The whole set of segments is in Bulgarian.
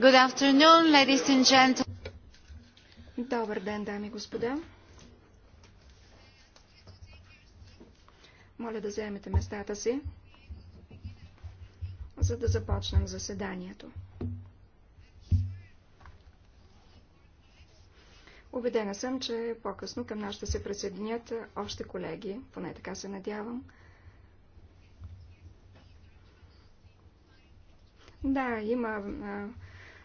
Good afternoon, ladies and gentlemen. Добър ден, дами и господа. Моля да заемете местата си, за да започнем заседанието. Обедена съм, че по-късно към нас ще се присъединят още колеги, поне така се надявам. Да, има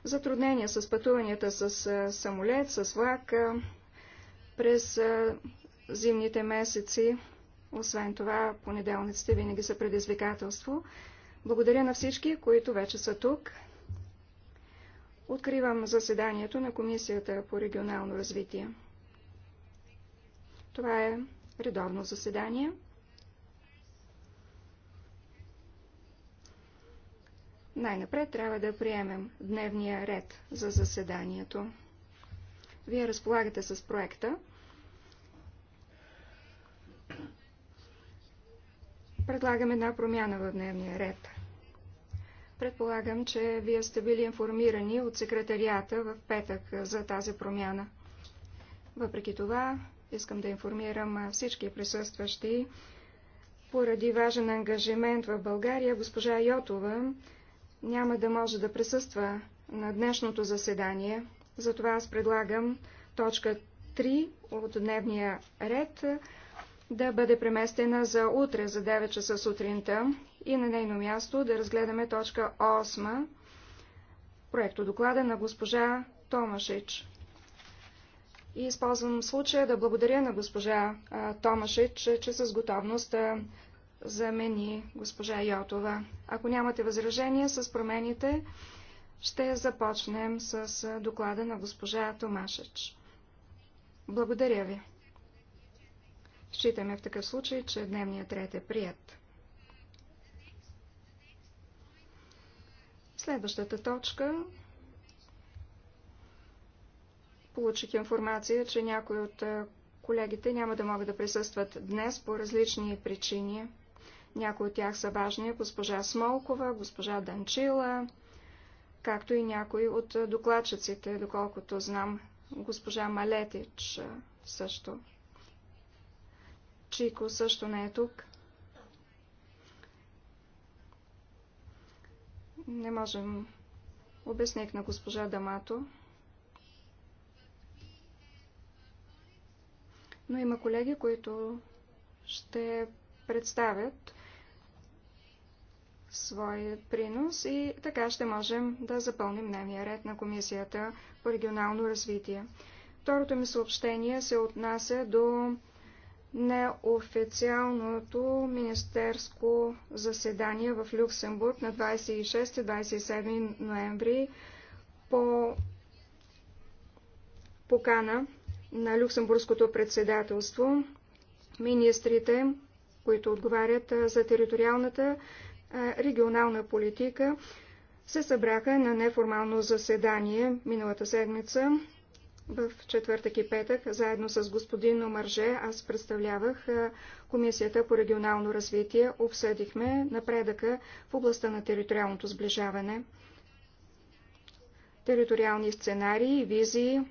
затруднения с пътуванията с самолет, с влак през зимните месеци. Освен това, понеделниците винаги са предизвикателство. Благодаря на всички, които вече са тук. Откривам заседанието на Комисията по регионално развитие. Това е редовно заседание. Най-напред трябва да приемем дневния ред за заседанието. Вие разполагате с проекта. Предлагам една промяна в дневния ред. Предполагам, че вие сте били информирани от секретарията в петък за тази промяна. Въпреки това, искам да информирам всички присъстващи. Поради важен ангажимент в България, госпожа Йотова няма да може да присъства на днешното заседание. Затова аз предлагам точка 3 от дневния ред да бъде преместена за утре, за 9 часа сутринта и на нейно място да разгледаме точка 8, проекто доклада на госпожа Томашич. И използвам случая да благодаря на госпожа Томашич, че с готовност замени госпожа Йотова. Ако нямате възражения с промените, ще започнем с доклада на госпожа Томашеч. Благодаря ви. Считаме в такъв случай, че дневният ред е прият. Следващата точка. Получих информация, че някои от колегите няма да могат да присъстват днес по различни причини. Някои от тях са важни госпожа Смолкова, госпожа Данчила, както и някои от докладчиците, доколкото знам, госпожа Малетич също. Чико също не е тук. Не можем. Обясних на госпожа Дамато. Но има колеги, които ще представят своят принос и така ще можем да запълним дневния ред на Комисията по регионално развитие. Второто ми съобщение се отнася до неофициалното министерско заседание в Люксембург на 26-27 ноември по покана на Люксембургското председателство. Министрите, които отговарят за териториалната регионална политика се събраха на неформално заседание миналата седмица в четвъртък и петък, заедно с господин Омарже, аз представлявах Комисията по регионално развитие, обсъдихме напредъка в областта на териториалното сближаване, териториални сценарии визии,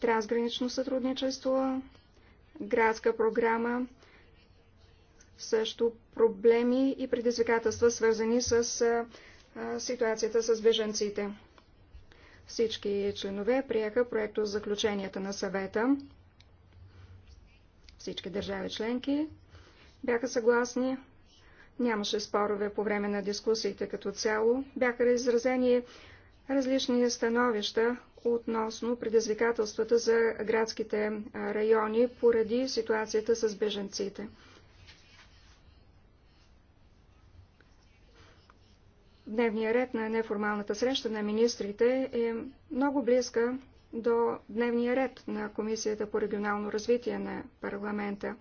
трансгранично сътрудничество, градска програма, също проблеми и предизвикателства, свързани с ситуацията с беженците. Всички членове приеха проекто заключенията на съвета. Всички държави членки бяха съгласни. Нямаше спорове по време на дискусиите като цяло. Бяха изразени различни становища относно предизвикателствата за градските райони поради ситуацията с беженците. дневния ред на неформалната среща на министрите е много близка до дневния ред на Комисията по регионално развитие на парламента.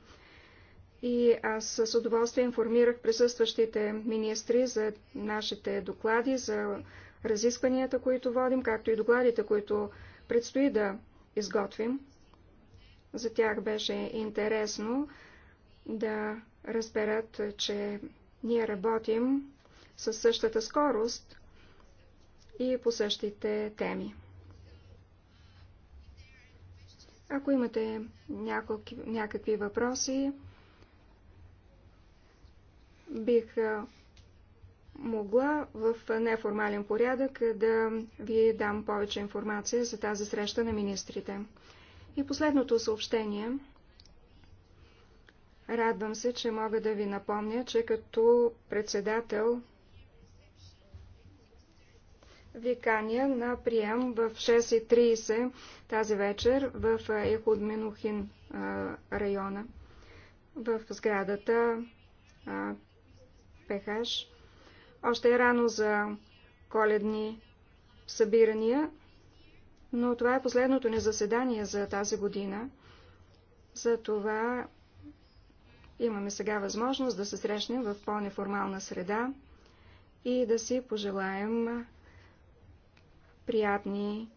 И аз с удоволствие информирах присъстващите министри за нашите доклади, за разискванията, които водим, както и докладите, които предстои да изготвим. За тях беше интересно да разберат, че ние работим със същата скорост и по същите теми. Ако имате няколки, някакви въпроси, бих могла в неформален порядък да ви дам повече информация за тази среща на министрите. И последното съобщение. Радвам се, че мога да ви напомня, че като председател викания на прием в 6.30 тази вечер в Ехудминухин района в сградата ПХ. Още е рано за коледни събирания, но това е последното ни заседание за тази година. Затова имаме сега възможност да се срещнем в по-неформална среда и да си пожелаем приятни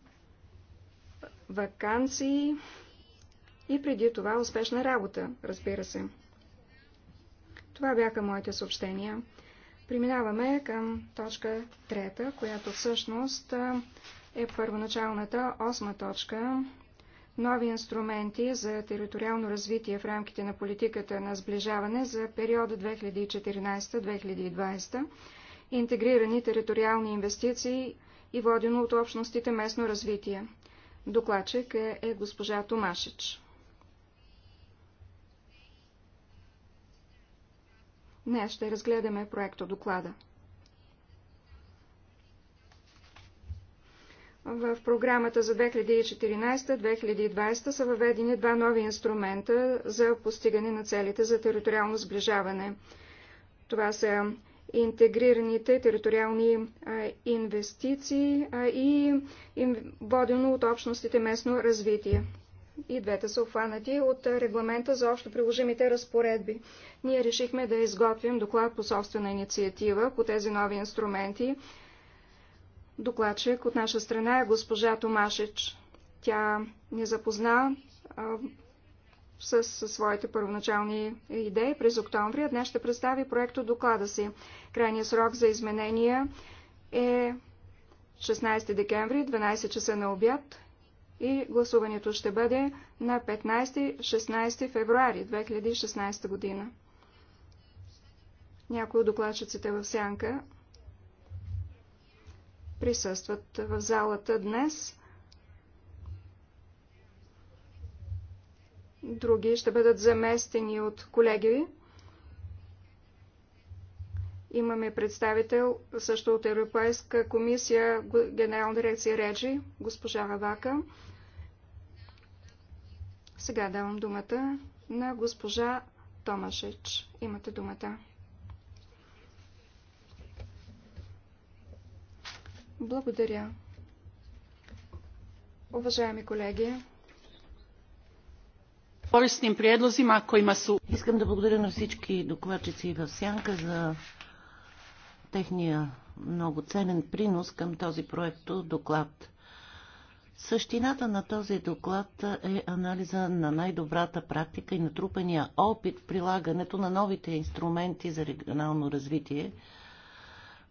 вакансии и преди това успешна работа, разбира се. Това бяха моите съобщения. Преминаваме към точка трета, която всъщност е първоначалната осма точка нови инструменти за териториално развитие в рамките на политиката на сближаване за периода 2014-2020, интегрирани териториални инвестиции и водено от общностите местно развитие. Докладчик е, е госпожа Томашич. Днес ще разгледаме проекто доклада. В програмата за 2014-2020 са въведени два нови инструмента за постигане на целите за териториално сближаване. Това са интегрираните териториални инвестиции и водено от общностите местно развитие. И двете са обхванати от регламента за общо приложимите разпоредби. Ние решихме да изготвим доклад по собствена инициатива по тези нови инструменти. Докладчик от наша страна е госпожа Томашич. Тя ни запозна с своите първоначални идеи през октомври, а днес ще представи проекто доклада си. Крайният срок за изменения е 16 декември, 12 часа на обяд и гласуването ще бъде на 15-16 февруари 2016 година. Някои от докладчиците в сянка присъстват в залата днес. други ще бъдат заместени от колеги. Имаме представител също от Европейска комисия, генерална дирекция Реджи, госпожа Равака. Сега давам думата на госпожа Томашич. Имате думата. Благодаря. Уважаеми колеги, korisnim prijedlozima kojima su... Искам да благодаря на всички докладчици в Сянка за техния много ценен принос към този проект доклад. Същината на този доклад е анализа на най-добрата практика и натрупания опит в прилагането на новите инструменти за регионално развитие –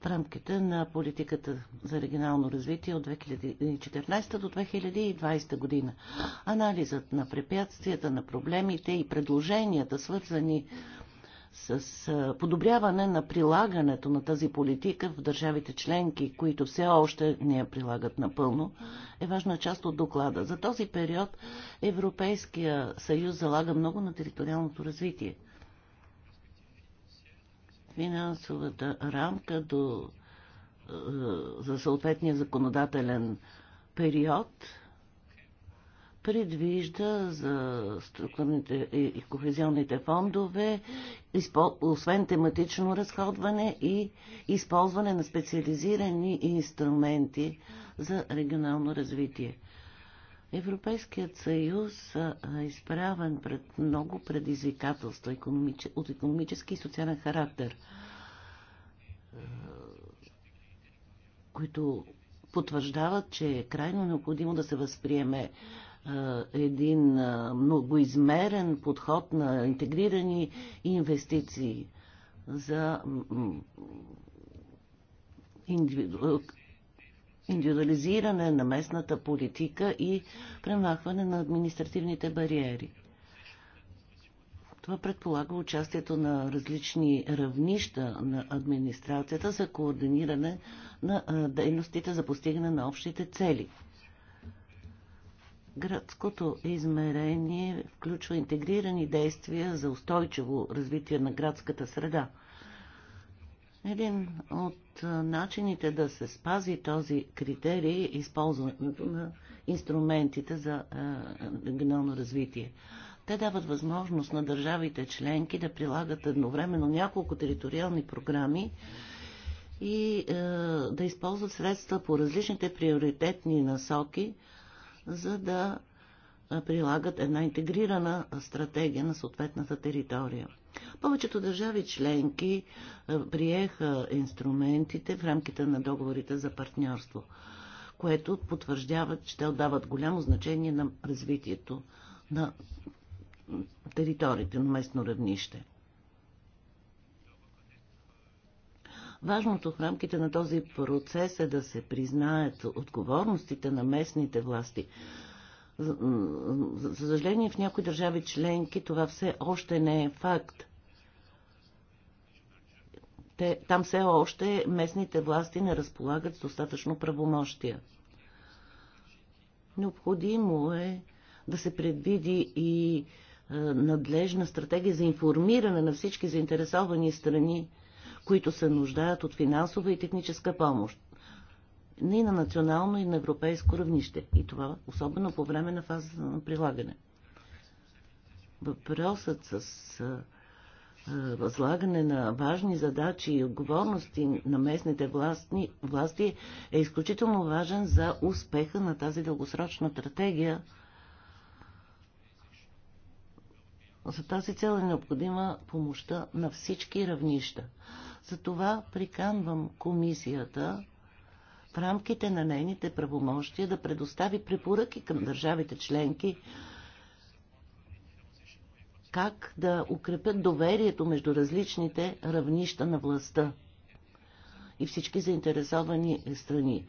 в рамките на политиката за регионално развитие от 2014 до 2020 година. Анализът на препятствията, на проблемите и предложенията, свързани с подобряване на прилагането на тази политика в държавите членки, които все още не я прилагат напълно, е важна част от доклада. За този период Европейския съюз залага много на териториалното развитие – финансовата рамка до, е, за съответния законодателен период предвижда за структурните и кохезионните фондове, освен тематично разходване и използване на специализирани инструменти за регионално развитие. Европейският съюз е изправен пред много предизвикателства от економически и социален характер, които потвърждават, че е крайно необходимо да се възприеме един многоизмерен подход на интегрирани инвестиции за индивидуализиране на местната политика и премахване на административните бариери. Това предполага участието на различни равнища на администрацията за координиране на дейностите за постигане на общите цели. Градското измерение включва интегрирани действия за устойчиво развитие на градската среда – един от начините да се спази този критерий е използването на инструментите за регионално развитие. Те дават възможност на държавите членки да прилагат едновременно няколко териториални програми и е, да използват средства по различните приоритетни насоки, за да прилагат една интегрирана стратегия на съответната територия. Повечето държави членки е, приеха инструментите в рамките на договорите за партньорство, което потвърждава, че те отдават голямо значение на развитието на териториите на местно равнище. Важното в рамките на този процес е да се признаят отговорностите на местните власти за съжаление, в някои държави членки това все още не е факт. Те, там все още местните власти не разполагат с достатъчно правомощия. Необходимо е да се предвиди и надлежна стратегия за информиране на всички заинтересовани страни, които се нуждаят от финансова и техническа помощ и на национално и на европейско равнище. И това особено по време на фазата на прилагане. Въпросът с възлагане на важни задачи и отговорности на местните власти, власти е изключително важен за успеха на тази дългосрочна стратегия. За тази цел е необходима помощта на всички равнища. Затова приканвам комисията в рамките на нейните правомощия да предостави препоръки към държавите членки как да укрепят доверието между различните равнища на властта и всички заинтересовани страни.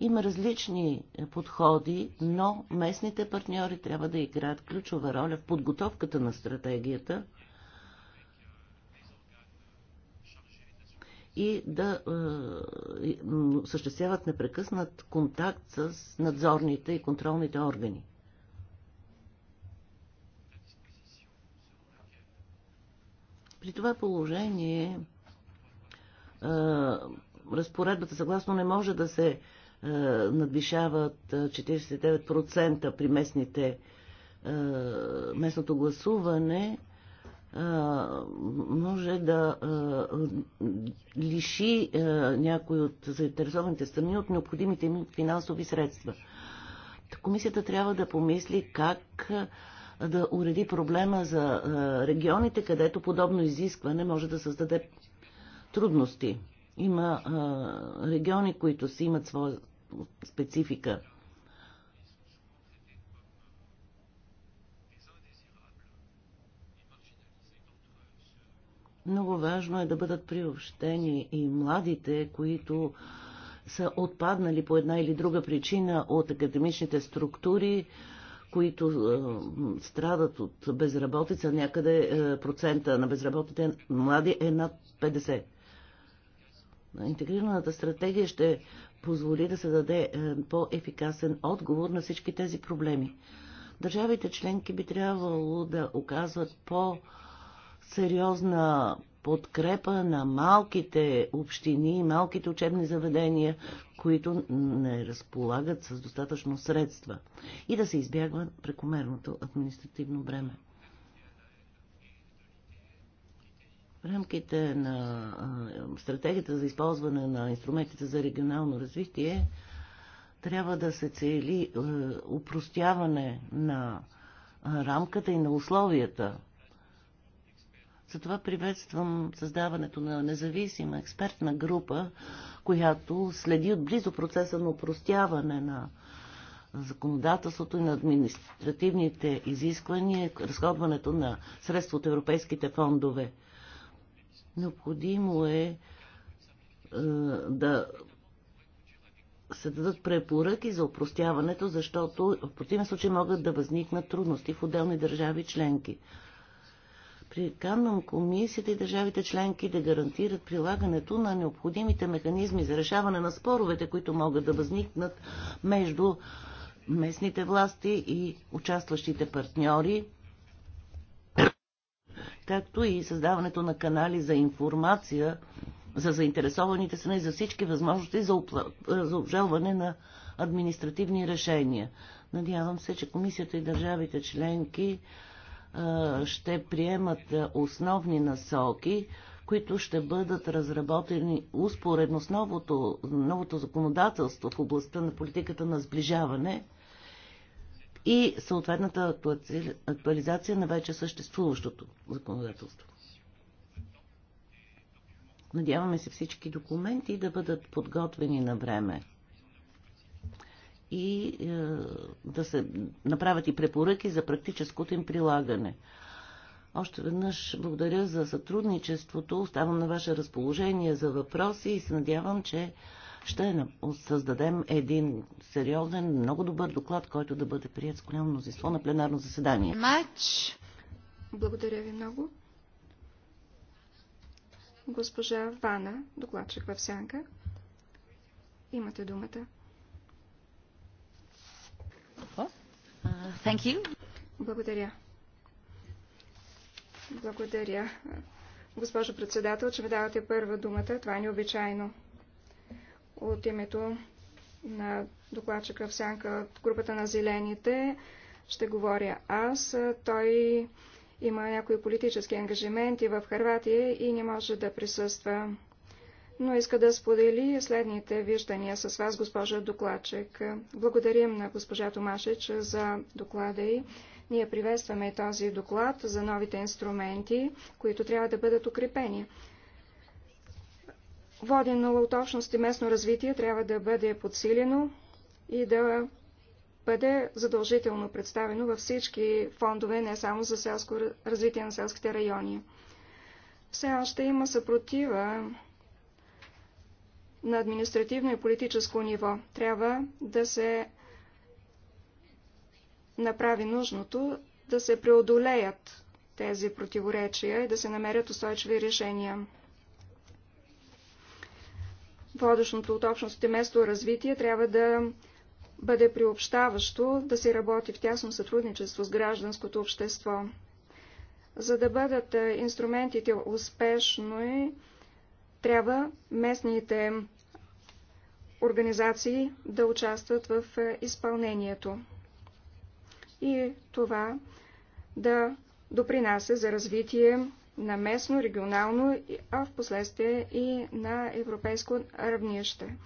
Има различни подходи, но местните партньори трябва да играят ключова роля в подготовката на стратегията – и да е, съществяват непрекъснат контакт с надзорните и контролните органи. При това положение е, разпоредбата съгласно не може да се е, надвишават 49% е, при местните, е, местното гласуване може да лиши някой от заинтересованите страни от необходимите им финансови средства. Комисията трябва да помисли как да уреди проблема за регионите, където подобно изискване може да създаде трудности. Има региони, които си имат своя специфика Много важно е да бъдат приобщени и младите, които са отпаднали по една или друга причина от академичните структури, които е, страдат от безработица. Някъде е, процента на безработните млади е над 50. Интегрираната стратегия ще позволи да се даде е, по-ефикасен отговор на всички тези проблеми. Държавите членки би трябвало да оказват по- сериозна подкрепа на малките общини и малките учебни заведения, които не разполагат с достатъчно средства и да се избягва прекомерното административно бреме. В рамките на стратегията за използване на инструментите за регионално развитие трябва да се цели е, упростяване на рамката и на условията затова приветствам създаването на независима експертна група, която следи отблизо процеса на упростяване на законодателството и на административните изисквания, разходването на средства от европейските фондове. Необходимо е, е да се дадат препоръки за упростяването, защото в противен случай могат да възникнат трудности в отделни държави членки. Приканвам комисията и държавите членки да гарантират прилагането на необходимите механизми за решаване на споровете, които могат да възникнат между местните власти и участващите партньори, както и създаването на канали за информация за заинтересованите страни за всички възможности за, опла... за обжалване на административни решения. Надявам се, че комисията и държавите членки ще приемат основни насоки, които ще бъдат разработени успоредно с новото, новото законодателство в областта на политиката на сближаване и съответната актуализация на вече съществуващото законодателство. Надяваме се всички документи да бъдат подготвени на време и е, да се направят и препоръки за практическото им прилагане. Още веднъж благодаря за сътрудничеството. Оставам на ваше разположение за въпроси и се надявам, че ще създадем един сериозен, много добър доклад, който да бъде прият с голямо мнозинство на пленарно заседание. Мач! Благодаря ви много. Госпожа Вана, докладчик в сянка. Имате думата. Благодаря. Благодаря. Госпожо председател, че ми давате първа думата. Това е необичайно. От името на докладчика в сянка от групата на зелените ще говоря аз. Той има някои политически ангажименти в Харватия и не може да присъства но иска да сподели следните виждания с вас, госпожа Докладчик. Благодарим на госпожа Томашич за доклада й. Ние приветстваме този доклад за новите инструменти, които трябва да бъдат укрепени. Водено от общност и местно развитие трябва да бъде подсилено и да бъде задължително представено във всички фондове, не само за селско развитие на селските райони. Все още има съпротива на административно и политическо ниво. Трябва да се направи нужното да се преодолеят тези противоречия и да се намерят устойчиви решения. Водещото от общностите место развитие трябва да бъде приобщаващо, да се работи в тясно сътрудничество с гражданското общество. За да бъдат е, инструментите успешни, трябва местните организации да участват в е, изпълнението. И това да допринася за развитие на местно, регионално, а в последствие и на европейско равнище.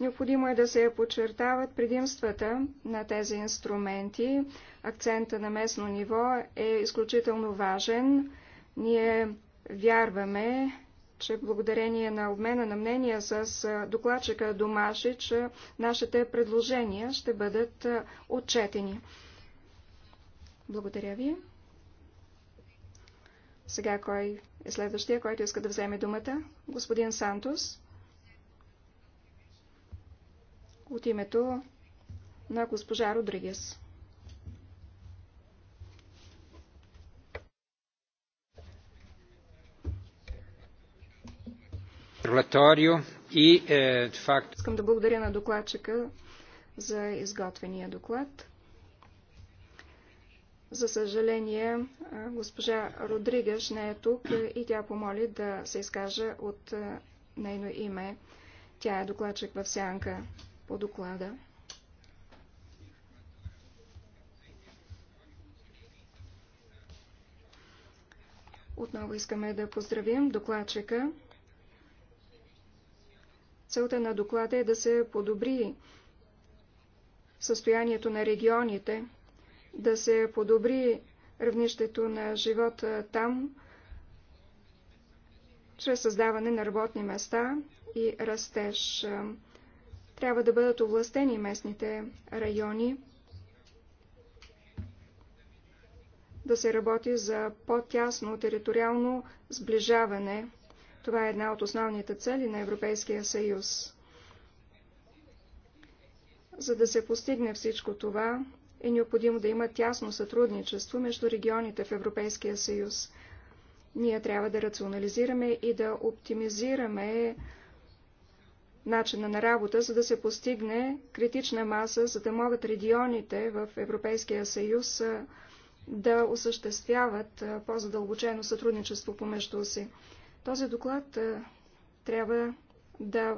Необходимо е да се подчертават предимствата на тези инструменти. Акцента на местно ниво е изключително важен. Ние вярваме, че благодарение на обмена на мнения с докладчика Домашич, нашите предложения ще бъдат отчетени. Благодаря ви. Сега кой е следващия, който иска да вземе думата? Господин Сантос. От името на госпожа Родригес. И, факт... Е, Искам да благодаря на докладчика за изготвения доклад. За съжаление, е, госпожа Родригаш не е тук е, и тя помоли да се изкаже от нейно име. Тя е докладчик в сянка по доклада. Отново искаме да поздравим докладчика. Целта на доклада е да се подобри състоянието на регионите, да се подобри равнището на живота там, чрез създаване на работни места и растеж. Трябва да бъдат овластени местните райони, да се работи за по-тясно териториално сближаване това е една от основните цели на Европейския съюз. За да се постигне всичко това, е необходимо да има тясно сътрудничество между регионите в Европейския съюз. Ние трябва да рационализираме и да оптимизираме начина на работа, за да се постигне критична маса, за да могат регионите в Европейския съюз да осъществяват по-задълбочено сътрудничество помежду си. Този доклад е, трябва да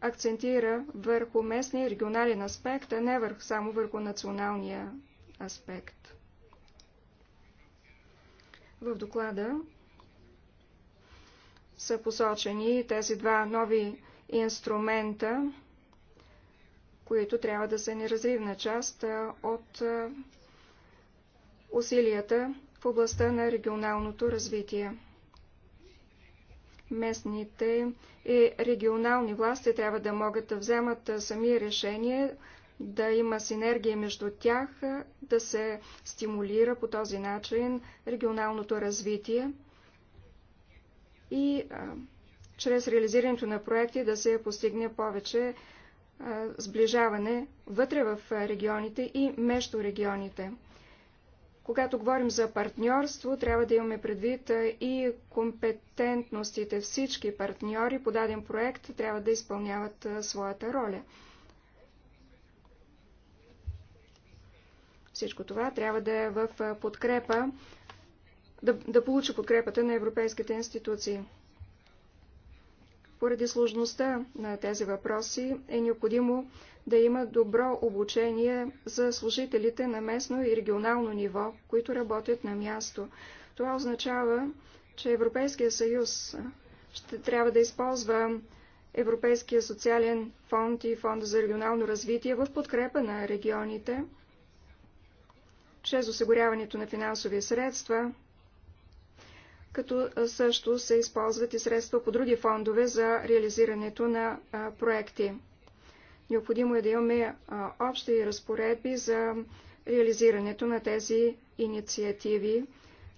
акцентира върху местния и регионален аспект, а не върху, само върху националния аспект. В доклада са посочени тези два нови инструмента, които трябва да са неразривна част е, от е, усилията в областта на регионалното развитие местните и регионални власти трябва да могат да вземат сами решение, да има синергия между тях, да се стимулира по този начин регионалното развитие и а, чрез реализирането на проекти да се постигне повече а, сближаване вътре в регионите и между регионите. Когато говорим за партньорство, трябва да имаме предвид и компетентностите. Всички партньори по даден проект трябва да изпълняват своята роля. Всичко това трябва да е в подкрепа, да, да получи подкрепата на европейските институции. Поради сложността на тези въпроси е необходимо да има добро обучение за служителите на местно и регионално ниво, които работят на място. Това означава, че Европейския съюз ще трябва да използва Европейския социален фонд и фонда за регионално развитие в подкрепа на регионите, чрез осигуряването на финансови средства, като също се използват и средства по други фондове за реализирането на проекти. Необходимо е да имаме общи разпоредби за реализирането на тези инициативи.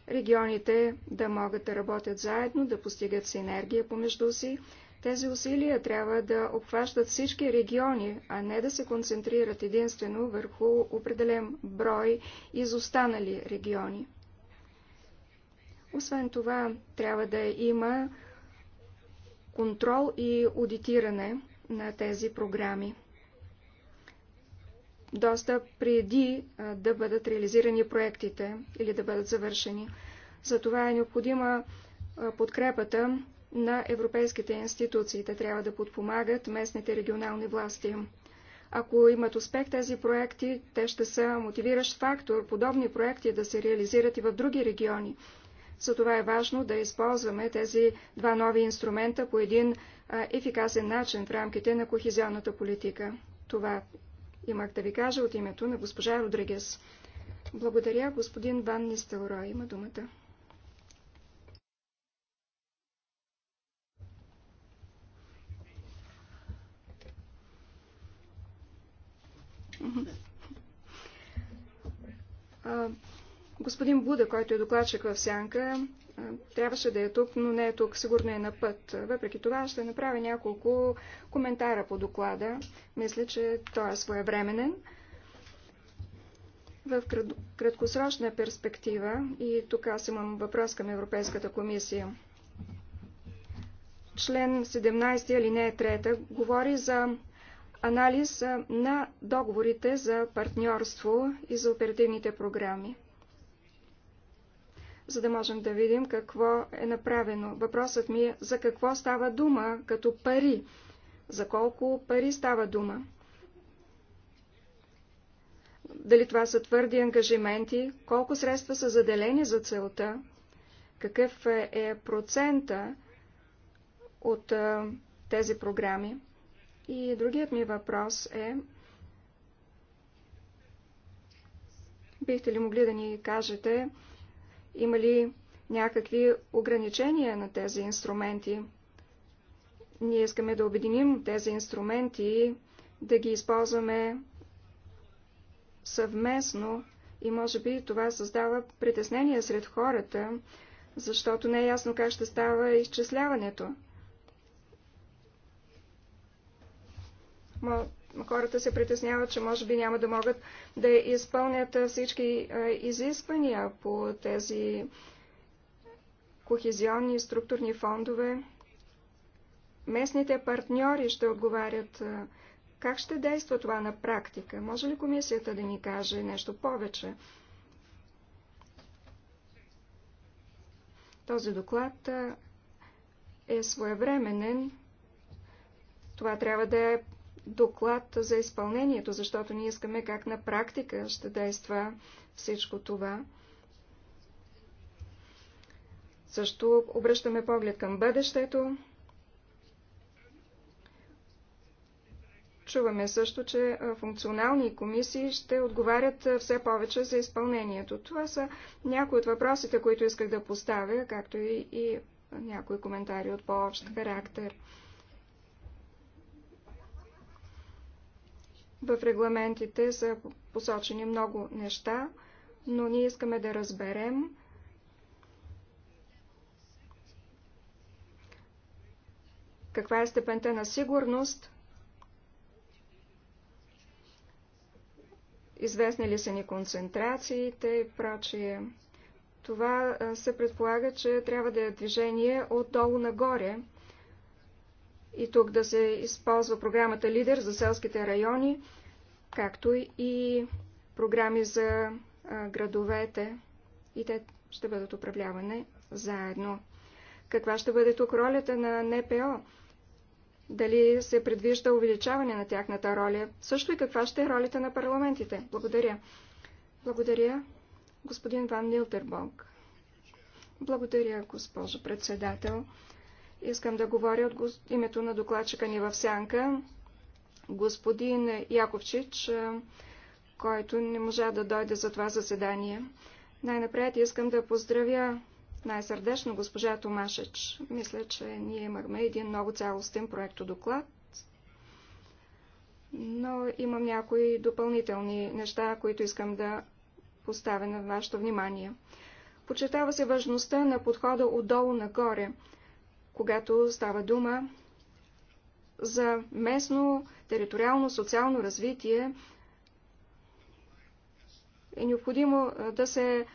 Регионите да могат да работят заедно, да постигат синергия помежду си. Тези усилия трябва да обхващат всички региони, а не да се концентрират единствено върху определен брой изостанали региони. Освен това, трябва да има контрол и аудитиране на тези програми. Доста преди да бъдат реализирани проектите или да бъдат завършени. Затова е необходима подкрепата на европейските институции. Те трябва да подпомагат местните регионални власти. Ако имат успех тези проекти, те ще са мотивиращ фактор подобни проекти да се реализират и в други региони. Затова е важно да използваме тези два нови инструмента по един ефикасен начин в рамките на кохезионната политика. Това имах да ви кажа от името на госпожа Родригес. Благодаря, господин Ван Нистелро. Има думата. Господин Буда, който е докладчик в Сянка, трябваше да е тук, но не е тук, сигурно е на път. Въпреки това ще направя няколко коментара по доклада. Мисля, че той е своевременен. В краткосрочна перспектива, и тук аз имам въпрос към Европейската комисия, член 17 алинея 3 говори за анализ на договорите за партньорство и за оперативните програми за да можем да видим какво е направено. Въпросът ми е за какво става дума като пари. За колко пари става дума? Дали това са твърди ангажименти? Колко средства са заделени за целта? Какъв е, е процента от а, тези програми? И другият ми въпрос е, бихте ли могли да ни кажете, има ли някакви ограничения на тези инструменти? Ние искаме да обединим тези инструменти, да ги използваме съвместно и може би това създава притеснение сред хората, защото не е ясно как ще става изчисляването хората се притесняват, че може би няма да могат да изпълнят всички изисквания по тези кохезионни и структурни фондове. Местните партньори ще отговарят как ще действа това на практика. Може ли комисията да ни каже нещо повече? Този доклад е своевременен. Това трябва да е доклад за изпълнението, защото ние искаме как на практика ще действа всичко това. Също обръщаме поглед към бъдещето. Чуваме също, че функционални комисии ще отговарят все повече за изпълнението. Това са някои от въпросите, които исках да поставя, както и, и някои коментари от по-общ характер. В регламентите са посочени много неща, но ние искаме да разберем каква е степента на сигурност, известни ли са ни концентрациите и прочие. Това се предполага, че трябва да е движение отдолу нагоре – и тук да се използва програмата Лидер за селските райони, както и програми за градовете и те ще бъдат управлявани заедно. Каква ще бъде тук ролята на НПО? Дали се предвижда увеличаване на тяхната роля? Също и каква ще е ролята на парламентите? Благодаря. Благодаря, господин Ван Нилтербонг. Благодаря, госпожо председател. Искам да говоря от името на докладчика ни в сянка, господин Яковчич, който не можа да дойде за това заседание. Най-напред искам да поздравя най-сърдечно госпожа Томашеч. Мисля, че ние имахме един много цялостен проектодоклад, но имам някои допълнителни неща, които искам да поставя на вашето внимание. Почетава се важността на подхода отдолу нагоре когато става дума за местно териториално социално развитие, е необходимо да се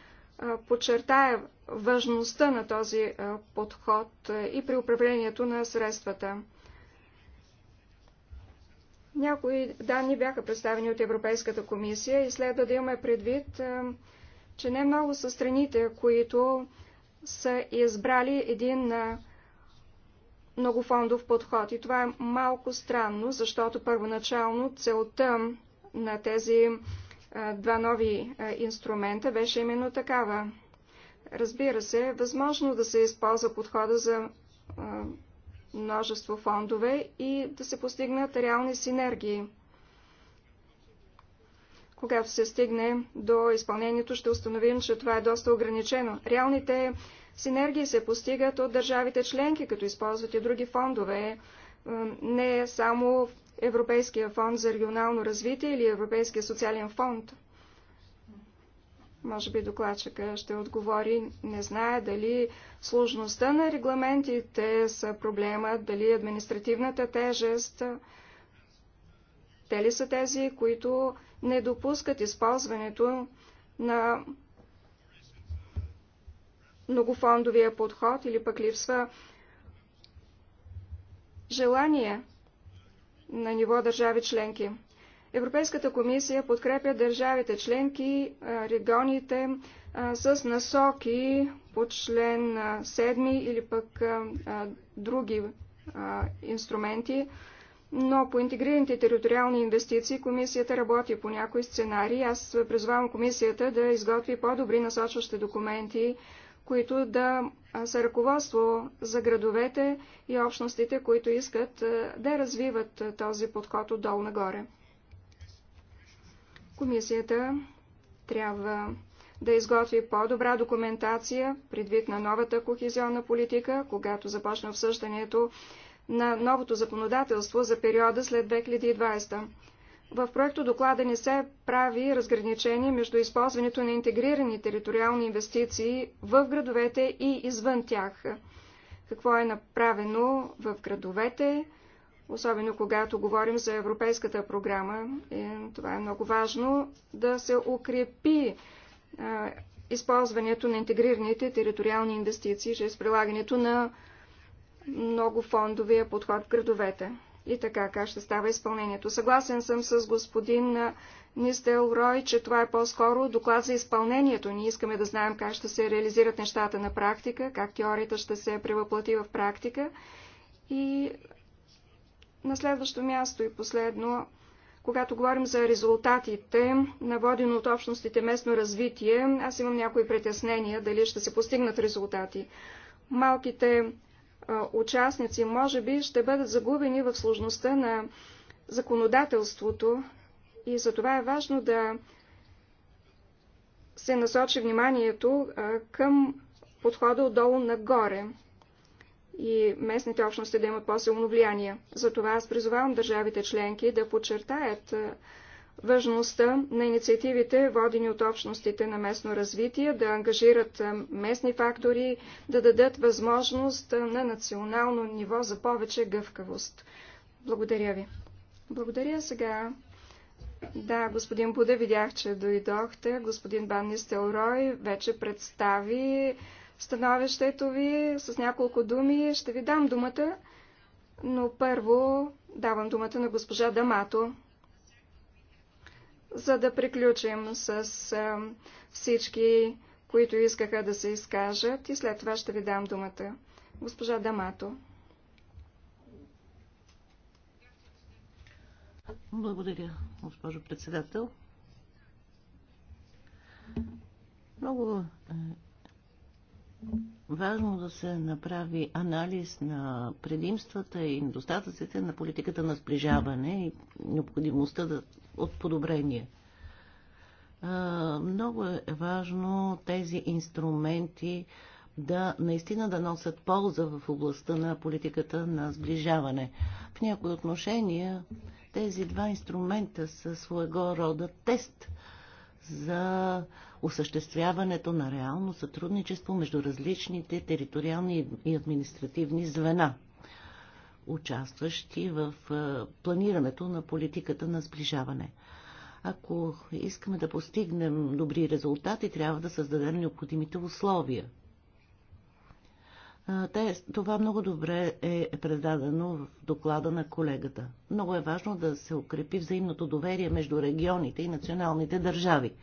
подчертая важността на този подход и при управлението на средствата. Някои данни бяха представени от Европейската комисия и следва да имаме предвид, че не много са страните, които са избрали един многофондов подход. И това е малко странно, защото първоначално целта на тези два нови инструмента беше именно такава. Разбира се, е възможно да се използва подхода за множество фондове и да се постигнат реални синергии. Когато се стигне до изпълнението, ще установим, че това е доста ограничено. Реалните Синергии се постигат от държавите членки, като използват и други фондове, е, не е само Европейския фонд за регионално развитие или Европейския социален фонд. Може би докладчика ще отговори, не знае дали сложността на регламентите са проблема, дали административната тежест. Те ли са тези, които не допускат използването на многофондовия подход или пък липсва желание на ниво държави членки. Европейската комисия подкрепя държавите членки, регионите с насоки по член 7 или пък други инструменти, но по интегрираните териториални инвестиции комисията работи по някои сценарии. Аз призвавам комисията да изготви по-добри насочващи документи които да са ръководство за градовете и общностите, които искат да развиват този подход отдолу нагоре. Комисията трябва да изготви по-добра документация предвид на новата кохезионна политика, когато започне обсъждането на новото законодателство за периода след 2020. В проекто доклада не се прави разграничение между използването на интегрирани териториални инвестиции в градовете и извън тях. Какво е направено в градовете, особено когато говорим за Европейската програма, и е, това е много важно, да се укрепи а, е, използването на интегрираните териториални инвестиции чрез прилагането на много фондовия подход в градовете и така как ще става изпълнението. Съгласен съм с господин Нистел Рой, че това е по-скоро доклад за изпълнението. Ние искаме да знаем как ще се реализират нещата на практика, как теорията ще се превъплати в практика. И на следващо място и последно, когато говорим за резултатите на водено от общностите местно развитие, аз имам някои притеснения дали ще се постигнат резултати. Малките участници, може би ще бъдат загубени в сложността на законодателството и за това е важно да се насочи вниманието към подхода отдолу нагоре и местните общности да имат по-силно влияние. Затова аз призовавам държавите членки да подчертаят важността на инициативите, водени от общностите на местно развитие, да ангажират местни фактори, да дадат възможност на национално ниво за повече гъвкавост. Благодаря ви. Благодаря сега. Да, господин Буде, видях, че дойдохте. Господин Банни Стелрой вече представи становището ви с няколко думи. Ще ви дам думата, но първо давам думата на госпожа Дамато за да приключим с всички, които искаха да се изкажат и след това ще ви дам думата. Госпожа Дамато. Благодаря, госпожо председател. Много е, важно да се направи анализ на предимствата и недостатъците на политиката на сближаване и необходимостта да от подобрение. Много е важно тези инструменти да наистина да носят полза в областта на политиката на сближаване. В някои отношения тези два инструмента са своего рода тест за осъществяването на реално сътрудничество между различните териториални и административни звена участващи в планирането на политиката на сближаване. Ако искаме да постигнем добри резултати, трябва да създадем необходимите условия. Те, това много добре е предадено в доклада на колегата. Много е важно да се укрепи взаимното доверие между регионите и националните държави.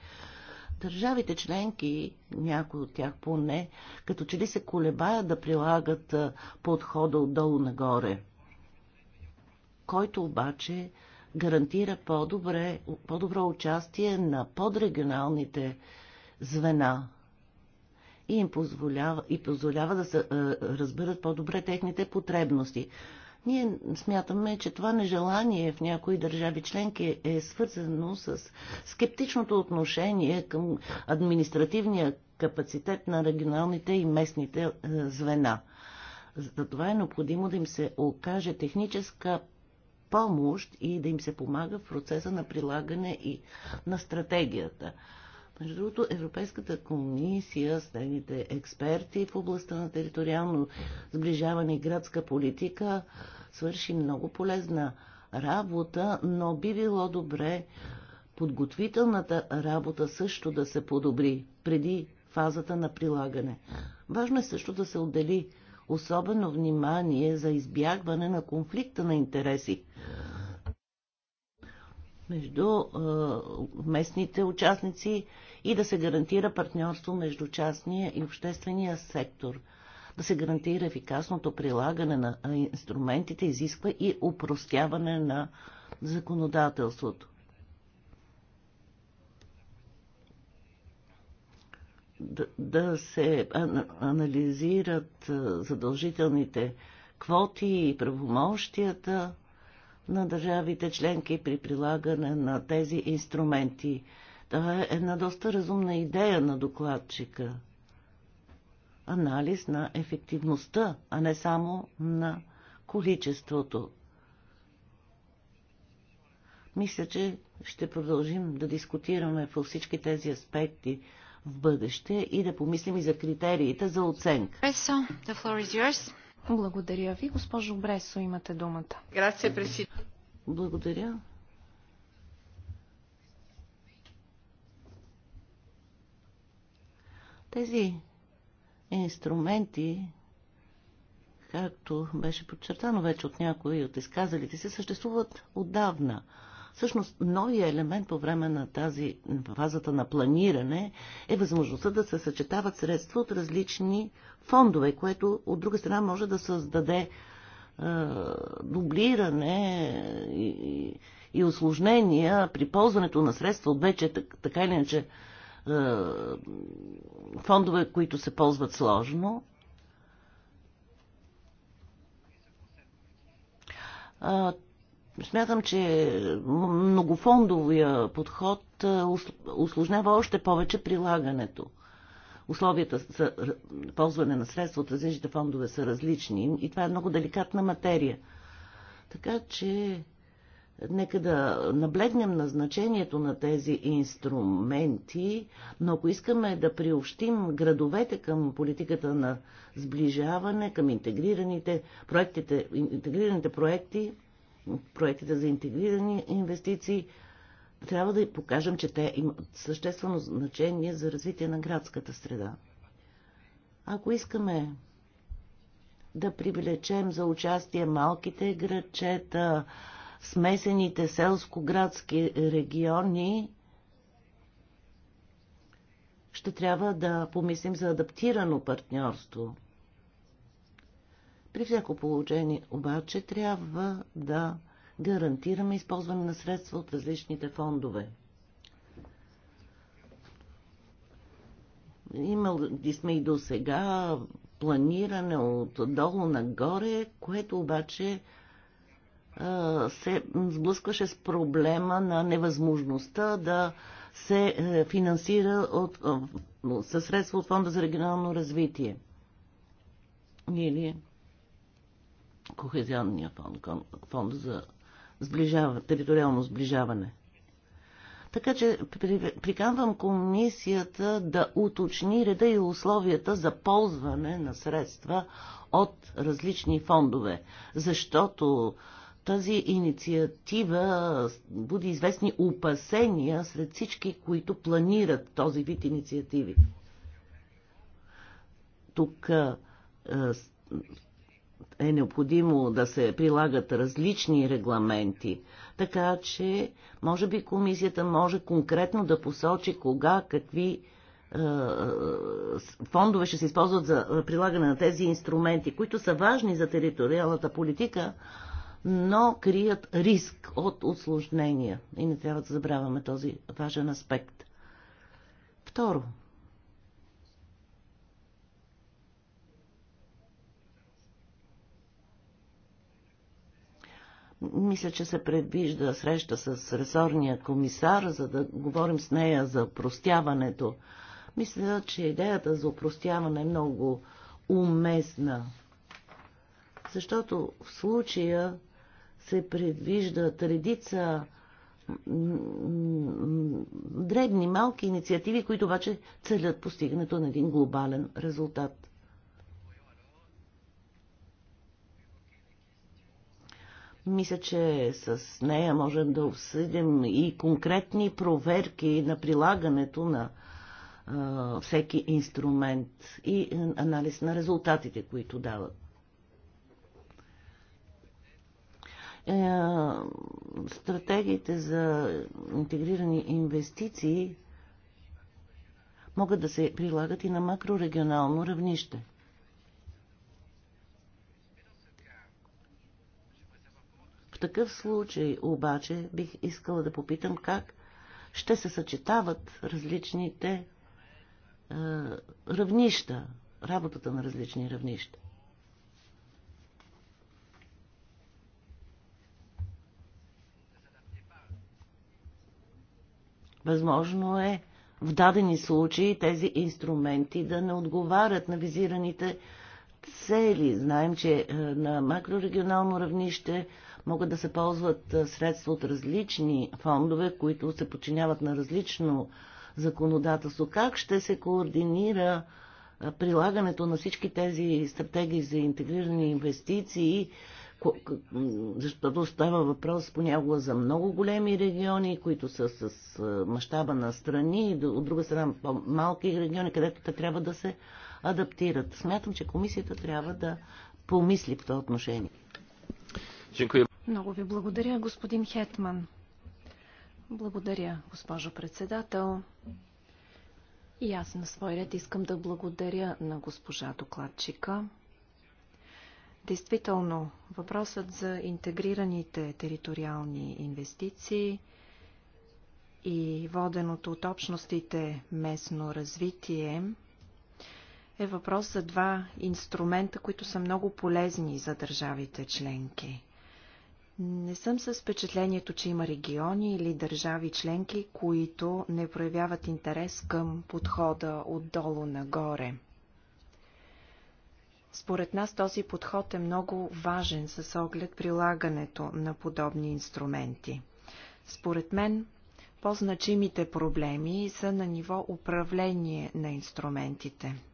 Държавите членки, някои от тях поне, като че ли се колебаят да прилагат подхода отдолу нагоре който обаче гарантира по-добре, по-добро участие на подрегионалните звена и им позволява, и позволява да се е, разберат по-добре техните потребности. Ние смятаме, че това нежелание в някои държави членки е свързано с скептичното отношение към административния капацитет на регионалните и местните е, звена. Затова е необходимо да им се окаже техническа помощ и да им се помага в процеса на прилагане и на стратегията. Между другото, Европейската комисия с нейните експерти в областта на териториално сближаване и градска политика свърши много полезна работа, но би било добре подготвителната работа също да се подобри преди фазата на прилагане. Важно е също да се отдели особено внимание за избягване на конфликта на интереси между е, местните участници и да се гарантира партньорство между частния и обществения сектор. Да се гарантира ефикасното прилагане на инструментите изисква и упростяване на законодателството. да, да се анализират задължителните квоти и правомощията на държавите членки при прилагане на тези инструменти. Това е една доста разумна идея на докладчика. Анализ на ефективността, а не само на количеството. Мисля, че ще продължим да дискутираме по всички тези аспекти в бъдеще и да помислим и за критериите за оценка. Бресо, the floor is yours. Благодаря ви, госпожо Бресо, имате думата. Грация, преси. Благодаря. Тези инструменти, както беше подчертано вече от някои от изказалите се, съществуват отдавна – Всъщност, новия елемент по време на тази фазата на планиране е възможността да се съчетават средства от различни фондове, което от друга страна може да създаде е, дублиране и, и осложнения при ползването на средства от вече така или иначе е, фондове, които се ползват сложно. Е, Смятам, че многофондовия подход осложнява е, още повече прилагането. Условията за ползване на средства от различните фондове са различни и това е много деликатна материя. Така че нека да наблегнем на значението на тези инструменти, но ако искаме да приобщим градовете към политиката на сближаване, към интегрираните, проектите, интегрираните проекти, проектите за интегрирани инвестиции, трябва да покажем, че те имат съществено значение за развитие на градската среда. Ако искаме да привлечем за участие малките градчета, смесените селско-градски региони, ще трябва да помислим за адаптирано партньорство – при всяко положение обаче трябва да гарантираме използване на средства от различните фондове. Имали сме и до сега планиране от долу нагоре, което обаче се сблъскваше с проблема на невъзможността да се е, финансира от, със средства от Фонда за регионално развитие. Или Кохезионния фонд, фонд за сближава, териториално сближаване. Така че приканвам комисията да уточни реда и условията за ползване на средства от различни фондове, защото тази инициатива буди известни опасения сред всички, които планират този вид инициативи. Тук е, е необходимо да се прилагат различни регламенти, така че може би комисията може конкретно да посочи кога, какви е, фондове ще се използват за прилагане на тези инструменти, които са важни за териториалната политика, но крият риск от осложнения. И не трябва да забравяме този важен аспект. Второ, Мисля, че се предвижда среща с ресорния комисар, за да говорим с нея за простяването. Мисля, че идеята за опростяване е много уместна. Защото в случая се предвиждат редица дребни, малки инициативи, които обаче целят постигането на един глобален резултат. Мисля, че с нея можем да обсъдим и конкретни проверки на прилагането на а, всеки инструмент и е, анализ на резултатите, които дават. Е, стратегиите за интегрирани инвестиции могат да се прилагат и на макрорегионално равнище – такъв случай обаче бих искала да попитам как ще се съчетават различните е, равнища, работата на различни равнища. Възможно е в дадени случаи тези инструменти да не отговарят на визираните цели. Знаем, че е, на макрорегионално равнище могат да се ползват средства от различни фондове, които се подчиняват на различно законодателство. Как ще се координира прилагането на всички тези стратегии за интегрирани инвестиции, защото става въпрос понякога за много големи региони, които са с мащаба на страни, и от друга страна малки региони, където те трябва да се адаптират. Смятам, че комисията трябва да помисли в това отношение. Много ви благодаря, господин Хетман. Благодаря, госпожо председател. И аз на свой ред искам да благодаря на госпожа докладчика. Действително, въпросът за интегрираните териториални инвестиции и воденото от общностите местно развитие е въпрос за два инструмента, които са много полезни за държавите членки. Не съм с впечатлението, че има региони или държави членки, които не проявяват интерес към подхода отдолу нагоре. Според нас този подход е много важен с оглед прилагането на подобни инструменти. Според мен, по-значимите проблеми са на ниво управление на инструментите –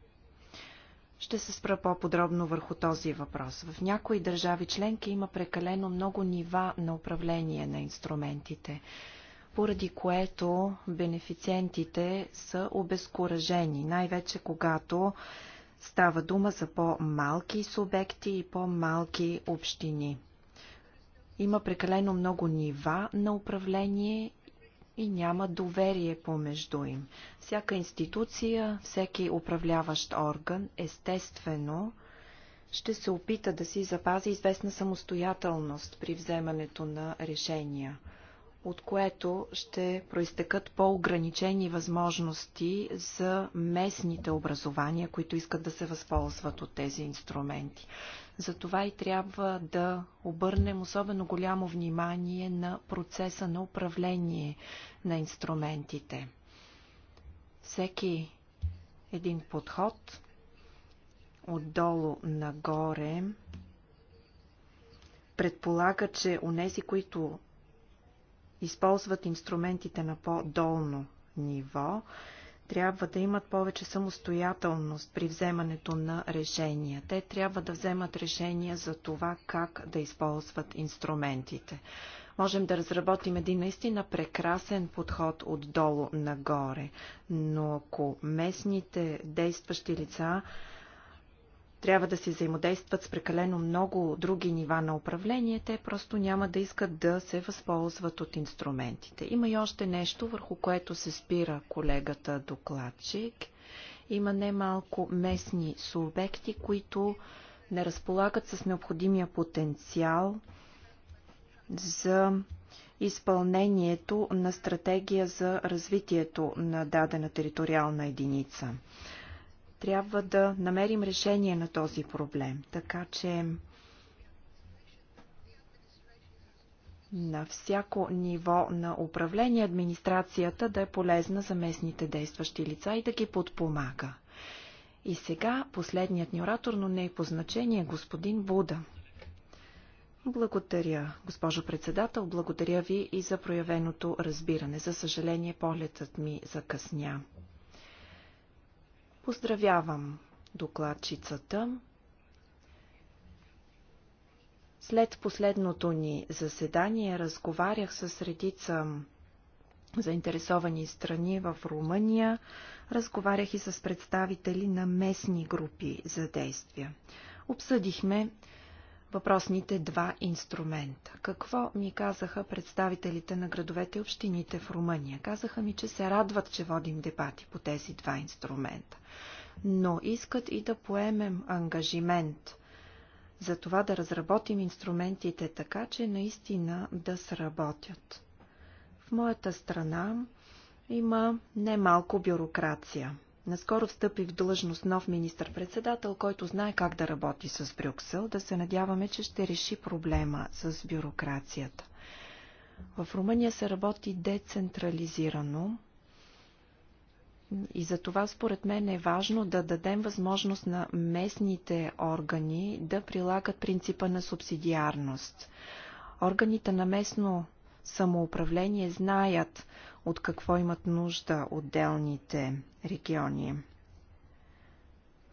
ще се спра по-подробно върху този въпрос. В някои държави членки има прекалено много нива на управление на инструментите, поради което бенефициентите са обезкуражени, най-вече когато става дума за по-малки субекти и по-малки общини. Има прекалено много нива на управление и няма доверие помежду им. Всяка институция, всеки управляващ орган, естествено, ще се опита да си запази известна самостоятелност при вземането на решения, от което ще проистекат по-ограничени възможности за местните образования, които искат да се възползват от тези инструменти. Затова и трябва да обърнем особено голямо внимание на процеса на управление на инструментите. Всеки един подход отдолу нагоре предполага, че онези, които използват инструментите на по-долно ниво, трябва да имат повече самостоятелност при вземането на решения. Те трябва да вземат решения за това как да използват инструментите. Можем да разработим един наистина прекрасен подход отдолу нагоре, но ако местните действащи лица трябва да си взаимодействат с прекалено много други нива на управление, те просто няма да искат да се възползват от инструментите. Има и още нещо, върху което се спира колегата докладчик. Има немалко местни субекти, които не разполагат с необходимия потенциал за изпълнението на стратегия за развитието на дадена териториална единица трябва да намерим решение на този проблем, така че на всяко ниво на управление администрацията да е полезна за местните действащи лица и да ги подпомага. И сега последният ни оратор, но не е по значение, господин Буда. Благодаря, госпожо председател. Благодаря ви и за проявеното разбиране. За съжаление, полетът ми закъсня. Поздравявам докладчицата. След последното ни заседание разговарях с редица заинтересовани страни в Румъния, разговарях и с представители на местни групи за действия. Обсъдихме въпросните два инструмента. Какво ми казаха представителите на градовете и общините в Румъния? Казаха ми, че се радват, че водим дебати по тези два инструмента, но искат и да поемем ангажимент за това да разработим инструментите така, че наистина да сработят. В моята страна има немалко бюрокрация. Наскоро встъпи в длъжност нов министр-председател, който знае как да работи с Брюксел. Да се надяваме, че ще реши проблема с бюрокрацията. В Румъния се работи децентрализирано, и за това според мен е важно да дадем възможност на местните органи да прилагат принципа на субсидиарност. Органите на местно самоуправление знаят от какво имат нужда отделните региони.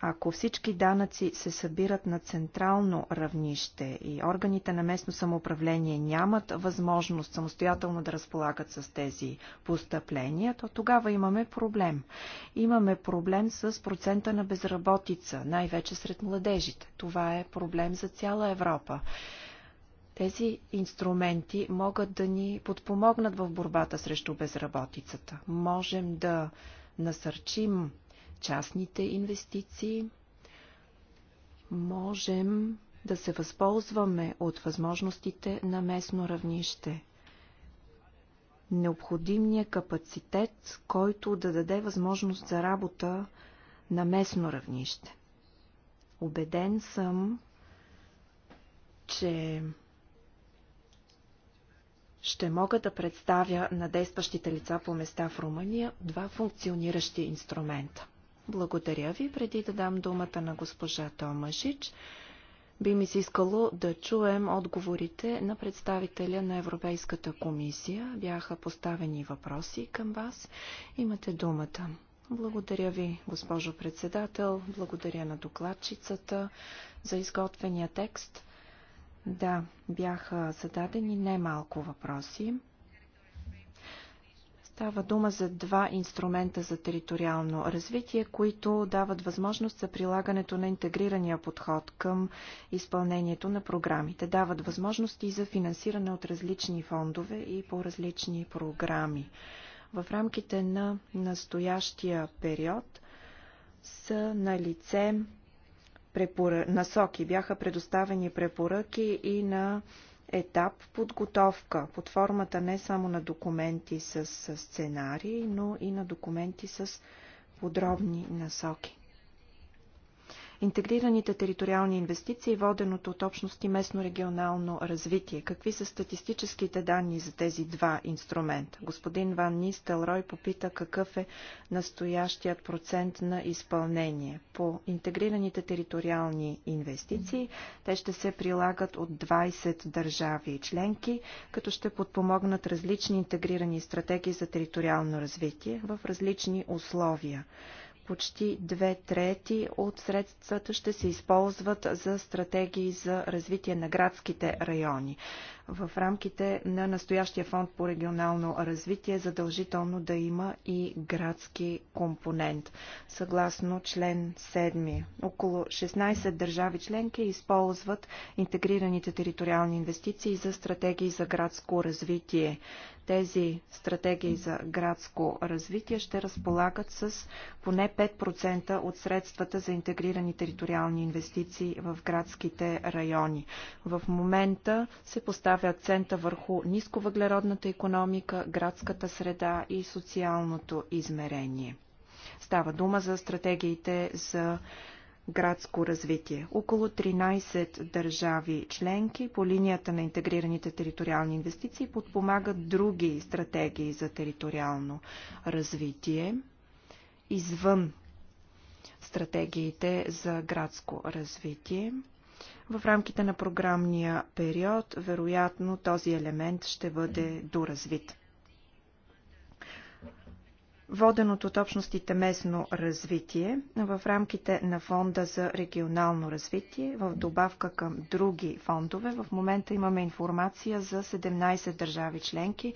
Ако всички данъци се събират на централно равнище и органите на местно самоуправление нямат възможност самостоятелно да разполагат с тези постъпления, то тогава имаме проблем. Имаме проблем с процента на безработица, най-вече сред младежите. Това е проблем за цяла Европа. Тези инструменти могат да ни подпомогнат в борбата срещу безработицата. Можем да насърчим частните инвестиции, можем да се възползваме от възможностите на местно равнище. Необходимният капацитет, който да даде възможност за работа на местно равнище. Обеден съм, че ще мога да представя на действащите лица по места в Румъния два функциониращи инструмента. Благодаря ви. Преди да дам думата на госпожа Томашич, би ми се искало да чуем отговорите на представителя на Европейската комисия. Бяха поставени въпроси към вас. Имате думата. Благодаря ви, госпожо председател. Благодаря на докладчицата за изготвения текст. Да, бяха зададени немалко въпроси. Става дума за два инструмента за териториално развитие, които дават възможност за прилагането на интегрирания подход към изпълнението на програмите. Дават възможности за финансиране от различни фондове и по различни програми. В рамките на настоящия период са на лице препора... насоки, бяха предоставени препоръки и на етап подготовка под формата не само на документи с сценарии, но и на документи с подробни насоки. Интегрираните териториални инвестиции воденото от общности местно-регионално развитие. Какви са статистическите данни за тези два инструмента? Господин Ван Нистелрой попита какъв е настоящият процент на изпълнение. По интегрираните териториални инвестиции те ще се прилагат от 20 държави и членки, като ще подпомогнат различни интегрирани стратегии за териториално развитие в различни условия почти две трети от средствата ще се използват за стратегии за развитие на градските райони. В рамките на настоящия фонд по регионално развитие задължително да има и градски компонент. Съгласно член 7, около 16 държави членки използват интегрираните териториални инвестиции за стратегии за градско развитие тези стратегии за градско развитие ще разполагат с поне 5% от средствата за интегрирани териториални инвестиции в градските райони. В момента се поставя акцента върху нисковъглеродната економика, градската среда и социалното измерение. Става дума за стратегиите за градско развитие. Около 13 държави членки по линията на интегрираните териториални инвестиции подпомагат други стратегии за териториално развитие извън стратегиите за градско развитие. В рамките на програмния период, вероятно, този елемент ще бъде доразвит воденото от общностите местно развитие в рамките на фонда за регионално развитие в добавка към други фондове. В момента имаме информация за 17 държави членки,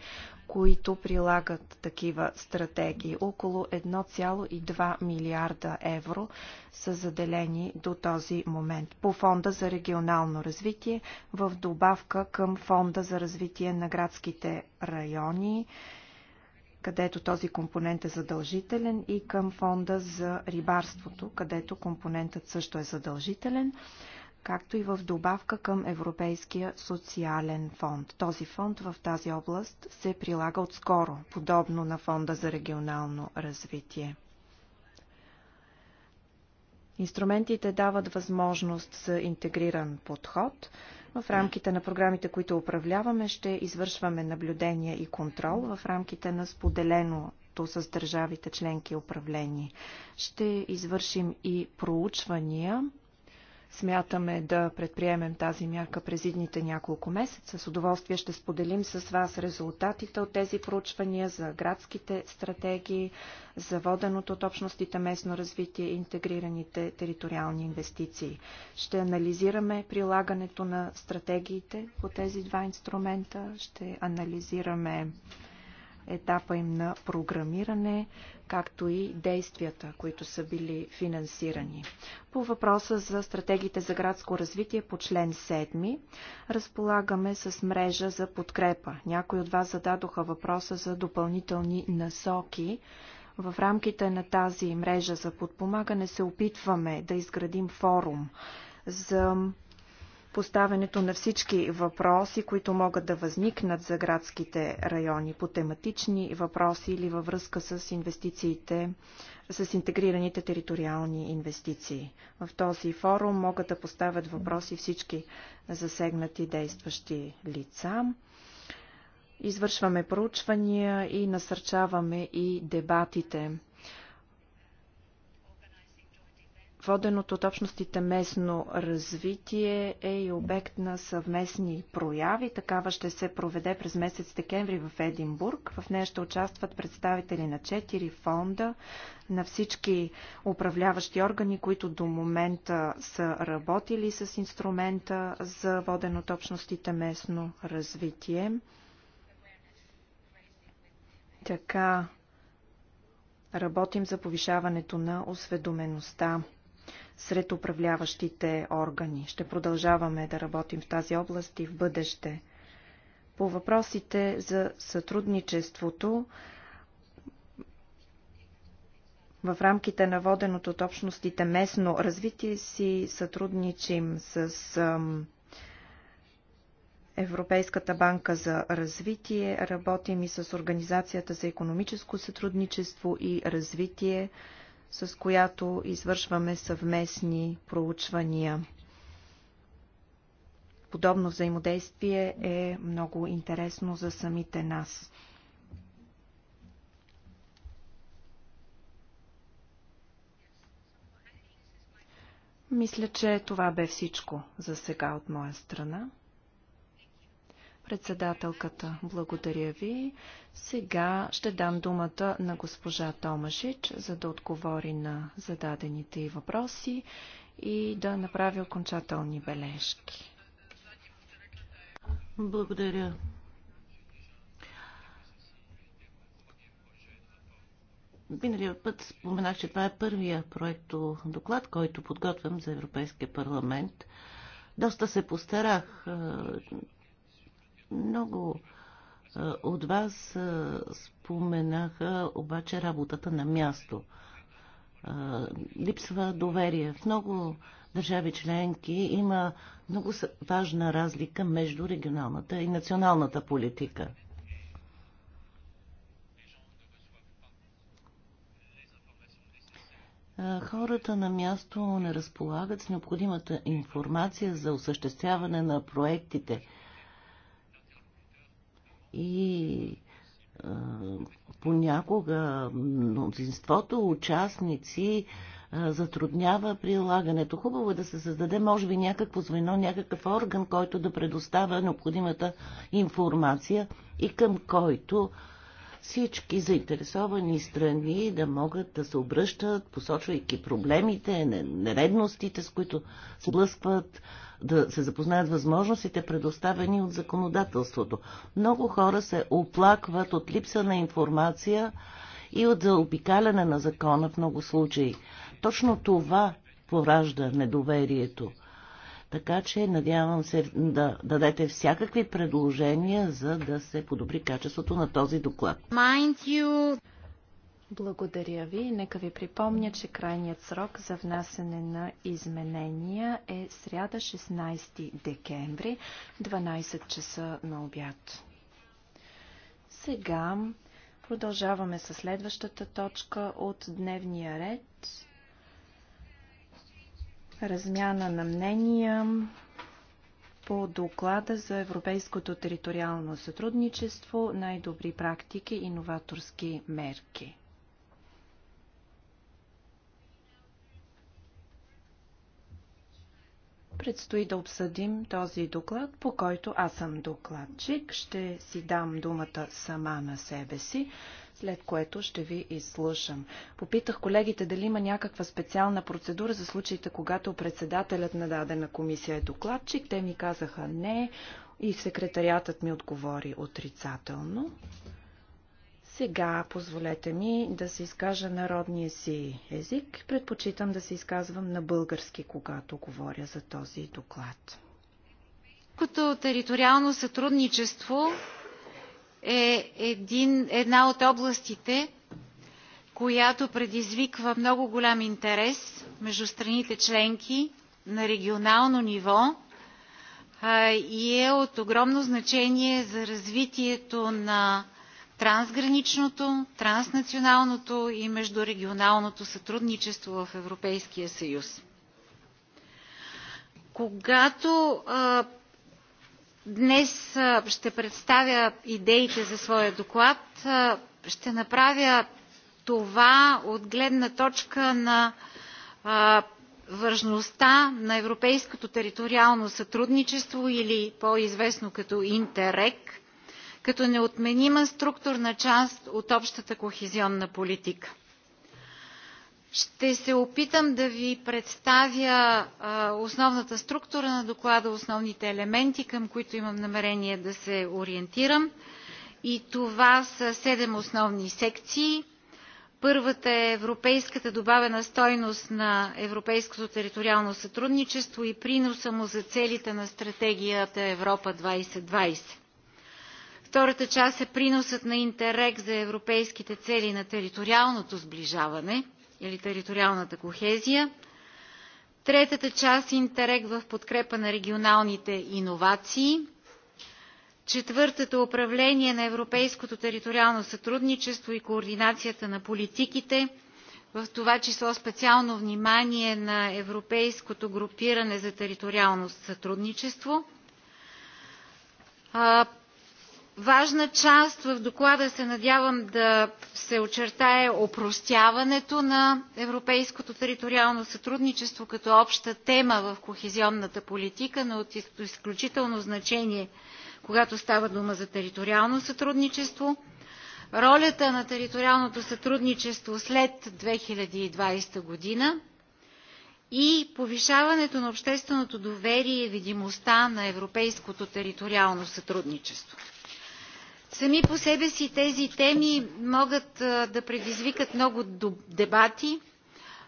които прилагат такива стратегии. Около 1,2 милиарда евро са заделени до този момент по фонда за регионално развитие в добавка към фонда за развитие на градските райони където този компонент е задължителен, и към фонда за рибарството, където компонентът също е задължителен, както и в добавка към Европейския социален фонд. Този фонд в тази област се прилага отскоро, подобно на фонда за регионално развитие. Инструментите дават възможност за интегриран подход – в рамките на програмите, които управляваме, ще извършваме наблюдение и контрол в рамките на споделеното с държавите членки управление. Ще извършим и проучвания смятаме да предприемем тази мярка през идните няколко месеца. С удоволствие ще споделим с вас резултатите от тези проучвания за градските стратегии, за воденото от общностите местно развитие и интегрираните териториални инвестиции. Ще анализираме прилагането на стратегиите по тези два инструмента, ще анализираме етапа им на програмиране, както и действията, които са били финансирани. По въпроса за стратегиите за градско развитие по член 7 разполагаме с мрежа за подкрепа. Някои от вас зададоха въпроса за допълнителни насоки в рамките на тази мрежа за подпомагане се опитваме да изградим форум за поставянето на всички въпроси, които могат да възникнат за градските райони по тематични въпроси или във връзка с инвестициите, с интегрираните териториални инвестиции. В този форум могат да поставят въпроси всички засегнати действащи лица. Извършваме проучвания и насърчаваме и дебатите воденото от общностите местно развитие е и обект на съвместни прояви. Такава ще се проведе през месец декември в Единбург. В нея ще участват представители на четири фонда, на всички управляващи органи, които до момента са работили с инструмента за воден от общностите местно развитие. Така работим за повишаването на осведомеността сред управляващите органи. Ще продължаваме да работим в тази област и в бъдеще. По въпросите за сътрудничеството, в рамките на воденото от общностите местно развитие си сътрудничим с Европейската банка за развитие, работим и с Организацията за економическо сътрудничество и развитие, с която извършваме съвместни проучвания. Подобно взаимодействие е много интересно за самите нас. Мисля, че това бе всичко за сега от моя страна. Председателката, благодаря ви. Сега ще дам думата на госпожа Томашич, за да отговори на зададените въпроси и да направи окончателни бележки. Благодаря. Миналия път споменах, че това е първия проекто доклад, който подготвям за Европейския парламент. Доста се постарах. Много от вас споменаха обаче работата на място. Липсва доверие. В много държави членки има много важна разлика между регионалната и националната политика. Хората на място не разполагат с необходимата информация за осъществяване на проектите – и а, понякога мнозинството участници а, затруднява прилагането. Хубаво е да се създаде, може би, някакво звено, някакъв орган, който да предоставя необходимата информация и към който всички заинтересовани страни да могат да се обръщат, посочвайки проблемите, нередностите, с които се блъскват, да се запознаят възможностите, предоставени от законодателството. Много хора се оплакват от липса на информация и от заобикаляне на закона в много случаи. Точно това поражда недоверието – така че надявам се да дадете всякакви предложения, за да се подобри качеството на този доклад. Благодаря ви. Нека ви припомня, че крайният срок за внасене на изменения е сряда 16 декември, 12 часа на обяд. Сега продължаваме с следващата точка от дневния ред размяна на мнения по доклада за европейското териториално сътрудничество, най-добри практики и новаторски мерки. Предстои да обсъдим този доклад, по който аз съм докладчик. Ще си дам думата сама на себе си след което ще ви изслушам. Попитах колегите дали има някаква специална процедура за случаите, когато председателят на дадена комисия е докладчик. Те ми казаха не и секретариатът ми отговори отрицателно. Сега позволете ми да се изкажа народния си език. Предпочитам да се изказвам на български, когато говоря за този доклад. Като териториално сътрудничество е един, една от областите, която предизвиква много голям интерес между страните членки на регионално ниво а, и е от огромно значение за развитието на трансграничното, транснационалното и междурегионалното сътрудничество в Европейския съюз. Когато а, Днес ще представя идеите за своя доклад. Ще направя това от гледна точка на важността на европейското териториално сътрудничество или по-известно като Интерек, като неотменима структурна част от общата кохезионна политика. Ще се опитам да ви представя основната структура на доклада, основните елементи, към които имам намерение да се ориентирам. И това са седем основни секции. Първата е европейската добавена стойност на европейското териториално сътрудничество и приноса му за целите на стратегията Европа 2020. Втората част е приносът на Интерек за европейските цели на териториалното сближаване – или териториалната кохезия. Третата част – Интерег в подкрепа на регионалните иновации. Четвъртата – управление на европейското териториално сътрудничество и координацията на политиките, в това число специално внимание на европейското групиране за териториално сътрудничество. Важна част в доклада се надявам да се очертае опростяването на европейското териториално сътрудничество като обща тема в кохезионната политика, но от изключително значение, когато става дума за териториално сътрудничество. Ролята на териториалното сътрудничество след 2020 година и повишаването на общественото доверие и видимостта на европейското териториално сътрудничество. Сами по себе си тези теми могат да предизвикат много дебати,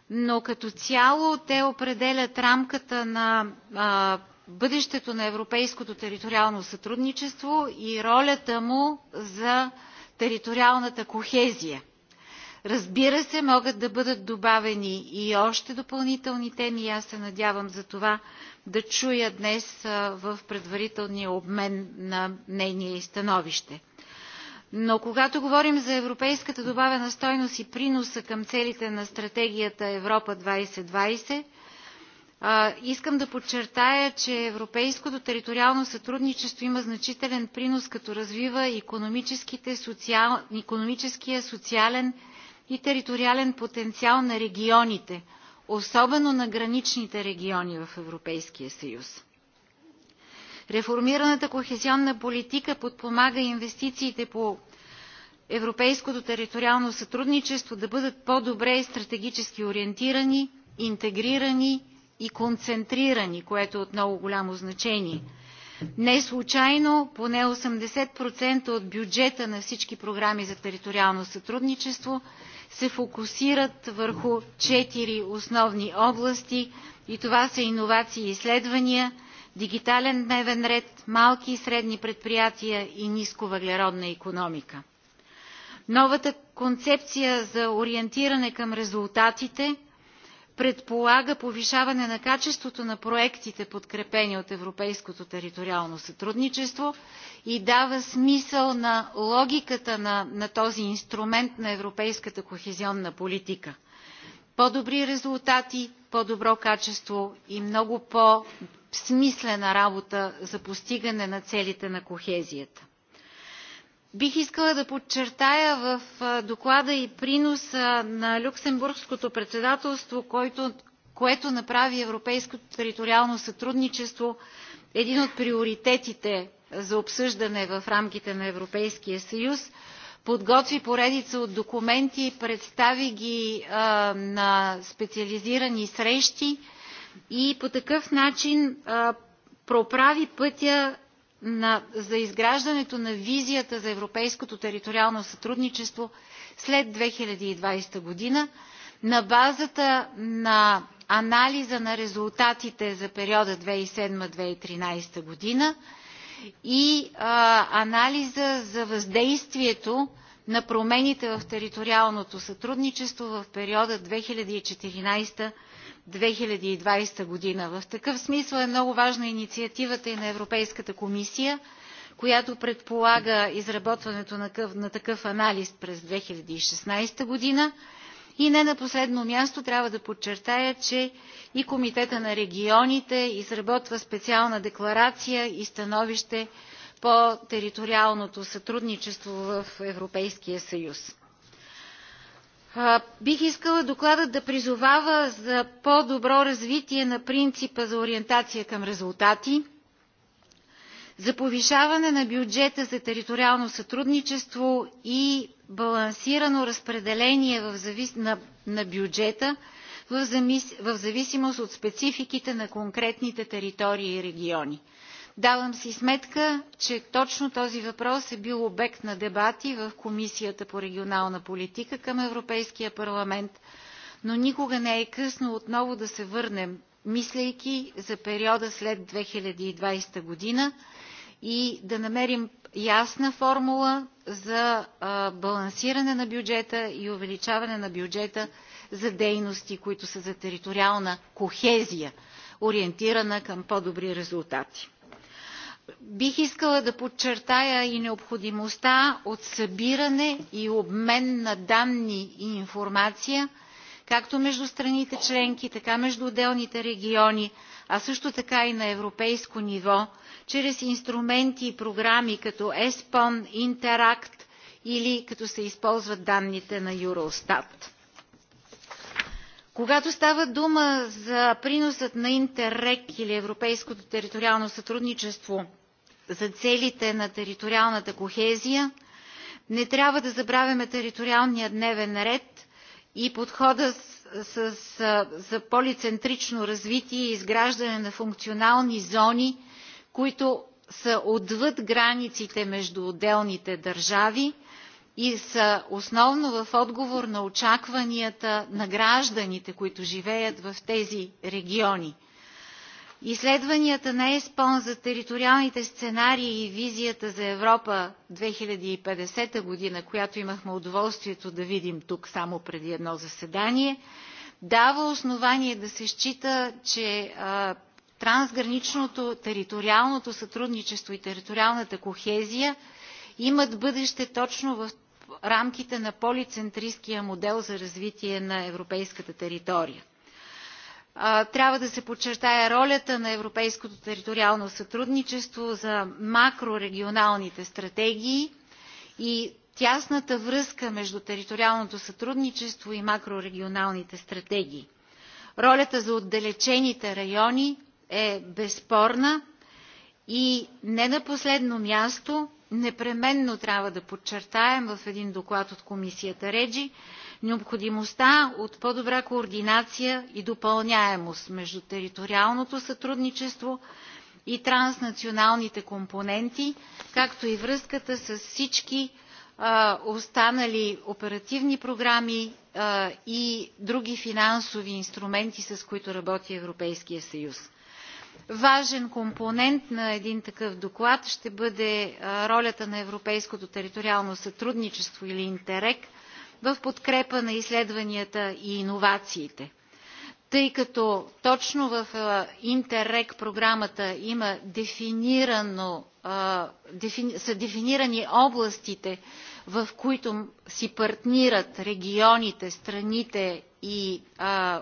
но като цяло те определят рамката на бъдещето на европейското териториално сътрудничество и ролята му за териториалната кохезия. Разбира се, могат да бъдат добавени и още допълнителни теми. Аз се надявам за това да чуя днес в предварителния обмен на мнение и становище. Но когато говорим за европейската добавена стойност и приноса към целите на стратегията Европа 2020, искам да подчертая, че европейското териториално сътрудничество има значителен принос, като развива економическия, социален и териториален потенциал на регионите, особено на граничните региони в Европейския съюз. Реформираната кохезионна политика подпомага инвестициите по европейското териториално сътрудничество да бъдат по-добре и стратегически ориентирани, интегрирани и концентрирани, което е от много голямо значение. Не случайно поне 80% от бюджета на всички програми за териториално сътрудничество се фокусират върху четири основни области и това са иновации и изследвания – дигитален дневен ред, малки и средни предприятия и нисковъглеродна економика. Новата концепция за ориентиране към резултатите предполага повишаване на качеството на проектите, подкрепени от Европейското териториално сътрудничество и дава смисъл на логиката на, на този инструмент на европейската кохезионна политика. По-добри резултати, по-добро качество и много по смислена работа за постигане на целите на кохезията. Бих искала да подчертая в доклада и приноса на Люксембургското председателство, който, което направи Европейското териториално сътрудничество един от приоритетите за обсъждане в рамките на Европейския съюз. Подготви поредица от документи, представи ги а, на специализирани срещи, и по такъв начин а, проправи пътя на, за изграждането на визията за европейското териториално сътрудничество след 2020 година на базата на анализа на резултатите за периода 2007-2013 година и а, анализа за въздействието на промените в териториалното сътрудничество в периода 2014 2020 година. В такъв смисъл е много важна инициативата и на Европейската комисия, която предполага изработването на такъв, на такъв анализ през 2016 година. И не на последно място трябва да подчертая, че и Комитета на регионите изработва специална декларация и становище по териториалното сътрудничество в Европейския съюз. Бих искала докладът да призовава за по-добро развитие на принципа за ориентация към резултати, за повишаване на бюджета за териториално сътрудничество и балансирано разпределение на бюджета в зависимост от спецификите на конкретните територии и региони. Давам си сметка, че точно този въпрос е бил обект на дебати в Комисията по регионална политика към Европейския парламент, но никога не е късно отново да се върнем, мислейки за периода след 2020 година и да намерим ясна формула за балансиране на бюджета и увеличаване на бюджета за дейности, които са за териториална кохезия, ориентирана към по-добри резултати. Бих искала да подчертая и необходимостта от събиране и обмен на данни и информация както между страните членки, така между отделните региони, а също така и на европейско ниво, чрез инструменти и програми като ЕСПОН, INTERACT или като се използват данните на Юростат. Когато става дума за приносът на Интеррек или Европейското териториално сътрудничество за целите на териториалната кохезия, не трябва да забравяме териториалния дневен ред и подхода с, с, за полицентрично развитие и изграждане на функционални зони, които са отвъд границите между отделните държави и са основно в отговор на очакванията на гражданите, които живеят в тези региони. Изследванията на ЕСПОН за териториалните сценарии и визията за Европа 2050 година, която имахме удоволствието да видим тук само преди едно заседание, дава основание да се счита, че а, трансграничното териториалното сътрудничество и териториалната кохезия имат бъдеще точно в рамките на полицентристския модел за развитие на европейската територия. Трябва да се подчертая ролята на европейското териториално сътрудничество за макрорегионалните стратегии и тясната връзка между териториалното сътрудничество и макрорегионалните стратегии. Ролята за отдалечените райони е безспорна и не на последно място непременно трябва да подчертаем в един доклад от комисията Реджи необходимостта от по-добра координация и допълняемост между териториалното сътрудничество и транснационалните компоненти, както и връзката с всички а, останали оперативни програми а, и други финансови инструменти, с които работи Европейския съюз важен компонент на един такъв доклад ще бъде ролята на европейското териториално сътрудничество или интерек в подкрепа на изследванията и иновациите. Тъй като точно в Интеррек програмата има дефинирано, са дефинирани областите, в които си партнират регионите, страните и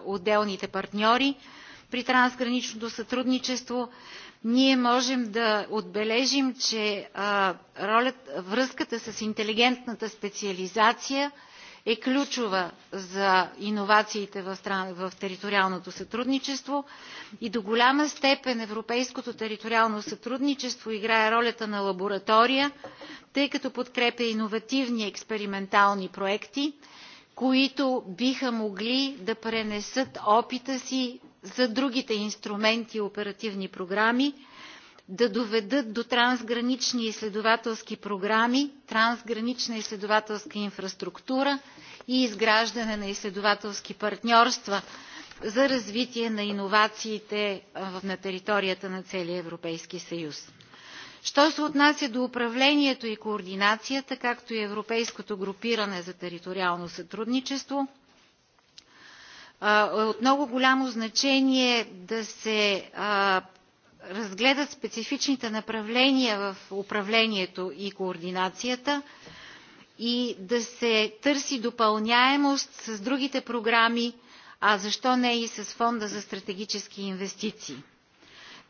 отделните партньори, при трансграничното сътрудничество, ние можем да отбележим, че а, ролят, връзката с интелигентната специализация е ключова за иновациите в, стран, в териториалното сътрудничество и до голяма степен европейското териториално сътрудничество играе ролята на лаборатория, тъй като подкрепя иновативни експериментални проекти, които биха могли да пренесат опита си за другите инструменти и оперативни програми, да доведат до трансгранични изследователски програми, трансгранична изследователска инфраструктура и изграждане на изследователски партньорства за развитие на иновациите на територията на целия Европейски съюз. Що се отнася до управлението и координацията, както и европейското групиране за териториално сътрудничество, е от много голямо значение да се разгледат специфичните направления в управлението и координацията и да се търси допълняемост с другите програми, а защо не и с Фонда за стратегически инвестиции.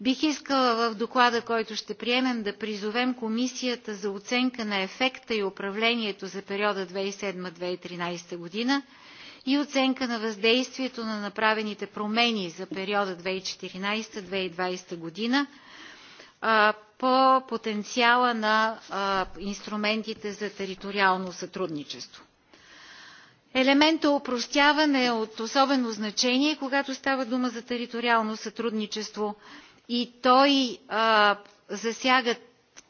Бих искала в доклада, който ще приемем, да призовем Комисията за оценка на ефекта и управлението за периода 2007-2013 година и оценка на въздействието на направените промени за периода 2014-2020 година по потенциала на инструментите за териториално сътрудничество. Елемента опростяване е от особено значение, когато става дума за териториално сътрудничество и той а, засяга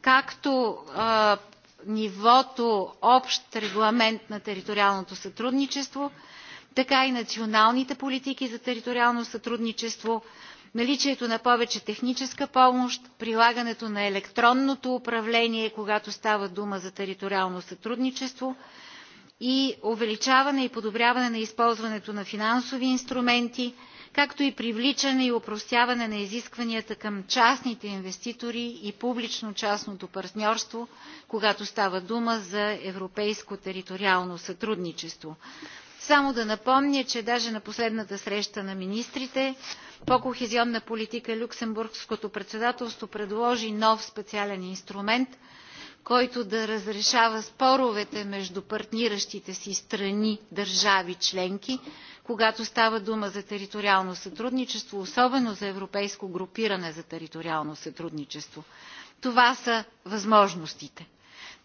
както а, нивото общ регламент на териториалното сътрудничество, така и националните политики за териториално сътрудничество, наличието на повече техническа помощ, прилагането на електронното управление, когато става дума за териториално сътрудничество и увеличаване и подобряване на използването на финансови инструменти, както и привличане и упростяване на изискванията към частните инвеститори и публично-частното партньорство, когато става дума за европейско териториално сътрудничество. Само да напомня, че даже на последната среща на министрите по кохезионна политика Люксембургското председателство предложи нов специален инструмент, който да разрешава споровете между партниращите си страни държави членки, когато става дума за териториално сътрудничество, особено за европейско групиране за териториално сътрудничество. Това са възможностите.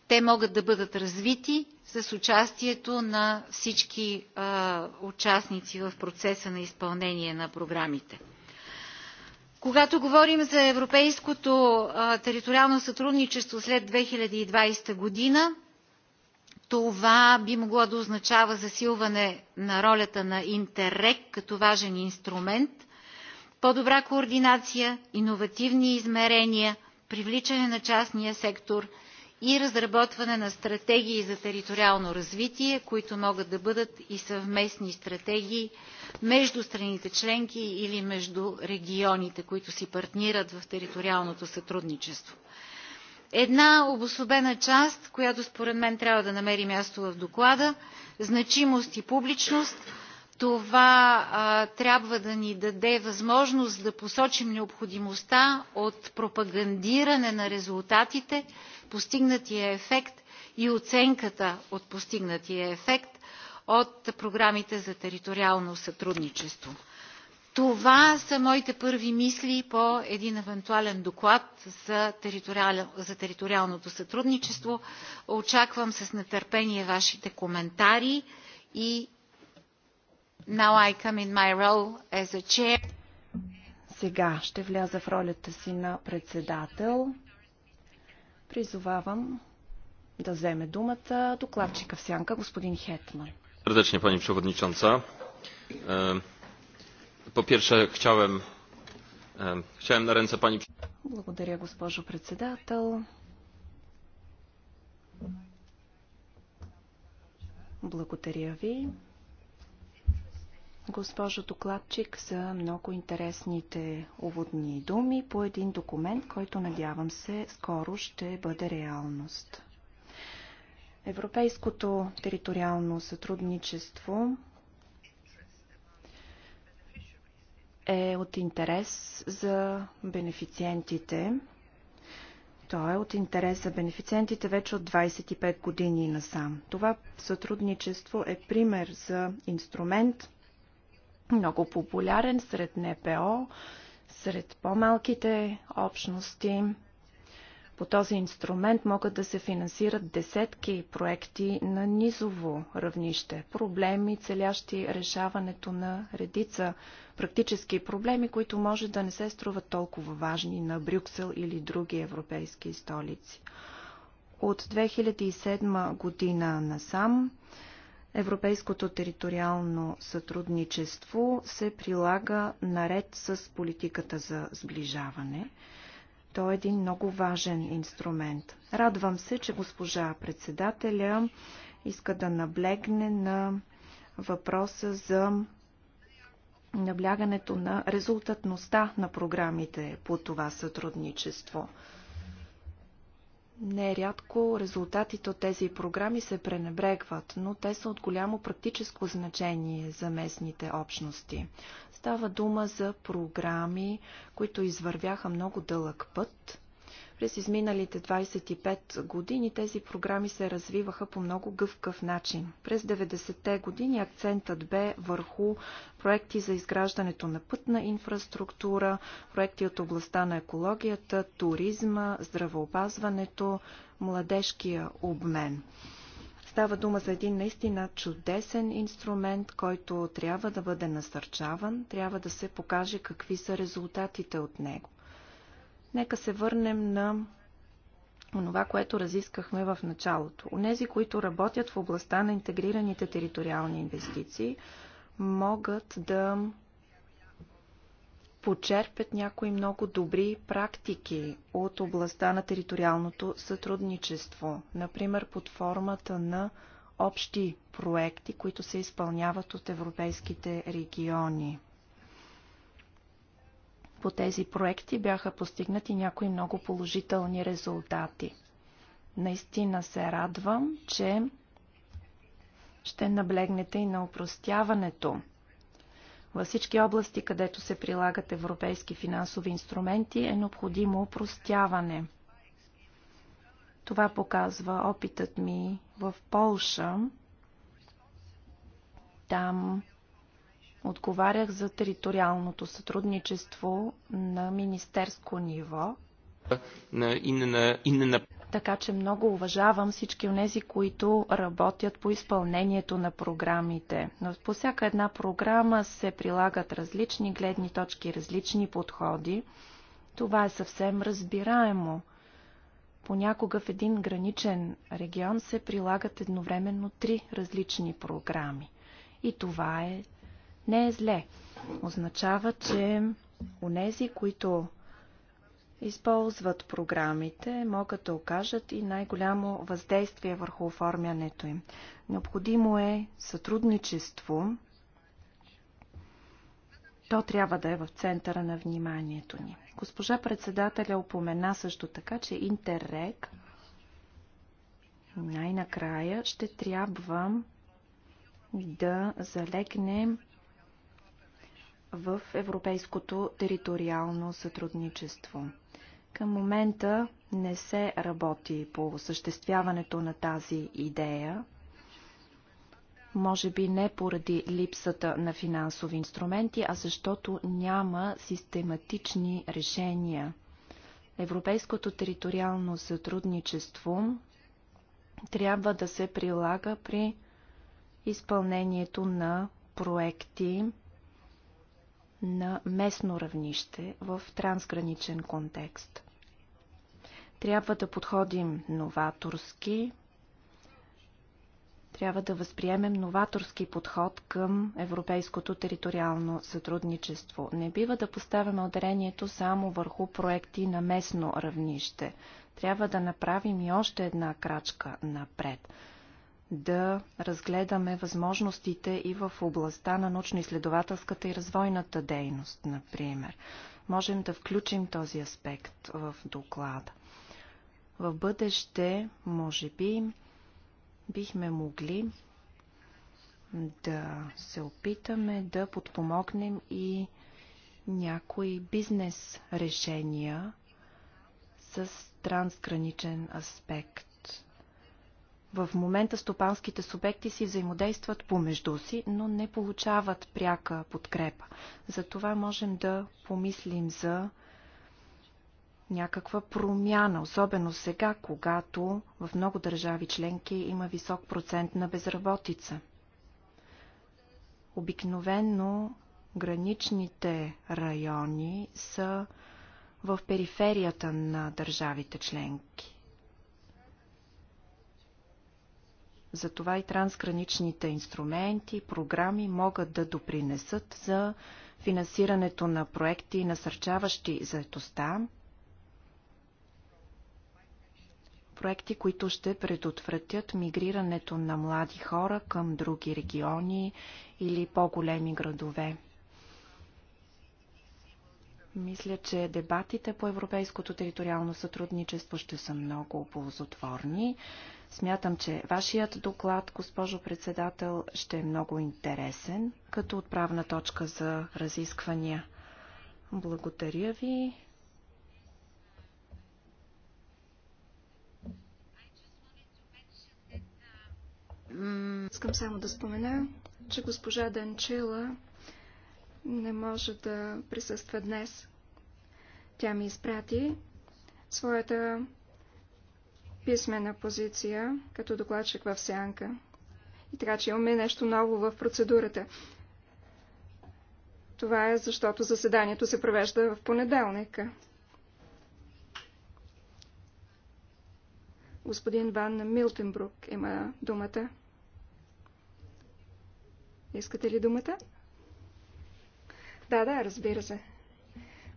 Те могат да бъдат развити с участието на всички а, участници в процеса на изпълнение на програмите. Когато говорим за европейското а, териториално сътрудничество след 2020 година, това би могло да означава засилване на ролята на Интеррек като важен инструмент, по-добра координация, иновативни измерения, привличане на частния сектор – и разработване на стратегии за териториално развитие, които могат да бъдат и съвместни стратегии между страните членки или между регионите, които си партнират в териториалното сътрудничество. Една обособена част, която според мен трябва да намери място в доклада, значимост и публичност, това а, трябва да ни даде възможност да посочим необходимостта от пропагандиране на резултатите постигнатия ефект и оценката от постигнатия ефект от програмите за териториално сътрудничество. Това са моите първи мисли по един евентуален доклад за, териториал, за териториалното сътрудничество. Очаквам с нетърпение вашите коментари и Now I come in my role as a chair. Сега ще вляза в ролята си на председател. Призовавам да вземе думата докладчика в сянка, господин Хетман. Сърдечни, пани Przewodnicząca. Е, по pierwsze хчавам chciałem na ręce pani... Благодаря, госпожо председател. Благодаря ви госпожо докладчик, за много интересните уводни думи по един документ, който надявам се скоро ще бъде реалност. Европейското териториално сътрудничество е от интерес за бенефициентите. То е от интерес за бенефициентите вече от 25 години насам. Това сътрудничество е пример за инструмент, много популярен сред НПО, сред по-малките общности. По този инструмент могат да се финансират десетки проекти на низово равнище. Проблеми, целящи решаването на редица практически проблеми, които може да не се струват толкова важни на Брюксел или други европейски столици. От 2007 година насам Европейското териториално сътрудничество се прилага наред с политиката за сближаване. Той е един много важен инструмент. Радвам се, че госпожа председателя иска да наблегне на въпроса за наблягането на резултатността на програмите по това сътрудничество. Нерядко резултатите от тези програми се пренебрегват, но те са от голямо практическо значение за местните общности. Става дума за програми, които извървяха много дълъг път, през изминалите 25 години тези програми се развиваха по много гъвкав начин. През 90-те години акцентът бе върху проекти за изграждането на пътна инфраструктура, проекти от областта на екологията, туризма, здравеопазването, младежкия обмен. Става дума за един наистина чудесен инструмент, който трябва да бъде насърчаван, трябва да се покаже какви са резултатите от него. Нека се върнем на онова, което разискахме в началото. Онези, които работят в областта на интегрираните териториални инвестиции, могат да почерпят някои много добри практики от областта на териториалното сътрудничество, например под формата на общи проекти, които се изпълняват от европейските региони по тези проекти бяха постигнати някои много положителни резултати. Наистина се радвам, че ще наблегнете и на упростяването. Във всички области, където се прилагат европейски финансови инструменти, е необходимо упростяване. Това показва опитът ми в Полша. Там Отговарях за териториалното сътрудничество на министерско ниво. На, инна, Така че много уважавам всички от тези, които работят по изпълнението на програмите. Но по всяка една програма се прилагат различни гледни точки, различни подходи. Това е съвсем разбираемо. Понякога в един граничен регион се прилагат едновременно три различни програми. И това е не е зле. Означава, че нези, които използват програмите, могат да окажат и най-голямо въздействие върху оформянето им. Необходимо е сътрудничество. То трябва да е в центъра на вниманието ни. Госпожа председателя упомена също така, че Интеррек най-накрая ще трябва да залегне в европейското териториално сътрудничество. Към момента не се работи по осъществяването на тази идея, може би не поради липсата на финансови инструменти, а защото няма систематични решения. Европейското териториално сътрудничество трябва да се прилага при изпълнението на проекти на местно равнище в трансграничен контекст. Трябва да подходим новаторски, трябва да възприемем новаторски подход към европейското териториално сътрудничество. Не бива да поставяме ударението само върху проекти на местно равнище. Трябва да направим и още една крачка напред – да разгледаме възможностите и в областта на научно-изследователската и развойната дейност, например. Можем да включим този аспект в доклада. В бъдеще, може би, бихме могли да се опитаме да подпомогнем и някои бизнес решения с трансграничен аспект. В момента стопанските субекти си взаимодействат помежду си, но не получават пряка подкрепа. Затова можем да помислим за някаква промяна, особено сега, когато в много държави членки има висок процент на безработица. Обикновенно граничните райони са в периферията на държавите членки. Затова и трансграничните инструменти, програми могат да допринесат за финансирането на проекти, насърчаващи заетостта, проекти, които ще предотвратят мигрирането на млади хора към други региони или по-големи градове. Мисля, че дебатите по европейското териториално сътрудничество ще са много ползотворни. Смятам, че вашият доклад, госпожо председател, ще е много интересен като отправна точка за разисквания. Благодаря ви. Искам само да спомена, че госпожа Данчела не може да присъства днес. Тя ми изпрати своята писмена позиция като докладчик в сянка. И така, че имаме нещо ново в процедурата. Това е защото заседанието се провежда в понеделника. Господин Ван Милтенбрук има думата. Искате ли думата? Да, да, разбира се.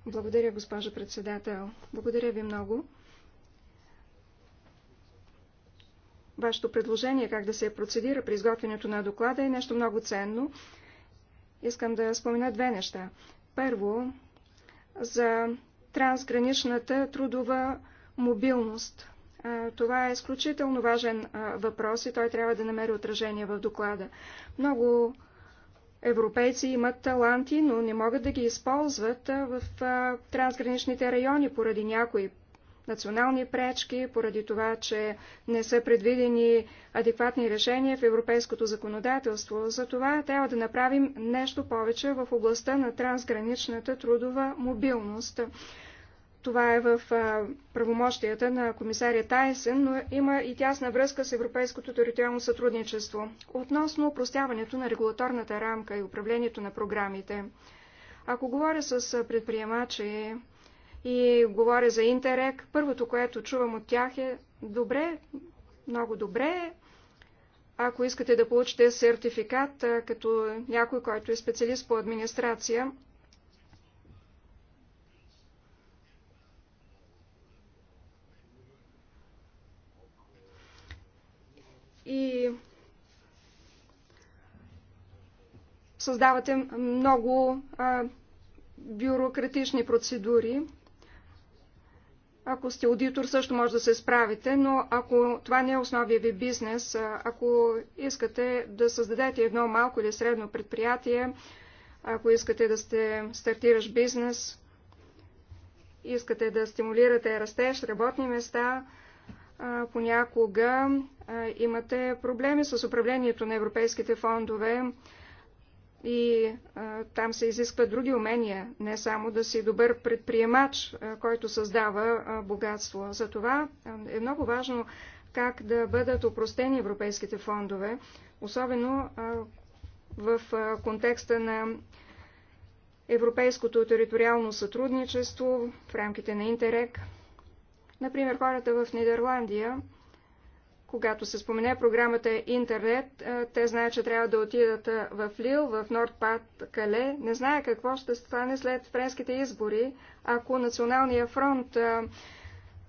Благодаря, госпожо председател. Благодаря ви много. Вашето предложение как да се процедира при изготвянето на доклада е нещо много ценно. Искам да спомена две неща. Първо, за трансграничната трудова мобилност. Това е изключително важен въпрос и той трябва да намери отражение в доклада. Много европейци имат таланти, но не могат да ги използват в трансграничните райони поради някои национални пречки, поради това, че не са предвидени адекватни решения в европейското законодателство. Затова трябва да направим нещо повече в областта на трансграничната трудова мобилност. Това е в правомощията на комисаря Тайсен, но има и тясна връзка с европейското териториално сътрудничество. Относно упростяването на регулаторната рамка и управлението на програмите. Ако говоря с предприемачи и говоря за Интерек, първото, което чувам от тях е добре, много добре, ако искате да получите сертификат като някой, който е специалист по администрация, и създавате много а, бюрократични процедури. Ако сте аудитор, също може да се справите, но ако това не е основия ви бизнес, ако искате да създадете едно малко или средно предприятие, ако искате да сте стартираш бизнес, искате да стимулирате растеж, работни места, понякога имате проблеми с управлението на европейските фондове и там се изискват други умения, не само да си добър предприемач, който създава богатство. богатство. Затова е много важно как да бъдат опростени европейските фондове, особено в контекста на европейското териториално сътрудничество в рамките на Интерек. Например, хората в Нидерландия когато се спомене програмата Интернет, те знаят, че трябва да отидат в Лил, в Нордпад, Кале. Не знае какво ще стане след френските избори, ако Националния фронт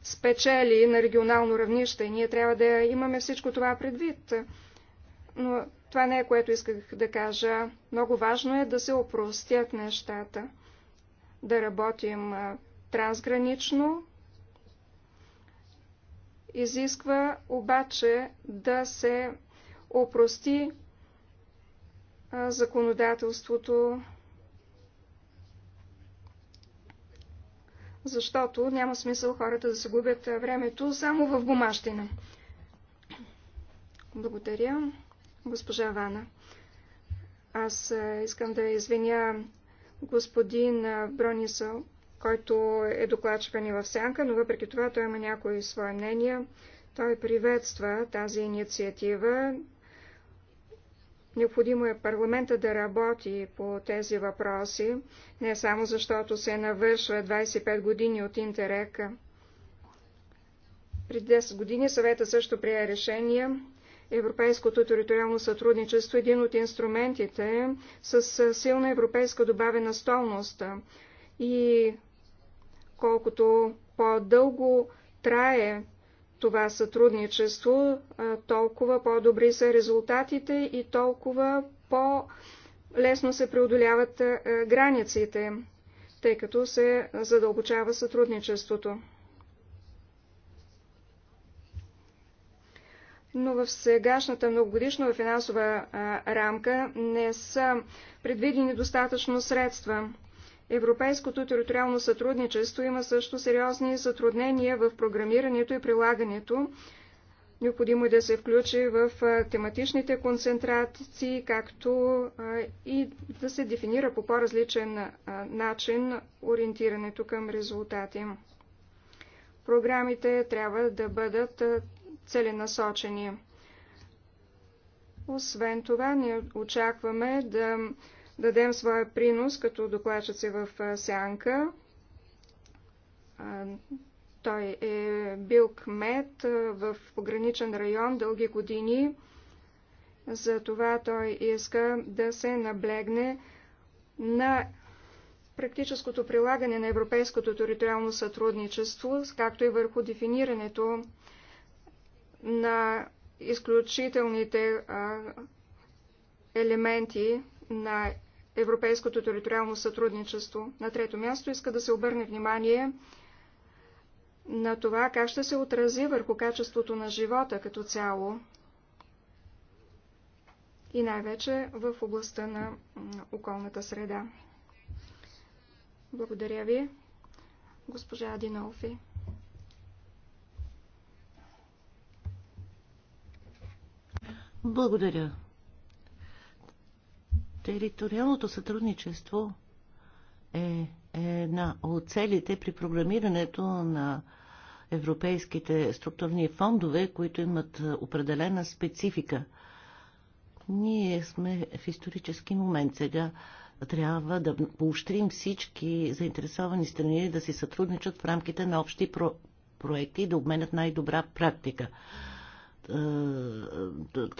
спечели на регионално равнище. Ние трябва да имаме всичко това предвид. Но това не е което исках да кажа. Много важно е да се опростят нещата, да работим трансгранично, изисква обаче да се опрости законодателството, защото няма смисъл хората да се губят времето само в бумащина. Благодаря, госпожа Вана. Аз искам да извиня господин Бронисъл който е докладчика ни в сянка, но въпреки това той има някои свои мнения. Той приветства тази инициатива. Необходимо е парламента да работи по тези въпроси, не само защото се навършва 25 години от Интерека. Преди 10 години съвета също прие решение Европейското териториално сътрудничество е един от инструментите с силна европейска добавена столност. И колкото по-дълго трае това сътрудничество, толкова по-добри са резултатите и толкова по-лесно се преодоляват границите, тъй като се задълбочава сътрудничеството. но в сегашната многогодишна финансова рамка не са предвидени достатъчно средства. Европейското териториално сътрудничество има също сериозни затруднения в програмирането и прилагането. Необходимо е да се включи в тематичните концентрации, както и да се дефинира по по-различен начин ориентирането към резултати. Програмите трябва да бъдат целенасочени. Освен това, ние очакваме да дадем своя принос като докладчици в сянка. Той е бил кмет в пограничен район дълги години. Затова той иска да се наблегне на практическото прилагане на европейското териториално сътрудничество, както и върху дефинирането на изключителните елементи на европейското териториално сътрудничество. На трето място иска да се обърне внимание на това как ще се отрази върху качеството на живота като цяло и най-вече в областта на околната среда. Благодаря ви, госпожа Адинолфи. Благодаря, Териториалното сътрудничество е една от целите при програмирането на европейските структурни фондове, които имат определена специфика. Ние сме в исторически момент сега. Трябва да поощрим всички заинтересовани страни да си сътрудничат в рамките на общи про- проекти и да обменят най-добра практика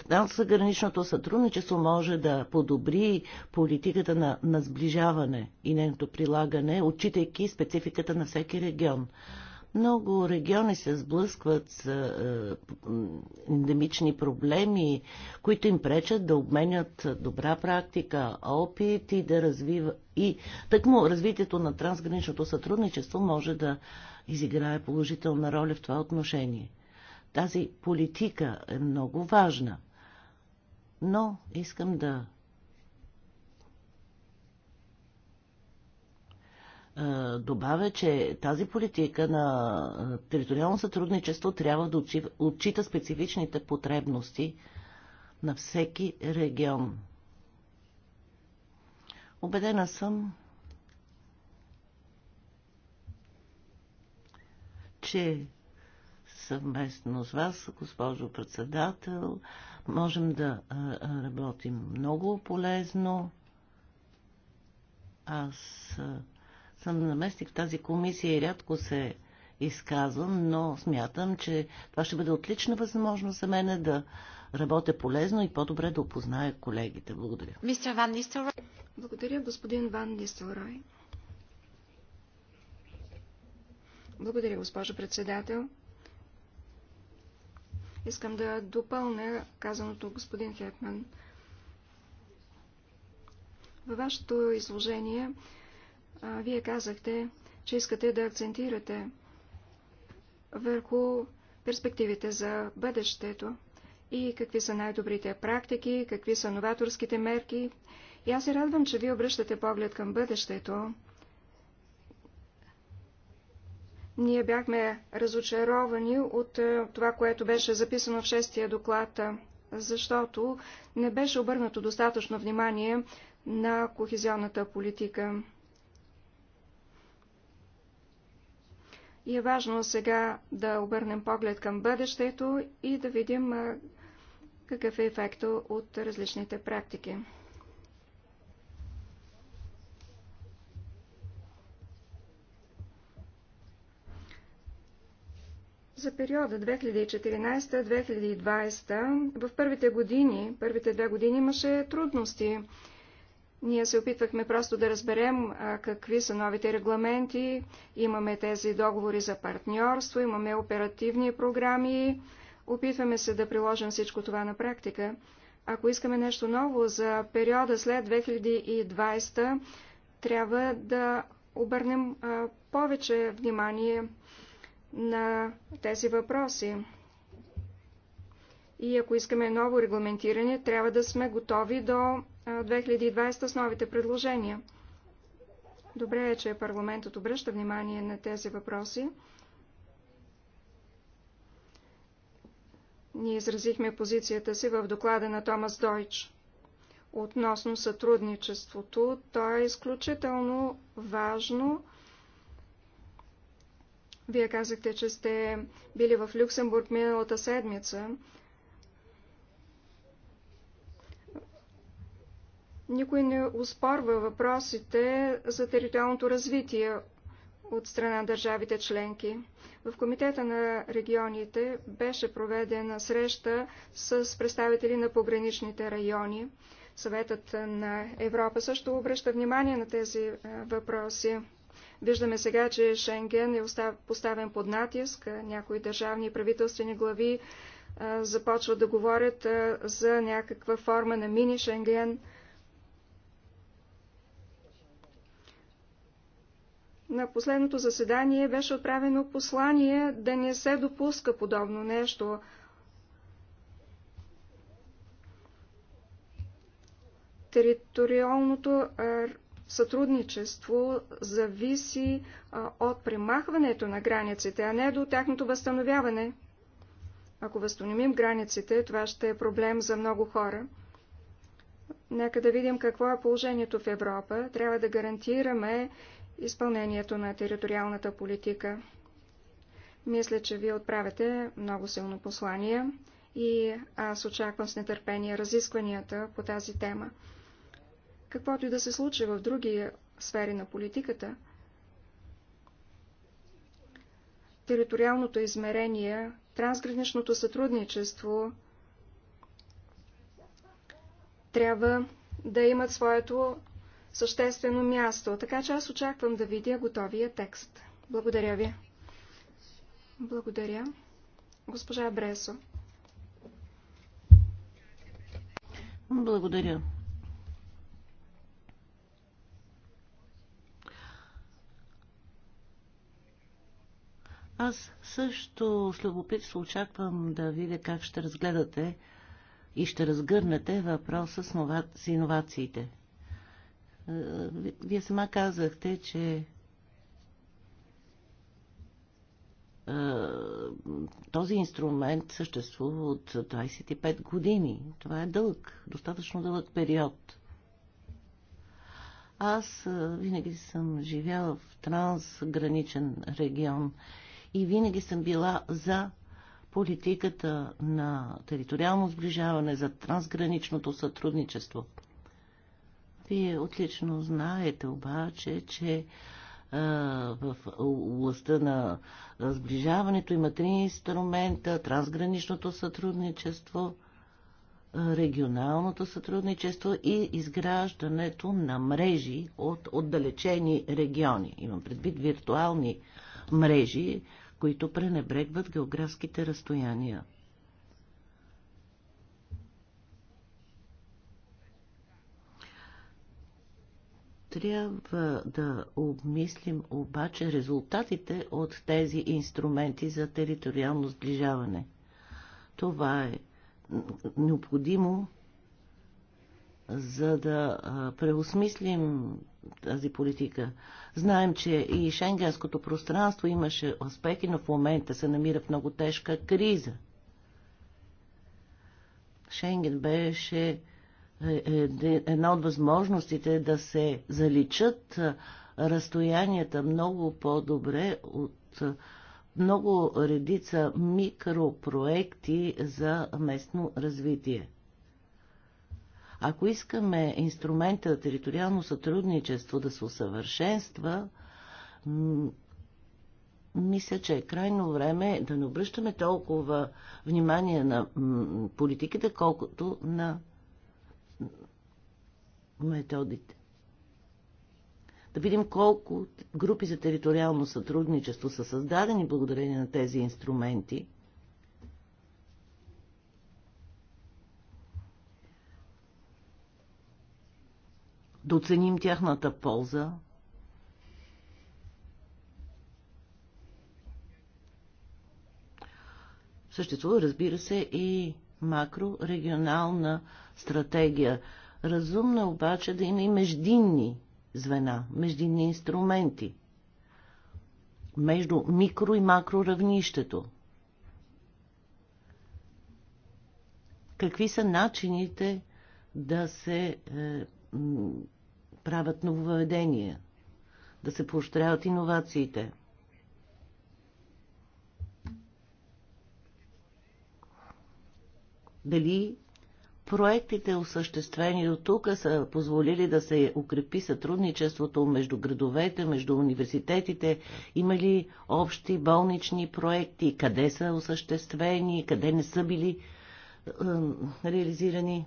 трансграничното сътрудничество може да подобри политиката на, на сближаване и нейното прилагане, отчитайки спецификата на всеки регион. Много региони се сблъскват с е, ендемични проблеми, които им пречат да обменят добра практика, опит и да развива. И тъкмо развитието на трансграничното сътрудничество може да изиграе положителна роля в това отношение. Тази политика е много важна. Но искам да добавя, че тази политика на териториално сътрудничество трябва да отчита специфичните потребности на всеки регион. Обедена съм, че съвместно с вас, госпожо председател. Можем да работим много полезно. Аз съм наместник в тази комисия и рядко се изказвам, но смятам, че това ще бъде отлична възможност за мене да работя полезно и по-добре да опозная колегите. Благодаря. Мистер Ван Нистелрой. Благодаря, господин Ван Нистелрой. Благодаря, госпожо председател. Искам да допълня казаното господин Хепман. Във вашето изложение а, вие казахте, че искате да акцентирате върху перспективите за бъдещето и какви са най-добрите практики, какви са новаторските мерки. И аз се радвам, че вие обръщате поглед към бъдещето, Ние бяхме разочаровани от е, това, което беше записано в шестия доклад, е, защото не беше обърнато достатъчно внимание на кохезионната политика. И е важно сега да обърнем поглед към бъдещето и да видим е, какъв е ефектът от различните практики. За периода 2014-2020 в първите години, първите две години имаше трудности. Ние се опитвахме просто да разберем а, какви са новите регламенти, имаме тези договори за партньорство, имаме оперативни програми, опитваме се да приложим всичко това на практика. Ако искаме нещо ново за периода след 2020, трябва да обърнем а, повече внимание на тези въпроси. И ако искаме ново регламентиране, трябва да сме готови до 2020 с новите предложения. Добре е, че парламентът обръща внимание на тези въпроси. Ние изразихме позицията си в доклада на Томас Дойч. Относно сътрудничеството, то е изключително важно вие казахте, че сте били в Люксембург миналата седмица. Никой не успорва въпросите за териториалното развитие от страна на държавите членки. В Комитета на регионите беше проведена среща с представители на пограничните райони. Съветът на Европа също обръща внимание на тези въпроси. Виждаме сега, че Шенген е поставен под натиск. Някои държавни и правителствени глави започват да говорят за някаква форма на мини Шенген. На последното заседание беше отправено послание да не се допуска подобно нещо. Териториалното сътрудничество зависи а, от премахването на границите, а не до тяхното възстановяване. Ако възстановим границите, това ще е проблем за много хора. Нека да видим какво е положението в Европа. Трябва да гарантираме изпълнението на териториалната политика. Мисля, че вие отправяте много силно послание и аз очаквам с нетърпение разискванията по тази тема каквото и да се случи в други сфери на политиката, териториалното измерение, трансграничното сътрудничество трябва да имат своето съществено място. Така че аз очаквам да видя готовия текст. Благодаря ви. Благодаря. Госпожа Бресо. Благодаря. Аз също с любопитство очаквам да видя как ще разгледате и ще разгърнете въпроса с, нова... с иновациите. Е, вие сама казахте, че е, този инструмент съществува от 25 години. Това е дълъг, достатъчно дълъг период. Аз е, винаги съм живяла в трансграничен регион и винаги съм била за политиката на териториално сближаване, за трансграничното сътрудничество. Вие отлично знаете обаче, че е, в областта на сближаването има три инструмента трансграничното сътрудничество, регионалното сътрудничество и изграждането на мрежи от отдалечени региони. Имам предвид виртуални мрежи, които пренебрегват географските разстояния. Трябва да обмислим обаче резултатите от тези инструменти за териториално сближаване. Това е необходимо за да преосмислим тази политика. Знаем, че и шенгенското пространство имаше успехи, но в момента се намира в много тежка криза. Шенген беше е, е, една от възможностите да се заличат разстоянията много по-добре от много редица микропроекти за местно развитие. Ако искаме инструмента териториално сътрудничество да се усъвършенства, мисля, че е крайно време да не обръщаме толкова внимание на политиките, колкото на методите. Да видим колко групи за териториално сътрудничество са създадени благодарение на тези инструменти – да оценим тяхната полза. Съществува, разбира се, и макрорегионална стратегия. Разумно е обаче да има и междинни звена, междинни инструменти между микро и макро равнището. Какви са начините да се е, правят нововведения, да се поощряват иновациите. Дали проектите, осъществени до тук, са позволили да се укрепи сътрудничеството между градовете, между университетите? Има ли общи болнични проекти? Къде са осъществени? Къде не са били э, реализирани?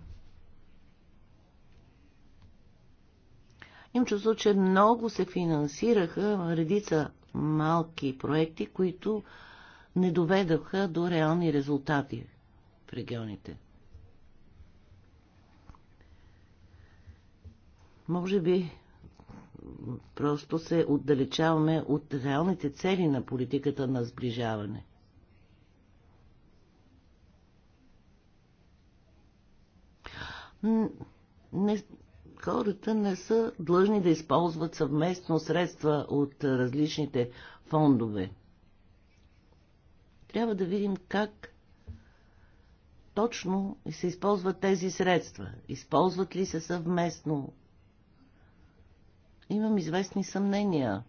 Им чувство, че много се финансираха редица малки проекти, които не доведаха до реални резултати в регионите. Може би просто се отдалечаваме от реалните цели на политиката на сближаване. Не, хората не са длъжни да използват съвместно средства от различните фондове. Трябва да видим как точно се използват тези средства. Използват ли се съвместно? Имам известни съмнения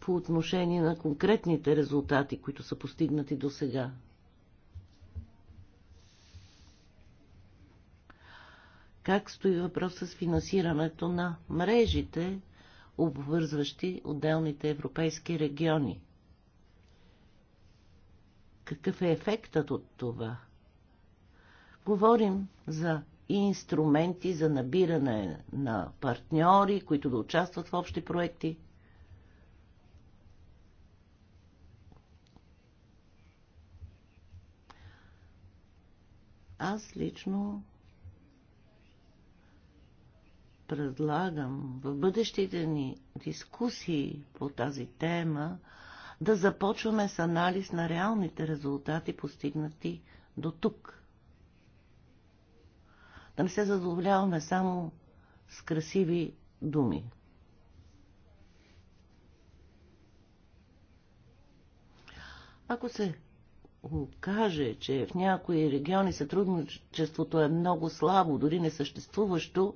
по отношение на конкретните резултати, които са постигнати до сега. Как стои въпроса с финансирането на мрежите, обвързващи отделните европейски региони? Какъв е ефектът от това? Говорим за инструменти за набиране на партньори, които да участват в общи проекти. Аз лично предлагам в бъдещите ни дискусии по тази тема да започваме с анализ на реалните резултати, постигнати до тук. Да не се задоволяваме само с красиви думи. Ако се окаже, че в някои региони сътрудничеството е много слабо, дори несъществуващо,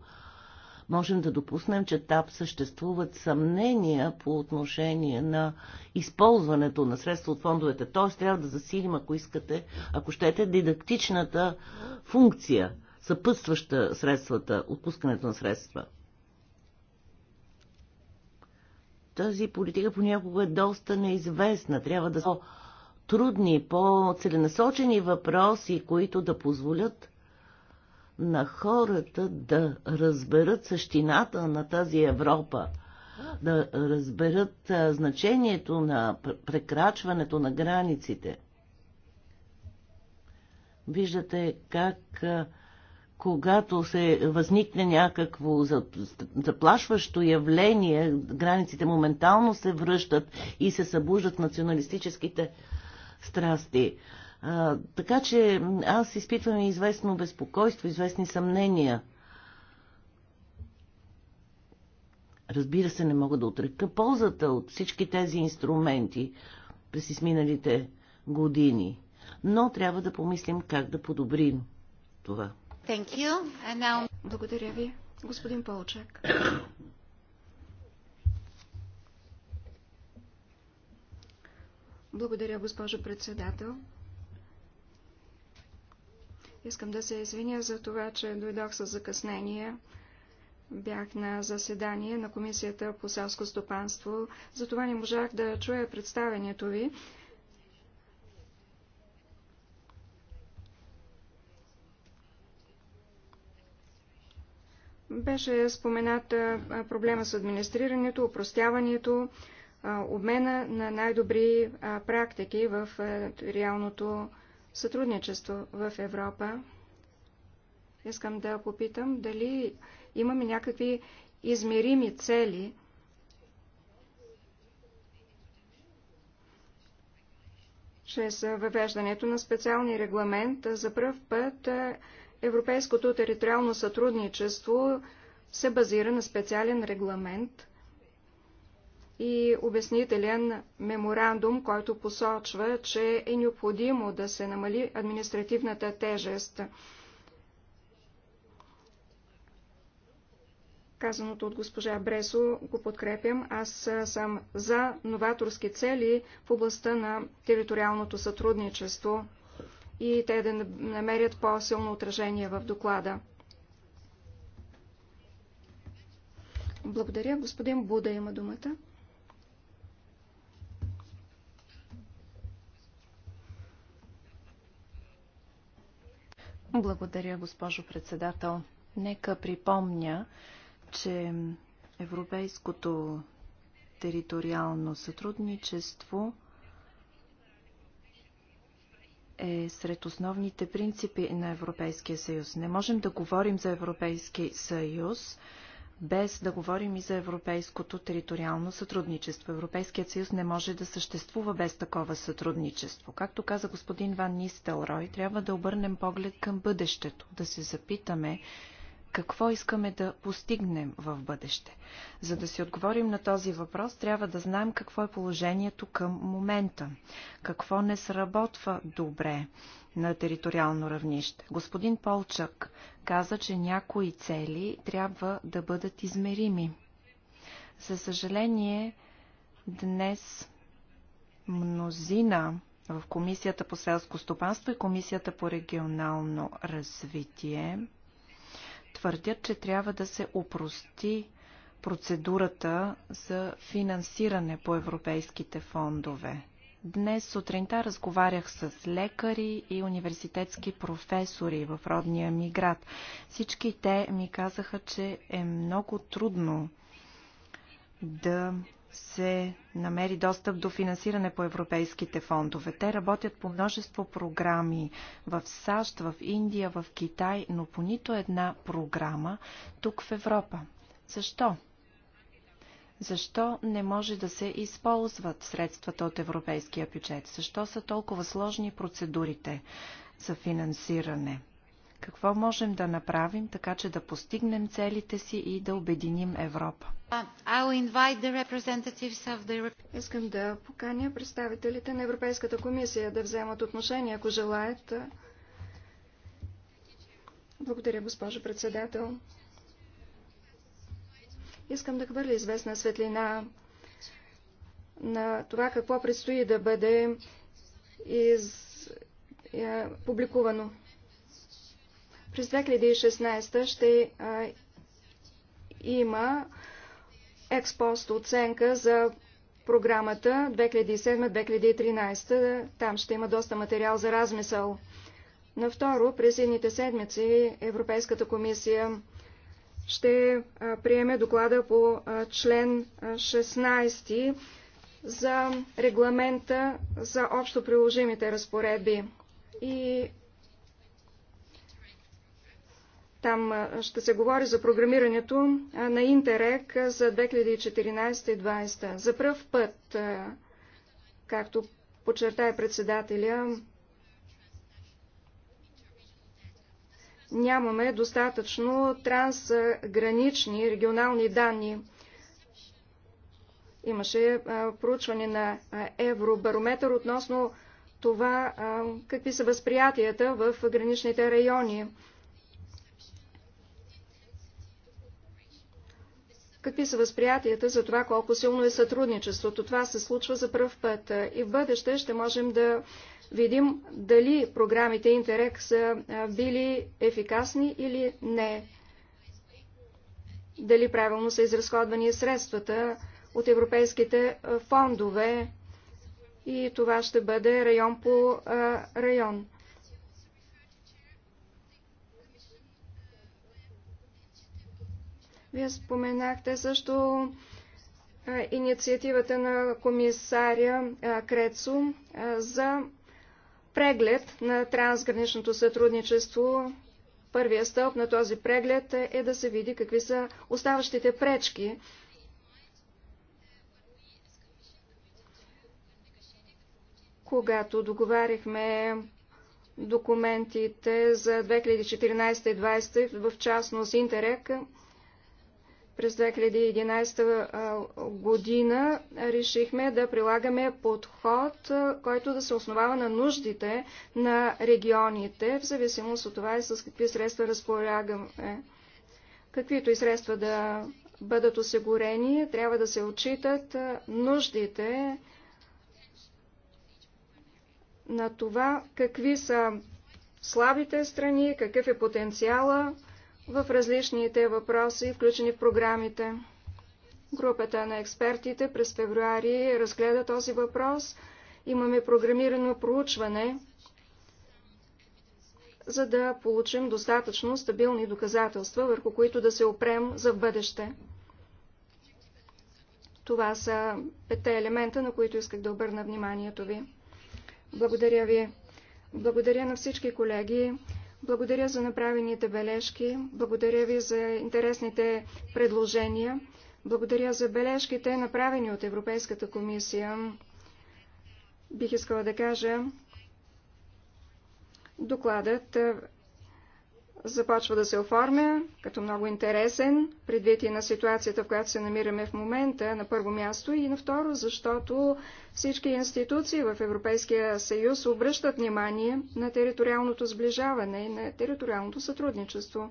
можем да допуснем, че там съществуват съмнения по отношение на използването на средства от фондовете. Т.е. трябва да засилим, ако искате, ако щете, дидактичната функция, съпътстваща средствата, отпускането на средства. Тази политика понякога е доста неизвестна. Трябва да са трудни, по-целенасочени въпроси, които да позволят на хората да разберат същината на тази Европа, да разберат значението на прекрачването на границите. Виждате как когато се възникне някакво заплашващо явление, границите моментално се връщат и се събуждат националистическите страсти. А, така че аз изпитвам известно безпокойство, известни съмнения. Разбира се, не мога да отрека ползата от всички тези инструменти през изминалите години, но трябва да помислим как да подобрим това. Thank you. And now... Благодаря ви, господин Полчак. Благодаря, госпожо председател. Искам да се извиня за това, че дойдох с закъснение. Бях на заседание на Комисията по селско стопанство, затова не можах да чуя представенето ви. Беше споменат проблема с администрирането, упростяването, обмена на най-добри практики в реалното сътрудничество в Европа. Искам да попитам дали имаме някакви измерими цели. Чрез въвеждането на специални регламент за пръв път е, европейското териториално сътрудничество се базира на специален регламент – и обяснителен меморандум, който посочва, че е необходимо да се намали административната тежест. Казаното от госпожа Бресо го подкрепям. Аз съм за новаторски цели в областта на териториалното сътрудничество и те да намерят по-силно отражение в доклада. Благодаря. Господин Буда има думата. Благодаря, госпожо председател. Нека припомня, че европейското териториално сътрудничество е сред основните принципи на Европейския съюз. Не можем да говорим за Европейски съюз, без да говорим и за европейското териториално сътрудничество. Европейският съюз не може да съществува без такова сътрудничество. Както каза господин Ван Нистелрой, трябва да обърнем поглед към бъдещето, да се запитаме какво искаме да постигнем в бъдеще. За да си отговорим на този въпрос, трябва да знаем какво е положението към момента, какво не сработва добре на териториално равнище. Господин Полчък каза, че някои цели трябва да бъдат измерими. За съжаление, днес мнозина в Комисията по селско стопанство и Комисията по регионално развитие твърдят, че трябва да се опрости процедурата за финансиране по европейските фондове. Днес сутринта разговарях с лекари и университетски професори в родния ми град. Всички те ми казаха, че е много трудно да се намери достъп до финансиране по европейските фондове. Те работят по множество програми в САЩ, в Индия, в Китай, но по нито една програма тук в Европа. Защо? Защо не може да се използват средствата от европейския бюджет? Защо са толкова сложни процедурите за финансиране? Какво можем да направим, така че да постигнем целите си и да обединим Европа? Искам да поканя представителите на Европейската комисия да вземат отношение, ако желаят. Благодаря, госпожо председател. Искам да хвърля известна светлина на това какво предстои да бъде из... Е, публикувано. През 2016 ще а, има експост оценка за програмата 2007-2013. Там ще има доста материал за размисъл. На второ, през едните седмици Европейската комисия ще приеме доклада по член 16 за регламента за общо приложимите разпоредби. И там ще се говори за програмирането на Интерек за 2014-2020. За пръв път, както подчертая председателя, нямаме достатъчно трансгранични регионални данни. Имаше проучване на Евробарометър относно това какви са възприятията в граничните райони. Какви са възприятията за това, колко силно е сътрудничеството? Това се случва за първ път и в бъдеще ще можем да видим дали програмите Интерек са били ефикасни или не. Дали правилно са изразходвани средствата от европейските фондове и това ще бъде район по район. Вие споменахте също инициативата на комисаря Крецо за преглед на трансграничното сътрудничество. Първия стълб на този преглед е да се види какви са оставащите пречки. Когато договаряхме документите за 2014 и 2020, в частност Интерек, през 2011 година решихме да прилагаме подход, който да се основава на нуждите на регионите, в зависимост от това и с какви средства разполагаме. Каквито и средства да бъдат осигурени, трябва да се отчитат нуждите на това какви са слабите страни, какъв е потенциала в различните въпроси, включени в програмите. Групата на експертите през февруари разгледа този въпрос. Имаме програмирано проучване, за да получим достатъчно стабилни доказателства, върху които да се опрем за в бъдеще. Това са петте елемента, на които исках да обърна вниманието ви. Благодаря ви. Благодаря на всички колеги благодаря за направените бележки. Благодаря ви за интересните предложения. Благодаря за бележките, направени от Европейската комисия. Бих искала да кажа, докладът започва да се оформя като много интересен, предвид и на ситуацията, в която се намираме в момента, на първо място, и на второ, защото всички институции в Европейския съюз обръщат внимание на териториалното сближаване и на териториалното сътрудничество.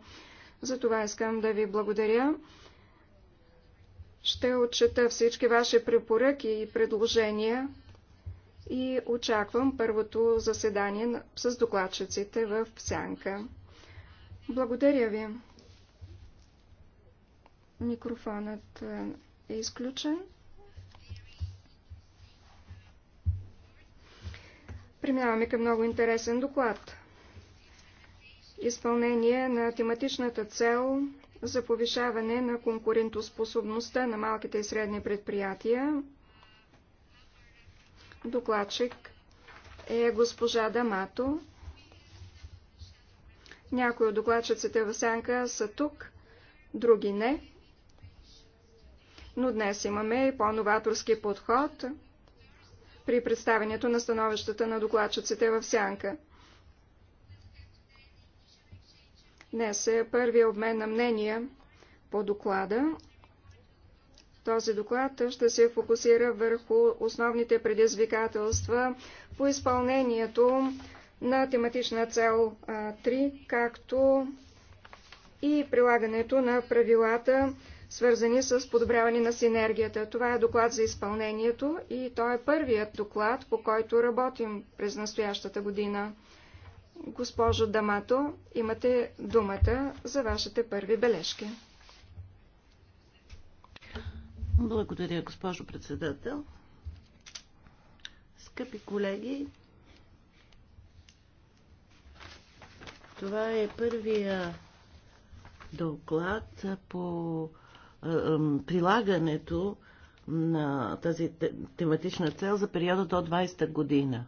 За това искам да ви благодаря. Ще отчета всички ваши препоръки и предложения и очаквам първото заседание с докладчиците в Сянка. Благодаря ви. Микрофонът е, е изключен. Преминаваме към много интересен доклад. Изпълнение на тематичната цел за повишаване на конкурентоспособността на малките и средни предприятия. Докладчик е госпожа Дамато. Някои от докладчиците в сянка са тук, други не. Но днес имаме и по-новаторски подход при представянето на становищата на докладчиците в сянка. Днес е първият обмен на мнения по доклада. Този доклад ще се фокусира върху основните предизвикателства по изпълнението на тематична цел 3, както и прилагането на правилата, свързани с подобряване на синергията. Това е доклад за изпълнението и той е първият доклад, по който работим през настоящата година. Госпожо Дамато, имате думата за вашите първи бележки. Благодаря, госпожо председател. Скъпи колеги, Това е първия доклад по прилагането на тази тематична цел за периода до 20-та година.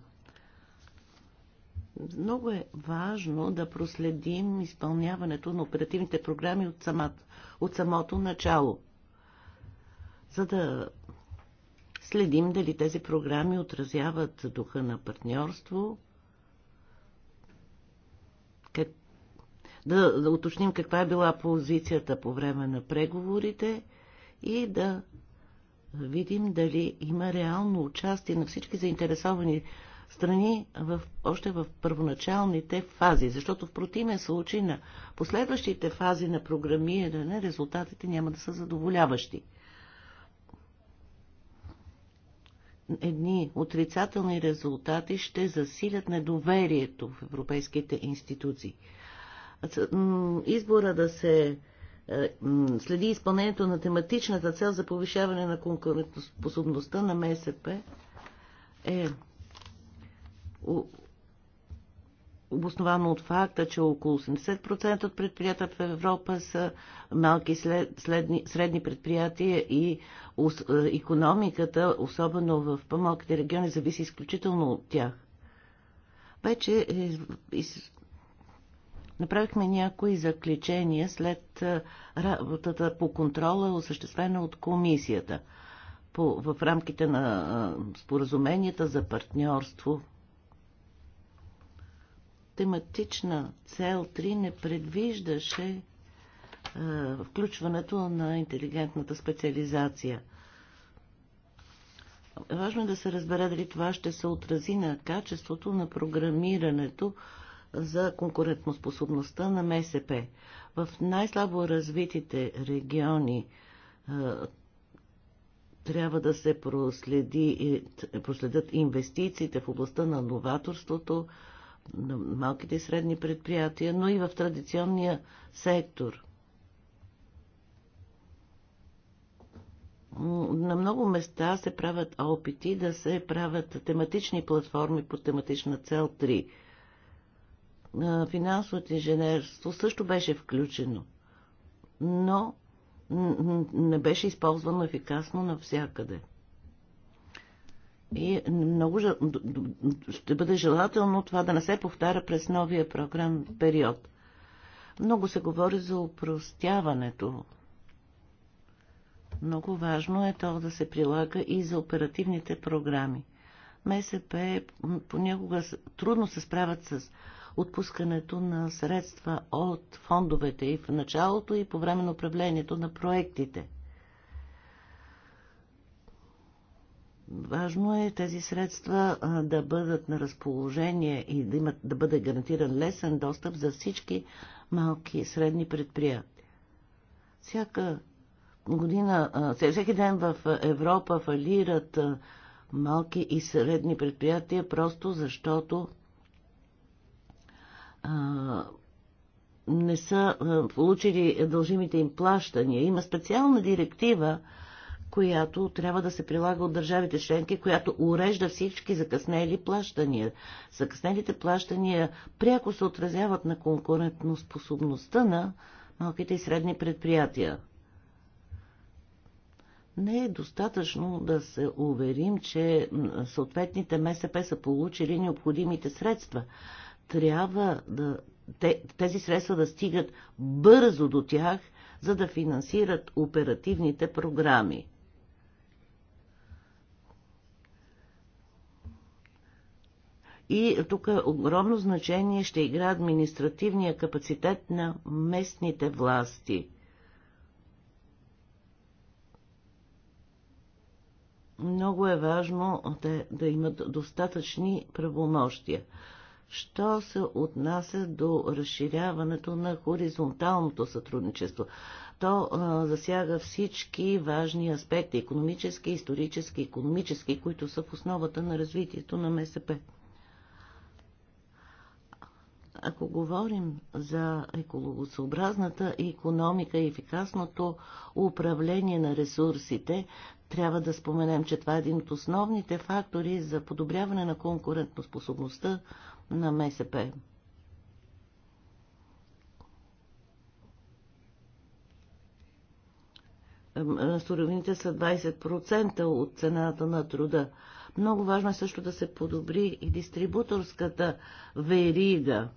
Много е важно да проследим изпълняването на оперативните програми от, самат, от самото начало, за да следим дали тези програми отразяват духа на партньорство да, да уточним каква е била позицията по време на преговорите и да видим дали има реално участие на всички заинтересовани страни в, още в първоначалните фази, защото в противен случай на последващите фази на програмиране резултатите няма да са задоволяващи. Едни отрицателни резултати ще засилят недоверието в европейските институции избора да се е, следи изпълнението на тематичната цел за повишаване на конкурентоспособността на МСП е обосновано от факта, че около 80% от предприятията в Европа са малки следни, средни предприятия и економиката, особено в по-малките региони, зависи изключително от тях. Вече е, Направихме някои заключения след работата по контрола, осъществена от комисията по, в рамките на споразуменията за партньорство. Тематична цел 3 не предвиждаше включването на интелигентната специализация. Важно е да се разбере дали това ще се отрази на качеството на програмирането за конкурентоспособността на МСП. В най-слабо развитите региони трябва да се проследи, проследят инвестициите в областта на новаторството, на малките и средни предприятия, но и в традиционния сектор. На много места се правят опити да се правят тематични платформи по тематична цел финансовото инженерство също беше включено, но не беше използвано ефикасно навсякъде. И много ще бъде желателно това да не се повтаря през новия програм период. Много се говори за упростяването. Много важно е то да се прилага и за оперативните програми. МСП понякога трудно се справят с отпускането на средства от фондовете и в началото и по време на управлението на проектите. Важно е тези средства да бъдат на разположение и да, имат, да бъде гарантиран лесен достъп за всички малки и средни предприятия. Всяка година, всеки ден в Европа фалират малки и средни предприятия, просто защото не са получили дължимите им плащания. Има специална директива, която трябва да се прилага от държавите членки, която урежда всички закъснели плащания. Закъснелите плащания пряко се отразяват на конкурентноспособността на малките и средни предприятия. Не е достатъчно да се уверим, че съответните МСП са получили необходимите средства трябва да, тези средства да стигат бързо до тях, за да финансират оперативните програми. И тук огромно значение ще игра административния капацитет на местните власти. Много е важно да имат достатъчни правомощия що се отнася до разширяването на хоризонталното сътрудничество. То а, засяга всички важни аспекти економически, исторически, економически, които са в основата на развитието на МСП. Ако говорим за екологосъобразната економика и ефикасното управление на ресурсите, трябва да споменем, че това е един от основните фактори за подобряване на конкурентоспособността на МСП. Е, суровините са 20% от цената на труда. Много важно е също да се подобри и дистрибуторската верига,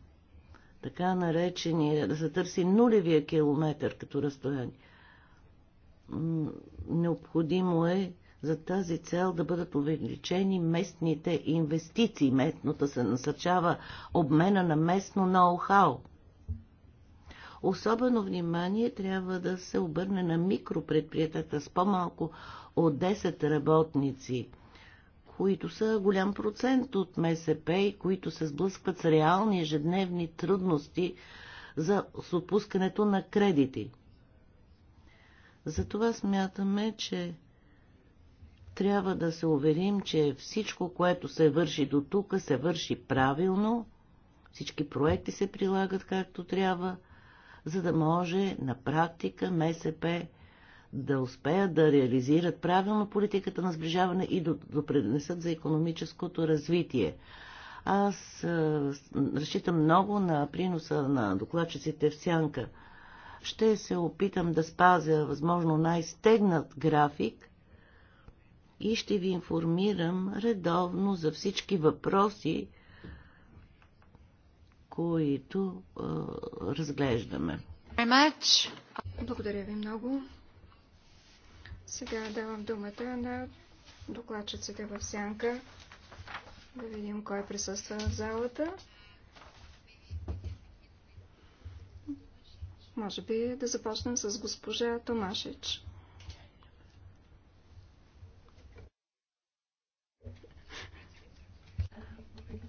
така наречения, да се търси нулевия километр като разстояние. Необходимо е за тази цел да бъдат увеличени местните инвестиции, местното се насърчава обмена на местно ноу-хау. Особено внимание трябва да се обърне на микропредприятията с по-малко от 10 работници, които са голям процент от МСП и които се сблъскват с реални ежедневни трудности за, с отпускането на кредити. Затова смятаме, че трябва да се уверим, че всичко, което се върши до тук, се върши правилно, всички проекти се прилагат както трябва, за да може на практика МСП да успеят да реализират правилно политиката на сближаване и да допринесат за економическото развитие. Аз а, разчитам много на приноса на докладчиците в Сянка. Ще се опитам да спазя възможно най-стегнат график, и ще ви информирам редовно за всички въпроси, които а, разглеждаме. Благодаря ви много. Сега давам думата на докладчиците в сянка. Да видим кой присъства в залата. Може би да започнем с госпожа Томашич.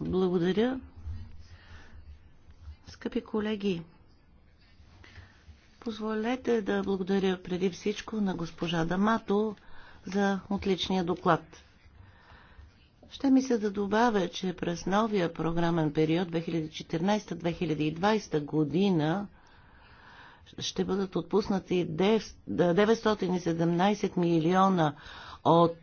Благодаря. Скъпи колеги, позволете да благодаря преди всичко на госпожа Дамато за отличния доклад. Ще ми се да добавя, че през новия програмен период 2014-2020 година ще бъдат отпуснати 917 милиона от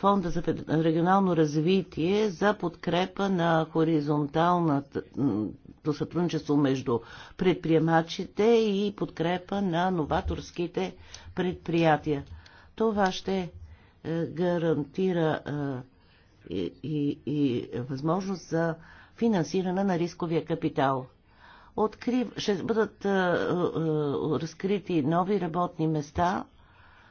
Фонда за регионално развитие за подкрепа на хоризонталното сътрудничество между предприемачите и подкрепа на новаторските предприятия. Това ще е, гарантира е, и, и, и възможност за финансиране на рисковия капитал. Открив, ще бъдат а, е, а, разкрити нови работни места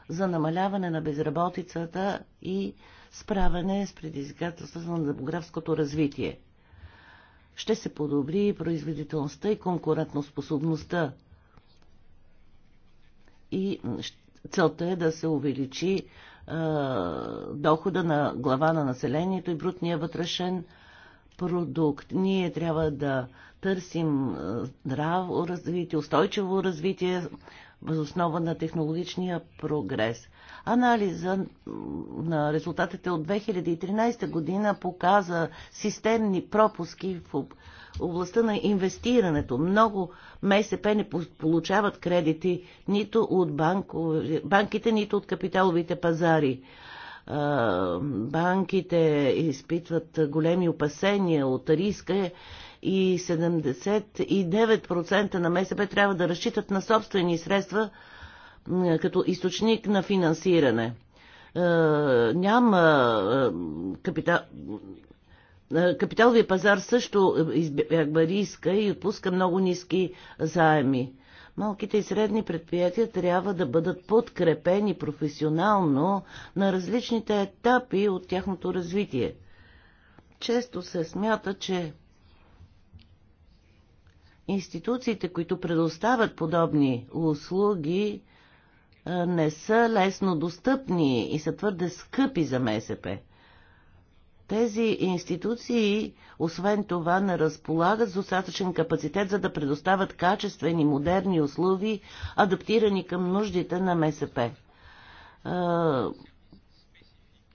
за намаляване на безработицата и справяне с предизвикателствата на демографското развитие. Ще се подобри производителността и конкурентоспособността. И целта е да се увеличи е, дохода на глава на населението и брутния вътрешен продукт. Ние трябва да търсим здраво развитие, устойчиво развитие, възоснова на технологичния прогрес. Анализа на резултатите от 2013 година показа системни пропуски в областта на инвестирането. Много МСП не получават кредити нито от банкови, банките, нито от капиталовите пазари банките изпитват големи опасения от риска и 79% на МСП трябва да разчитат на собствени средства като източник на финансиране. Е, няма е, капитал. Е, капиталовия пазар също избягва риска и отпуска много ниски заеми. Малките и средни предприятия трябва да бъдат подкрепени професионално на различните етапи от тяхното развитие. Често се смята, че институциите, които предоставят подобни услуги, не са лесно достъпни и са твърде скъпи за МСП. Тези институции, освен това, не разполагат с достатъчен капацитет, за да предоставят качествени, модерни услуги, адаптирани към нуждите на МСП.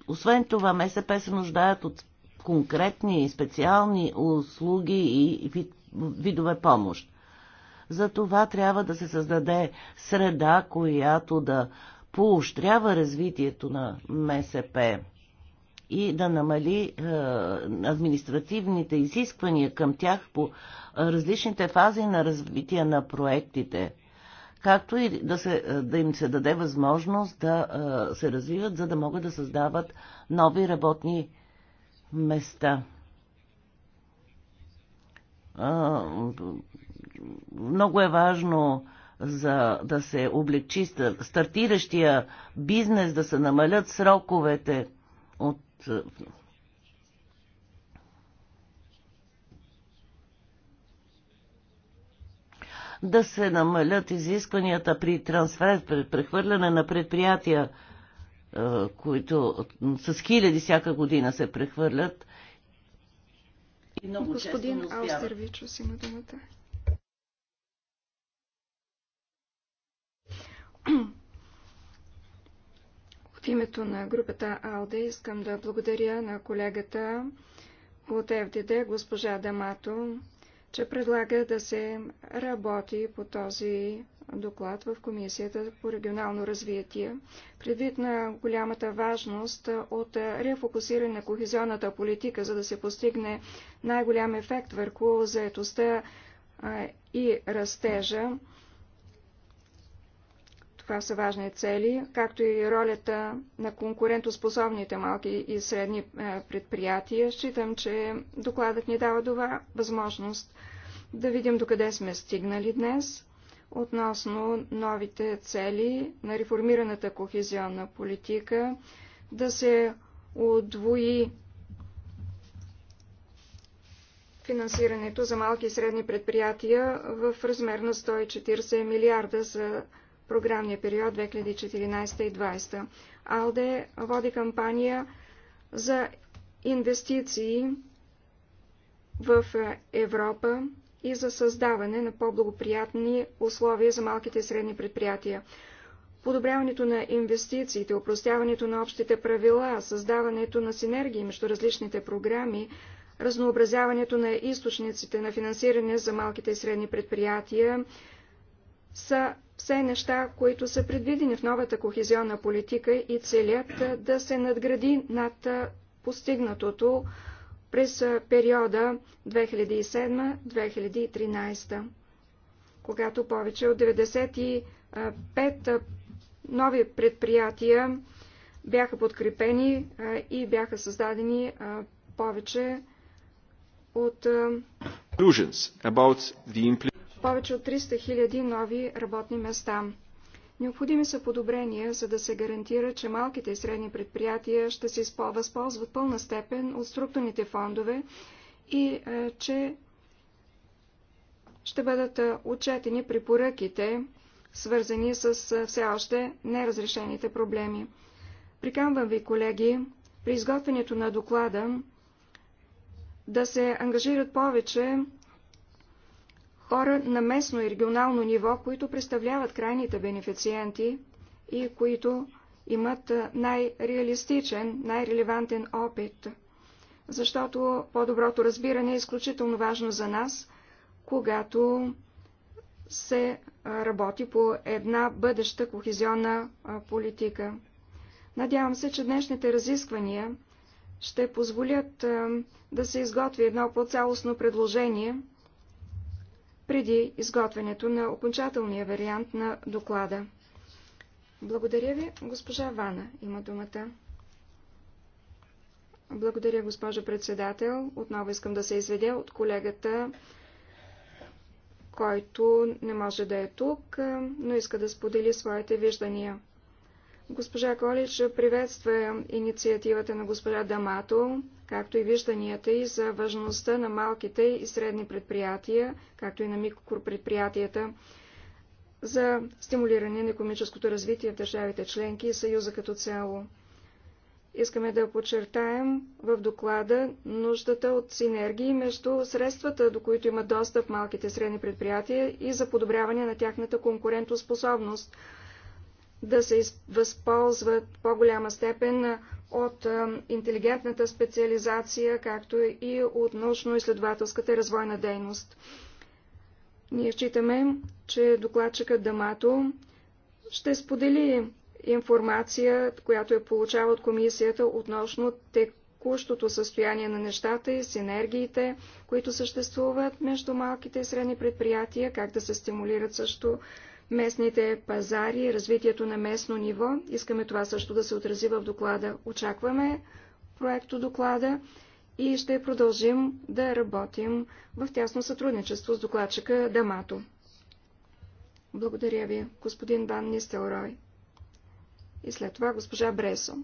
Освен това, МСП се нуждаят от конкретни, специални услуги и вид видове помощ. За това трябва да се създаде среда, която да поощрява развитието на МСП и да намали е, административните изисквания към тях по различните фази на развитие на проектите, както и да, се, е, да им се даде възможност да е, се развиват, за да могат да създават нови работни места много е важно за да се облегчи стартиращия бизнес, да се намалят сроковете от да се намалят изискванията при трансфер, при прехвърляне на предприятия, които с хиляди всяка година се прехвърлят и много Господин често Вичус има думата. В името на групата АЛДЕ искам да благодаря на колегата от ФДД, госпожа Дамато, че предлага да се работи по този доклад в Комисията по регионално развитие. Предвид на голямата важност от рефокусиране на кохезионната политика, за да се постигне най-голям ефект върху заетостта и растежа, това са важни цели, както и ролята на конкурентоспособните малки и средни предприятия. Считам, че докладът ни дава това възможност да видим докъде сме стигнали днес относно новите цели на реформираната кохезионна политика, да се удвои финансирането за малки и средни предприятия в размер на 140 милиарда за програмния период 2014 и 2020. АЛДЕ води кампания за инвестиции в Европа и за създаване на по-благоприятни условия за малките и средни предприятия. Подобряването на инвестициите, упростяването на общите правила, създаването на синергии между различните програми, разнообразяването на източниците на финансиране за малките и средни предприятия са все неща, които са предвидени в новата кохезионна политика и целят да се надгради над постигнатото през периода 2007-2013, когато повече от 95 нови предприятия бяха подкрепени и бяха създадени повече от повече от 300 000 нови работни места. Необходими са подобрения, за да се гарантира, че малките и средни предприятия ще се възползват пълна степен от структурните фондове и е, че ще бъдат е, отчетени препоръките, свързани с е, все още неразрешените проблеми. Прикамвам ви, колеги, при изготвянето на доклада да се ангажират повече хора на местно и регионално ниво, които представляват крайните бенефициенти и които имат най-реалистичен, най-релевантен опит. Защото по-доброто разбиране е изключително важно за нас, когато се работи по една бъдеща кохезионна политика. Надявам се, че днешните разисквания ще позволят да се изготви едно по-цялостно предложение – преди изготвянето на окончателния вариант на доклада. Благодаря ви, госпожа Вана има думата. Благодаря, госпожа председател. Отново искам да се изведя от колегата, който не може да е тук, но иска да сподели своите виждания. Госпожа Колич приветства инициативата на госпожа Дамато, както и вижданията и за важността на малките и средни предприятия, както и на микропредприятията за стимулиране на економическото развитие в държавите членки и Съюза като цяло. Искаме да подчертаем в доклада нуждата от синергии между средствата, до които има достъп малките и средни предприятия и за подобряване на тяхната конкурентоспособност – да се възползват по-голяма степен от интелигентната специализация, както и от научно-изследователската развойна дейност. Ние считаме, че докладчикът Дамато ще сподели информация, която е получава от комисията относно текущото състояние на нещата и синергиите, които съществуват между малките и средни предприятия, как да се стимулират също местните пазари, развитието на местно ниво. Искаме това също да се отрази в доклада. Очакваме проекто доклада и ще продължим да работим в тясно сътрудничество с докладчика Дамато. Благодаря ви, господин Бан Нистелрой. И след това госпожа Бресо.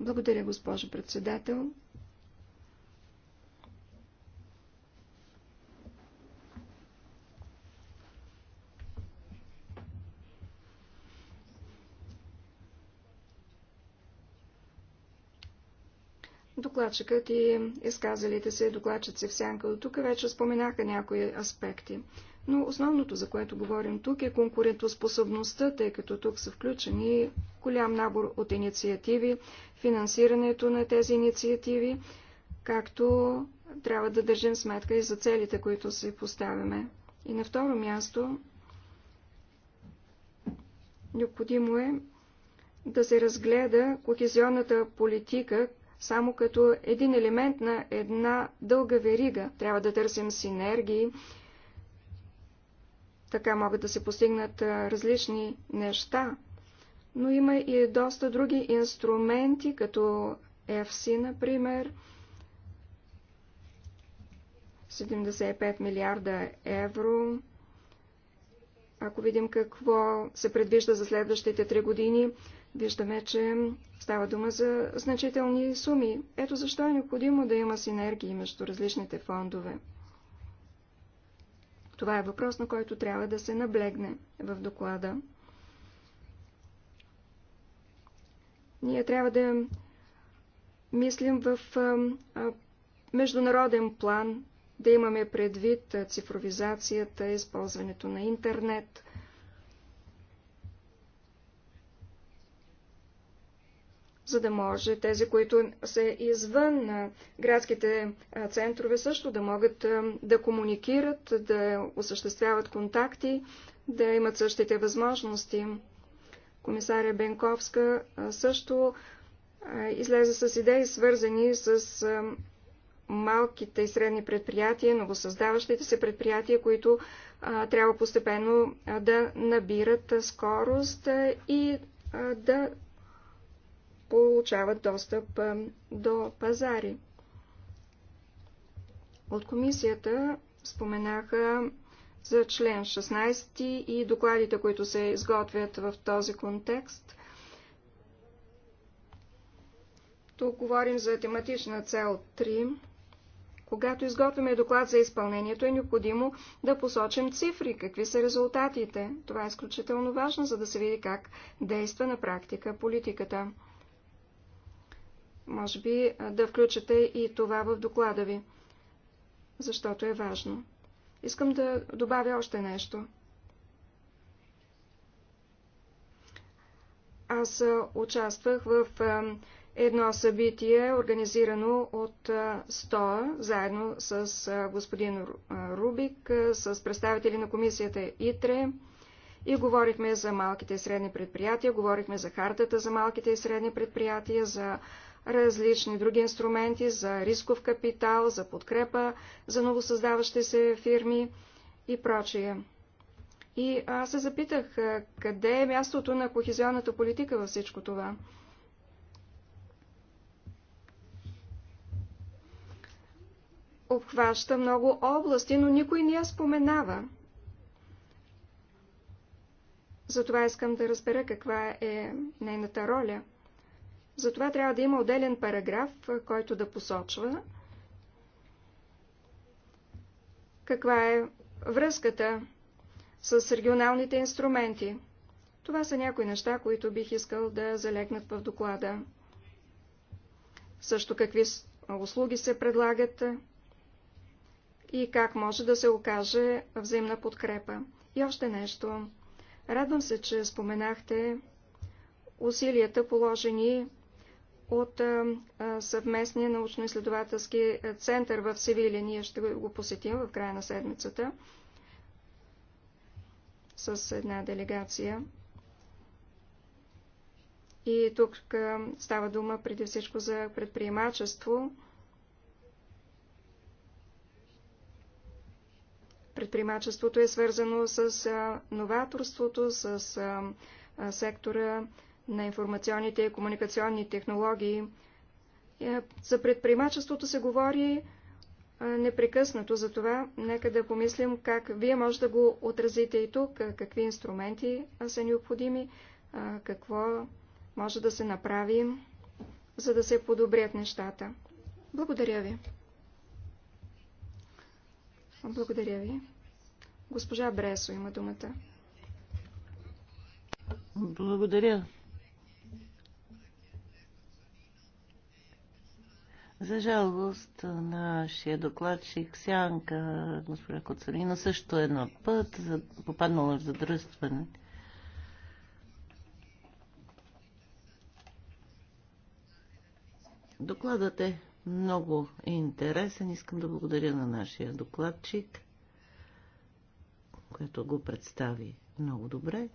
Благодаря, госпожо председател. Докладчикът и изказалите се докладчици в сянка до тук вече споменаха някои аспекти. Но основното, за което говорим тук, е конкурентоспособността, тъй като тук са включени голям набор от инициативи, финансирането на тези инициативи, както трябва да държим сметка и за целите, които си поставяме. И на второ място, необходимо е да се разгледа кохезионната политика само като един елемент на една дълга верига. Трябва да търсим синергии. Така могат да се постигнат различни неща. Но има и доста други инструменти, като FC, например. 75 милиарда евро. Ако видим какво се предвижда за следващите три години, Виждаме, че става дума за значителни суми. Ето защо е необходимо да има синергии между различните фондове. Това е въпрос, на който трябва да се наблегне в доклада. Ние трябва да мислим в международен план, да имаме предвид цифровизацията, използването на интернет – за да може тези, които са извън градските центрове, също да могат да комуникират, да осъществяват контакти, да имат същите възможности. Комисаря Бенковска също излезе с идеи, свързани с малките и средни предприятия, новосъздаващите се предприятия, които а, трябва постепенно а, да набират а, скорост а, и а, да получават достъп до пазари. От комисията споменаха за член 16 и докладите, които се изготвят в този контекст. Тук говорим за тематична цел 3. Когато изготвяме доклад за изпълнението, е необходимо да посочим цифри, какви са резултатите. Това е изключително важно, за да се види как действа на практика политиката. Може би да включите и това в доклада ви, защото е важно. Искам да добавя още нещо. Аз участвах в едно събитие, организирано от СТОА, заедно с господин Рубик, с представители на комисията ИТРЕ. И говорихме за малките и средни предприятия, говорихме за хартата за малките и средни предприятия, за различни други инструменти за рисков капитал, за подкрепа за новосъздаващи се фирми и прочие. И аз се запитах, къде е мястото на кохезионната политика във всичко това? Обхваща много области, но никой не я споменава. Затова искам да разбера каква е нейната роля – затова трябва да има отделен параграф, който да посочва каква е връзката с регионалните инструменти. Това са някои неща, които бих искал да залегнат в доклада. Също какви услуги се предлагат и как може да се окаже взаимна подкрепа. И още нещо. Радвам се, че споменахте усилията, положени от съвместния научно-изследователски център в Севиле. Ние ще го посетим в края на седмицата с една делегация. И тук става дума преди всичко за предприемачество. Предприемачеството е свързано с новаторството, с сектора на информационните и комуникационни технологии. Е, за предприемачеството се говори е, непрекъснато, за това. нека да помислим как вие може да го отразите и тук, е, какви инструменти са необходими, какво може да се направи, за да се подобрят нещата. Благодаря ви. Благодаря ви. Госпожа Бресо има думата. Благодаря. За жалост, нашия докладчик Сянка, госпожа Коцарина, също е на път, попаднала в задръстване. Докладът е много интересен. Искам да благодаря на нашия докладчик, който го представи много добре.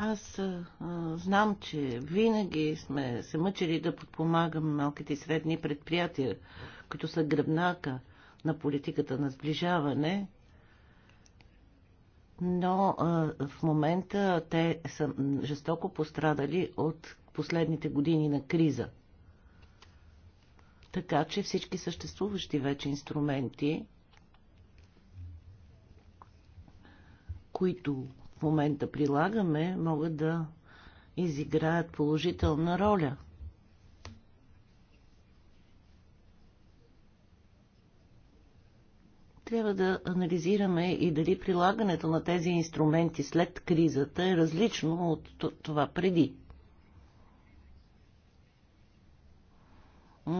Аз а, знам, че винаги сме се мъчили да подпомагаме малките и средни предприятия, които са гръбнака на политиката на сближаване, но а, в момента те са жестоко пострадали от последните години на криза. Така че всички съществуващи вече инструменти, които в момента прилагаме, могат да изиграят положителна роля. Трябва да анализираме и дали прилагането на тези инструменти след кризата е различно от това преди. Е,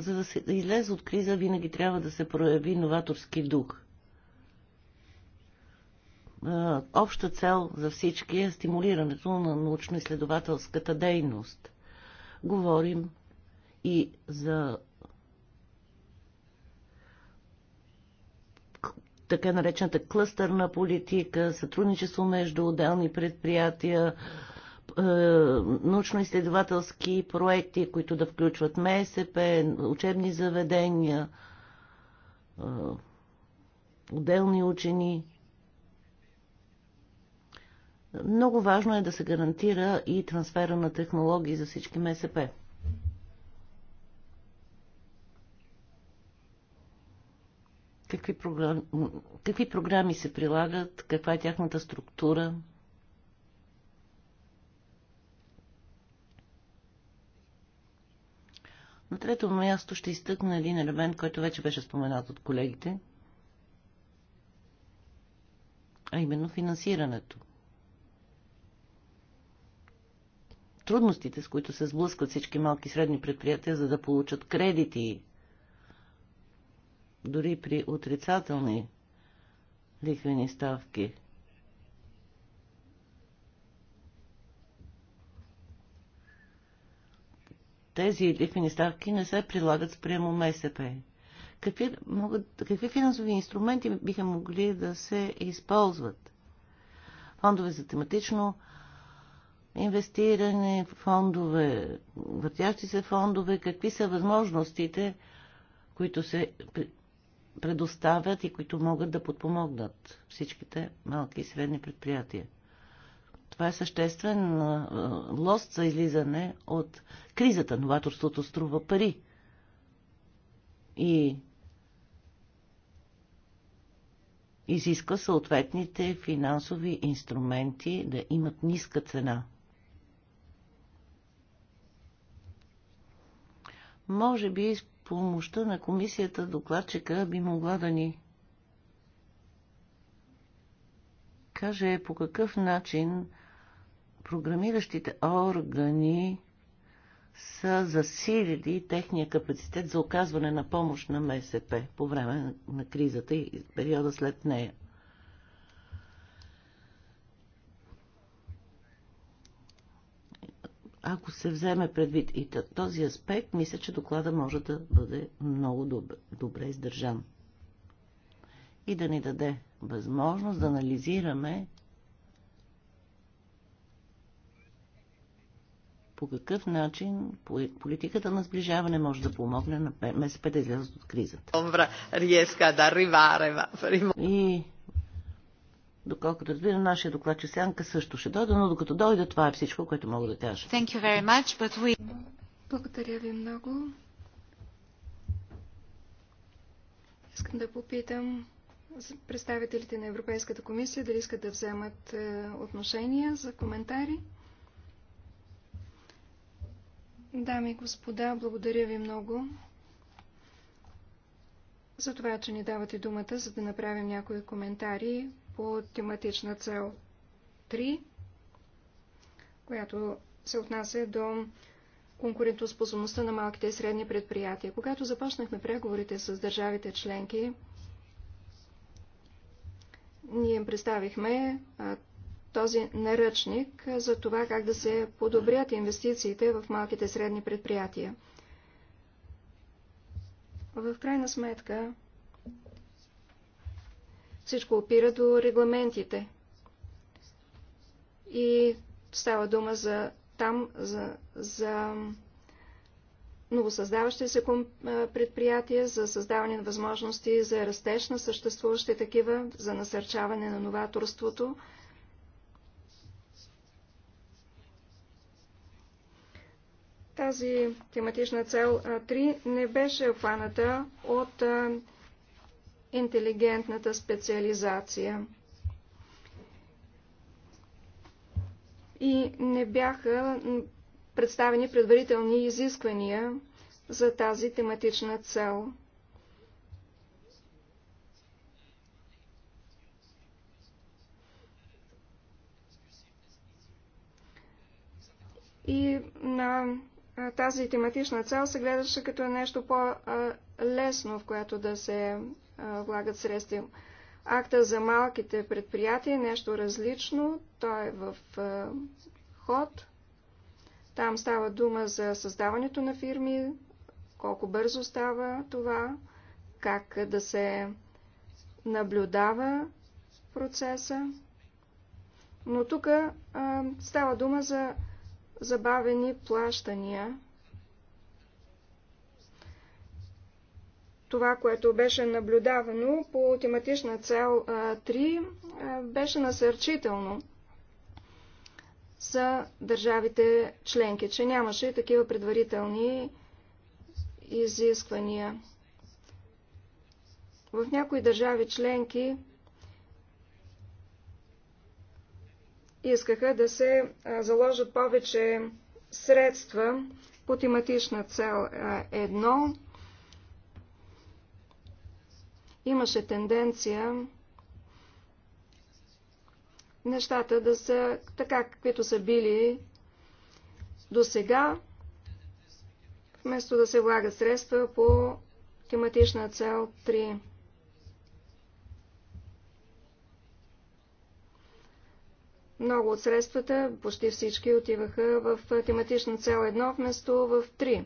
за да се излезе от криза, винаги трябва да се прояви новаторски дух – е, обща цел за всички е стимулирането на научно-изследователската дейност. Говорим и за така наречената клъстърна политика, сътрудничество между отделни предприятия, е, научно-изследователски проекти, които да включват МСП, учебни заведения, е, отделни учени. Много важно е да се гарантира и трансфера на технологии за всички МСП. Какви програми, какви програми се прилагат, каква е тяхната структура? На трето място ще изтъкна един елемент, който вече беше споменат от колегите, а именно финансирането. трудностите, с които се сблъскват всички малки и средни предприятия, за да получат кредити, дори при отрицателни лихвени ставки. Тези лихвени ставки не се прилагат спрямо МСП. Какви, могат, какви финансови инструменти биха могли да се използват? Фондове за тематично инвестиране, фондове, въртящи се фондове, какви са възможностите, които се предоставят и които могат да подпомогнат всичките малки и средни предприятия. Това е съществен лост за излизане от кризата. Новаторството струва пари. И изисква съответните финансови инструменти да имат ниска цена – Може би с помощта на комисията докладчика би могла да ни каже по какъв начин програмиращите органи са засилили техния капацитет за оказване на помощ на МСП по време на кризата и периода след нея. Ако се вземе предвид и този аспект, мисля, че доклада може да бъде много добре, добре издържан. И да ни даде възможност да анализираме по какъв начин политиката на сближаване може да помогне на МСП да излязат от кризата. И Доколкото разбира, нашия доклад че Сянка също ще дойде, но докато дойде, това е всичко, което мога да кажа. Thank you very much, but we... Благодаря ви много. Искам да попитам представителите на Европейската комисия дали искат да вземат е, отношения за коментари. Дами и господа, благодаря ви много за това, че ни давате думата, за да направим някои коментари по тематична цел 3, която се отнася до конкурентоспособността на малките и средни предприятия. Когато започнахме преговорите с държавите членки, ние им представихме този наръчник за това как да се подобрят инвестициите в малките и средни предприятия. В крайна сметка, всичко опира до регламентите. И става дума за там, за, за новосъздаващи се предприятия, за създаване на възможности за растеж на съществуващи такива, за насърчаване на новаторството. Тази тематична цел 3 не беше обхваната от интелигентната специализация. И не бяха представени предварителни изисквания за тази тематична цел. И на тази тематична цел се гледаше като нещо по-лесно, в което да се влагат средства им. Акта за малките предприятия е нещо различно. Той е в ход. Там става дума за създаването на фирми, колко бързо става това, как да се наблюдава процеса. Но тук става дума за забавени плащания това, което беше наблюдавано по тематична цел 3, беше насърчително за държавите членки, че нямаше такива предварителни изисквания. В някои държави членки искаха да се заложат повече средства по тематична цел 1 имаше тенденция нещата да са така, каквито са били до сега, вместо да се влагат средства по тематична цел 3. Много от средствата, почти всички, отиваха в тематична цел 1, вместо в 3.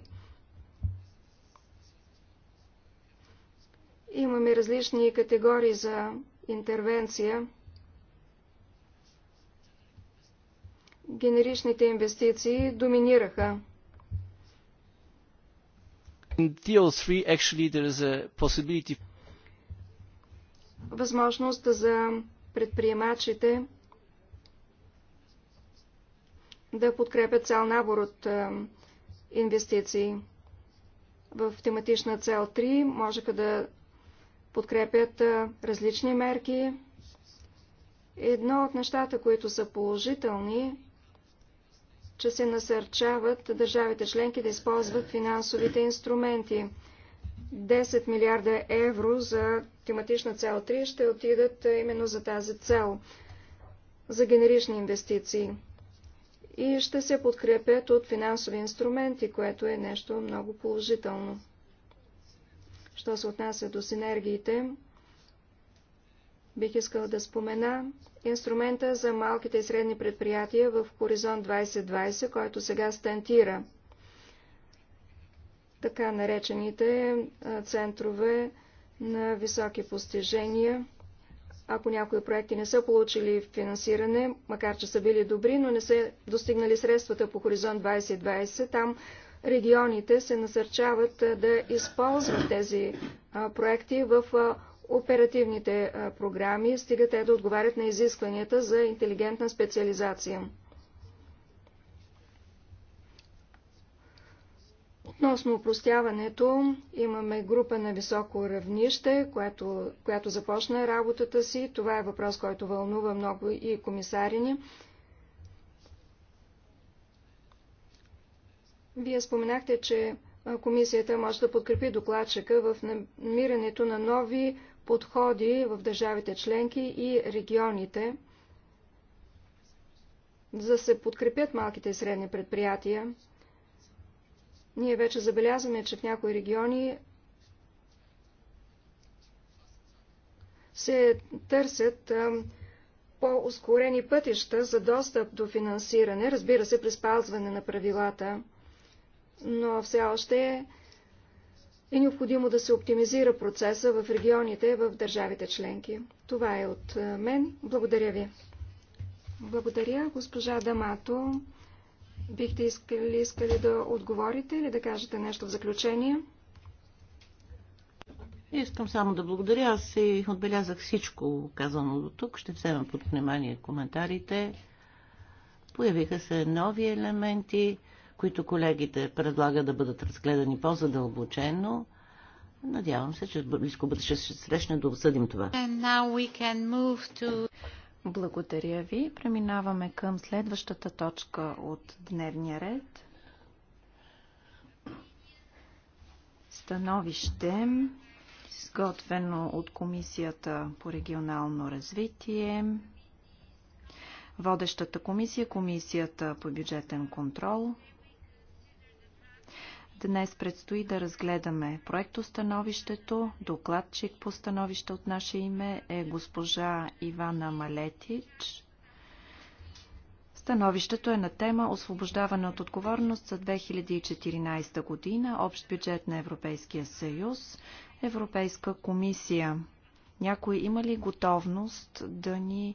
Имаме различни категории за интервенция. Генеричните инвестиции доминираха. In TO3 actually there is a possibility възможност за предприемачите да подкрепят цял набор от е, инвестиции. В тематична цел 3 можеха да подкрепят различни мерки. Едно от нещата, които са положителни, че се насърчават държавите членки да използват финансовите инструменти. 10 милиарда евро за тематична цел 3 ще отидат именно за тази цел, за генерични инвестиции. И ще се подкрепят от финансови инструменти, което е нещо много положително. Що се отнася до синергиите, бих искал да спомена инструмента за малките и средни предприятия в Хоризонт 2020, който сега стантира така наречените центрове на високи постижения. Ако някои проекти не са получили финансиране, макар че са били добри, но не са достигнали средствата по Хоризонт 2020, там регионите се насърчават да използват тези проекти в оперативните програми, стига те да отговарят на изискванията за интелигентна специализация. Относно упростяването, имаме група на високо равнище, която, която започна работата си. Това е въпрос, който вълнува много и комисарини. Вие споменахте, че комисията може да подкрепи докладчика в намирането на нови подходи в държавите членки и регионите, за да се подкрепят малките и средни предприятия. Ние вече забелязваме, че в някои региони се търсят по-ускорени пътища за достъп до финансиране, разбира се, при спазване на правилата но все още е необходимо да се оптимизира процеса в регионите, в държавите членки. Това е от е, мен. Благодаря ви. Благодаря, госпожа Дамато. Бихте искали, искали да отговорите или да кажете нещо в заключение? Искам само да благодаря. Аз си отбелязах всичко казано до тук. Ще взема под внимание коментарите. Появиха се нови елементи които колегите предлагат да бъдат разгледани по-задълбочено. Надявам се, че в близко бъдеще ще се срещне да обсъдим това. To... Благодаря ви. Преминаваме към следващата точка от дневния ред. Становище, изготвено от Комисията по регионално развитие. Водещата комисия, е Комисията по бюджетен контрол, Днес предстои да разгледаме проектостановището. Докладчик по становище от наше име е госпожа Ивана Малетич. Становището е на тема Освобождаване от отговорност за 2014 година, Общ бюджет на Европейския съюз, Европейска комисия. Някой има ли готовност да ни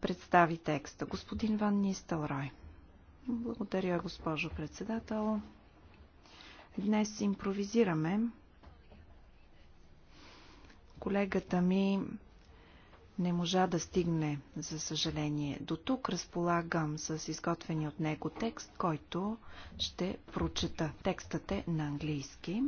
представи текста? Господин Ван Нистелрой. Благодаря, госпожо председател. Днес импровизираме. Колегата ми не можа да стигне, за съжаление. До тук разполагам с изготвени от него текст, който ще прочета. Текстът е на английски.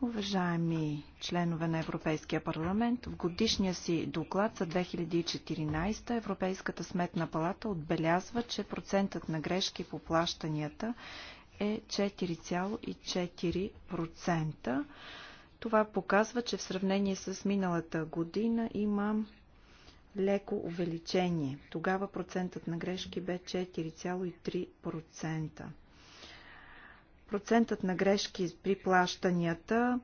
Уважаеми членове на Европейския парламент, в годишния си доклад за 2014 Европейската сметна палата отбелязва, че процентът на грешки по плащанията е 4,4%. Това показва, че в сравнение с миналата година има леко увеличение. Тогава процентът на грешки бе 4,3%. Процентът на грешки при плащанията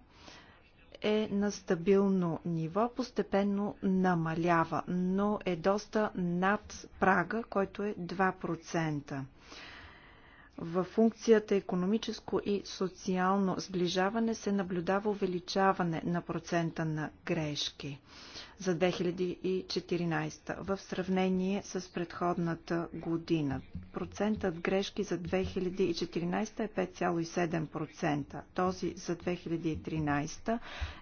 е на стабилно ниво, постепенно намалява, но е доста над прага, който е 2% във функцията економическо и социално сближаване се наблюдава увеличаване на процента на грешки за 2014 в сравнение с предходната година. Процентът грешки за 2014 е 5,7%. Този за 2013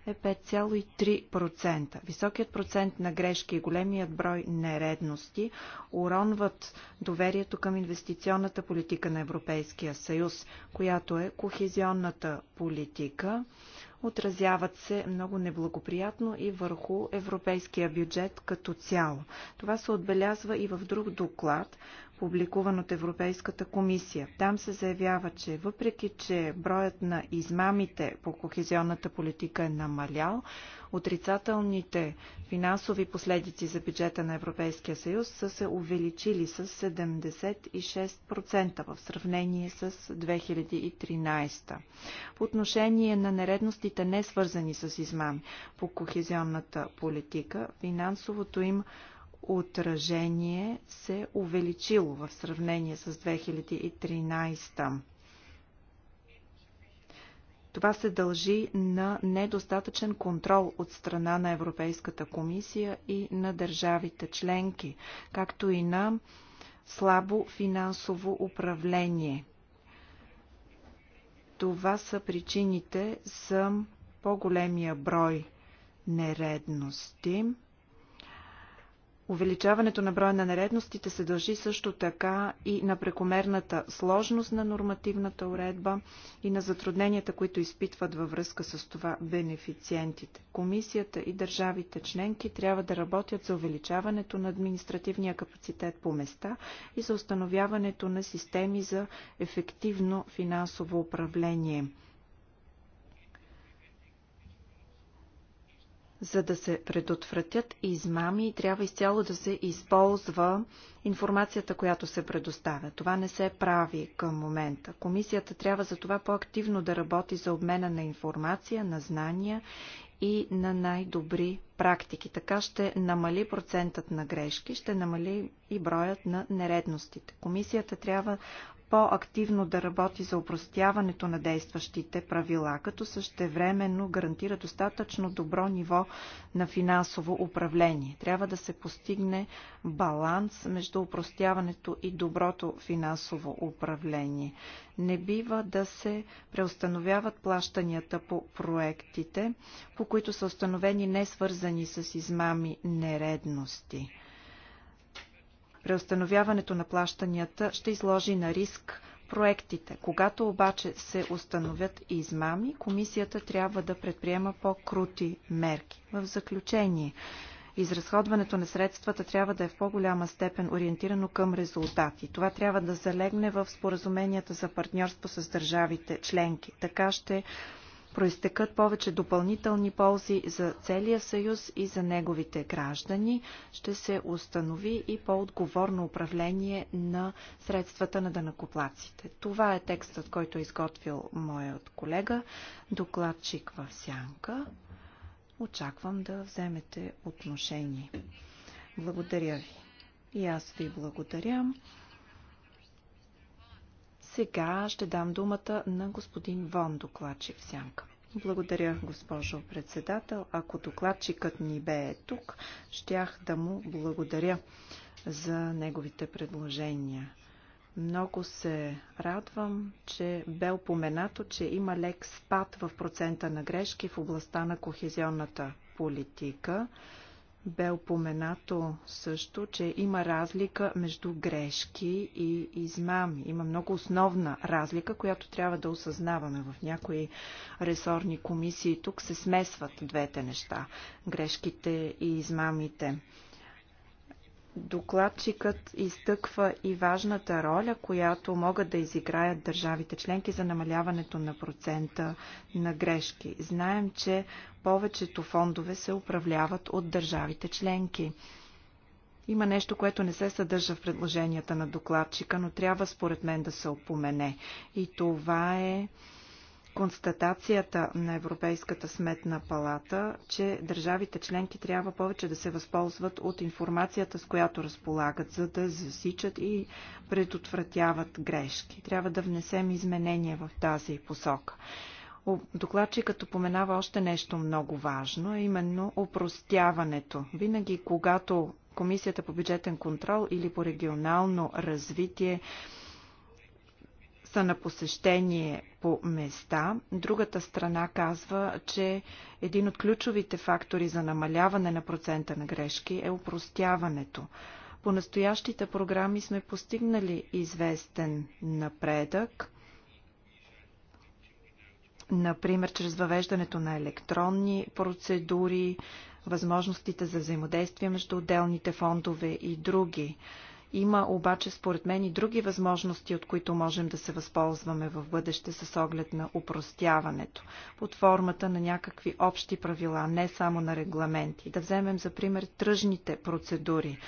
е 5,3%. Високият процент на грешки и големият брой нередности уронват доверието към инвестиционната политика на Европейския съюз, която е кохезионната политика отразяват се много неблагоприятно и върху европейския бюджет като цяло. Това се отбелязва и в друг доклад, публикуван от Европейската комисия. Там се заявява, че въпреки, че броят на измамите по кохезионната политика е намалял, отрицателните финансови последици за бюджета на Европейския съюз са се увеличили с 76% в сравнение с 2013. По отношение на нередностите не свързани с измами по кохезионната политика, финансовото им отражение се увеличило в сравнение с 2013. Това се дължи на недостатъчен контрол от страна на Европейската комисия и на държавите членки, както и на слабо финансово управление. Това са причините за по-големия брой нередности. Увеличаването на броя на нередностите се дължи също така и на прекомерната сложност на нормативната уредба и на затрудненията, които изпитват във връзка с това бенефициентите. Комисията и държавите членки трябва да работят за увеличаването на административния капацитет по места и за установяването на системи за ефективно финансово управление. За да се предотвратят измами, трябва изцяло да се използва информацията, която се предоставя. Това не се прави към момента. Комисията трябва за това по-активно да работи за обмена на информация, на знания и на най-добри практики. Така ще намали процентът на грешки, ще намали и броят на нередностите. Комисията трябва по-активно да работи за упростяването на действащите правила, като същевременно гарантира достатъчно добро ниво на финансово управление. Трябва да се постигне баланс между упростяването и доброто финансово управление. Не бива да се преустановяват плащанията по проектите, по които са установени несвързани с измами нередности Преустановяването на плащанията ще изложи на риск проектите. Когато обаче се установят измами, комисията трябва да предприема по-крути мерки. В заключение, изразходването на средствата трябва да е в по-голяма степен ориентирано към резултати. Това трябва да залегне в споразуменията за партньорство с държавите членки. Така ще проистекат повече допълнителни ползи за целия съюз и за неговите граждани, ще се установи и по-отговорно управление на средствата на данакоплаците. Това е текстът, който е изготвил моят колега, докладчик в Сянка. Очаквам да вземете отношение. Благодаря ви. И аз ви благодаря. Сега ще дам думата на господин Вон, докладчик Сянка. Благодаря, госпожо председател. Ако докладчикът ни бе е тук, щях да му благодаря за неговите предложения. Много се радвам, че бе упоменато, че има лек спад в процента на грешки в областта на кохезионната политика. Бе упоменато също, че има разлика между грешки и измами. Има много основна разлика, която трябва да осъзнаваме. В някои ресорни комисии тук се смесват двете неща – грешките и измамите. Докладчикът изтъква и важната роля, която могат да изиграят държавите членки за намаляването на процента на грешки. Знаем, че повечето фондове се управляват от държавите членки. Има нещо, което не се съдържа в предложенията на докладчика, но трябва според мен да се опомене. И това е констатацията на Европейската сметна палата, че държавите членки трябва повече да се възползват от информацията, с която разполагат, за да засичат и предотвратяват грешки. Трябва да внесем изменения в тази посока. Докладчикът упоменава още нещо много важно, а именно опростяването. Винаги, когато Комисията по бюджетен контрол или по регионално развитие възможността на посещение по места. Другата страна казва, че един от ключовите фактори за намаляване на процента на грешки е упростяването. По настоящите програми сме постигнали известен напредък например чрез въвеждането на електронни процедури, възможностите за взаимодействие между отделните фондове и други. Има обаче според мен и други възможности, от които можем да се възползваме в бъдеще с оглед на упростяването, под формата на някакви общи правила, не само на регламенти. Да вземем за пример тръжните процедури.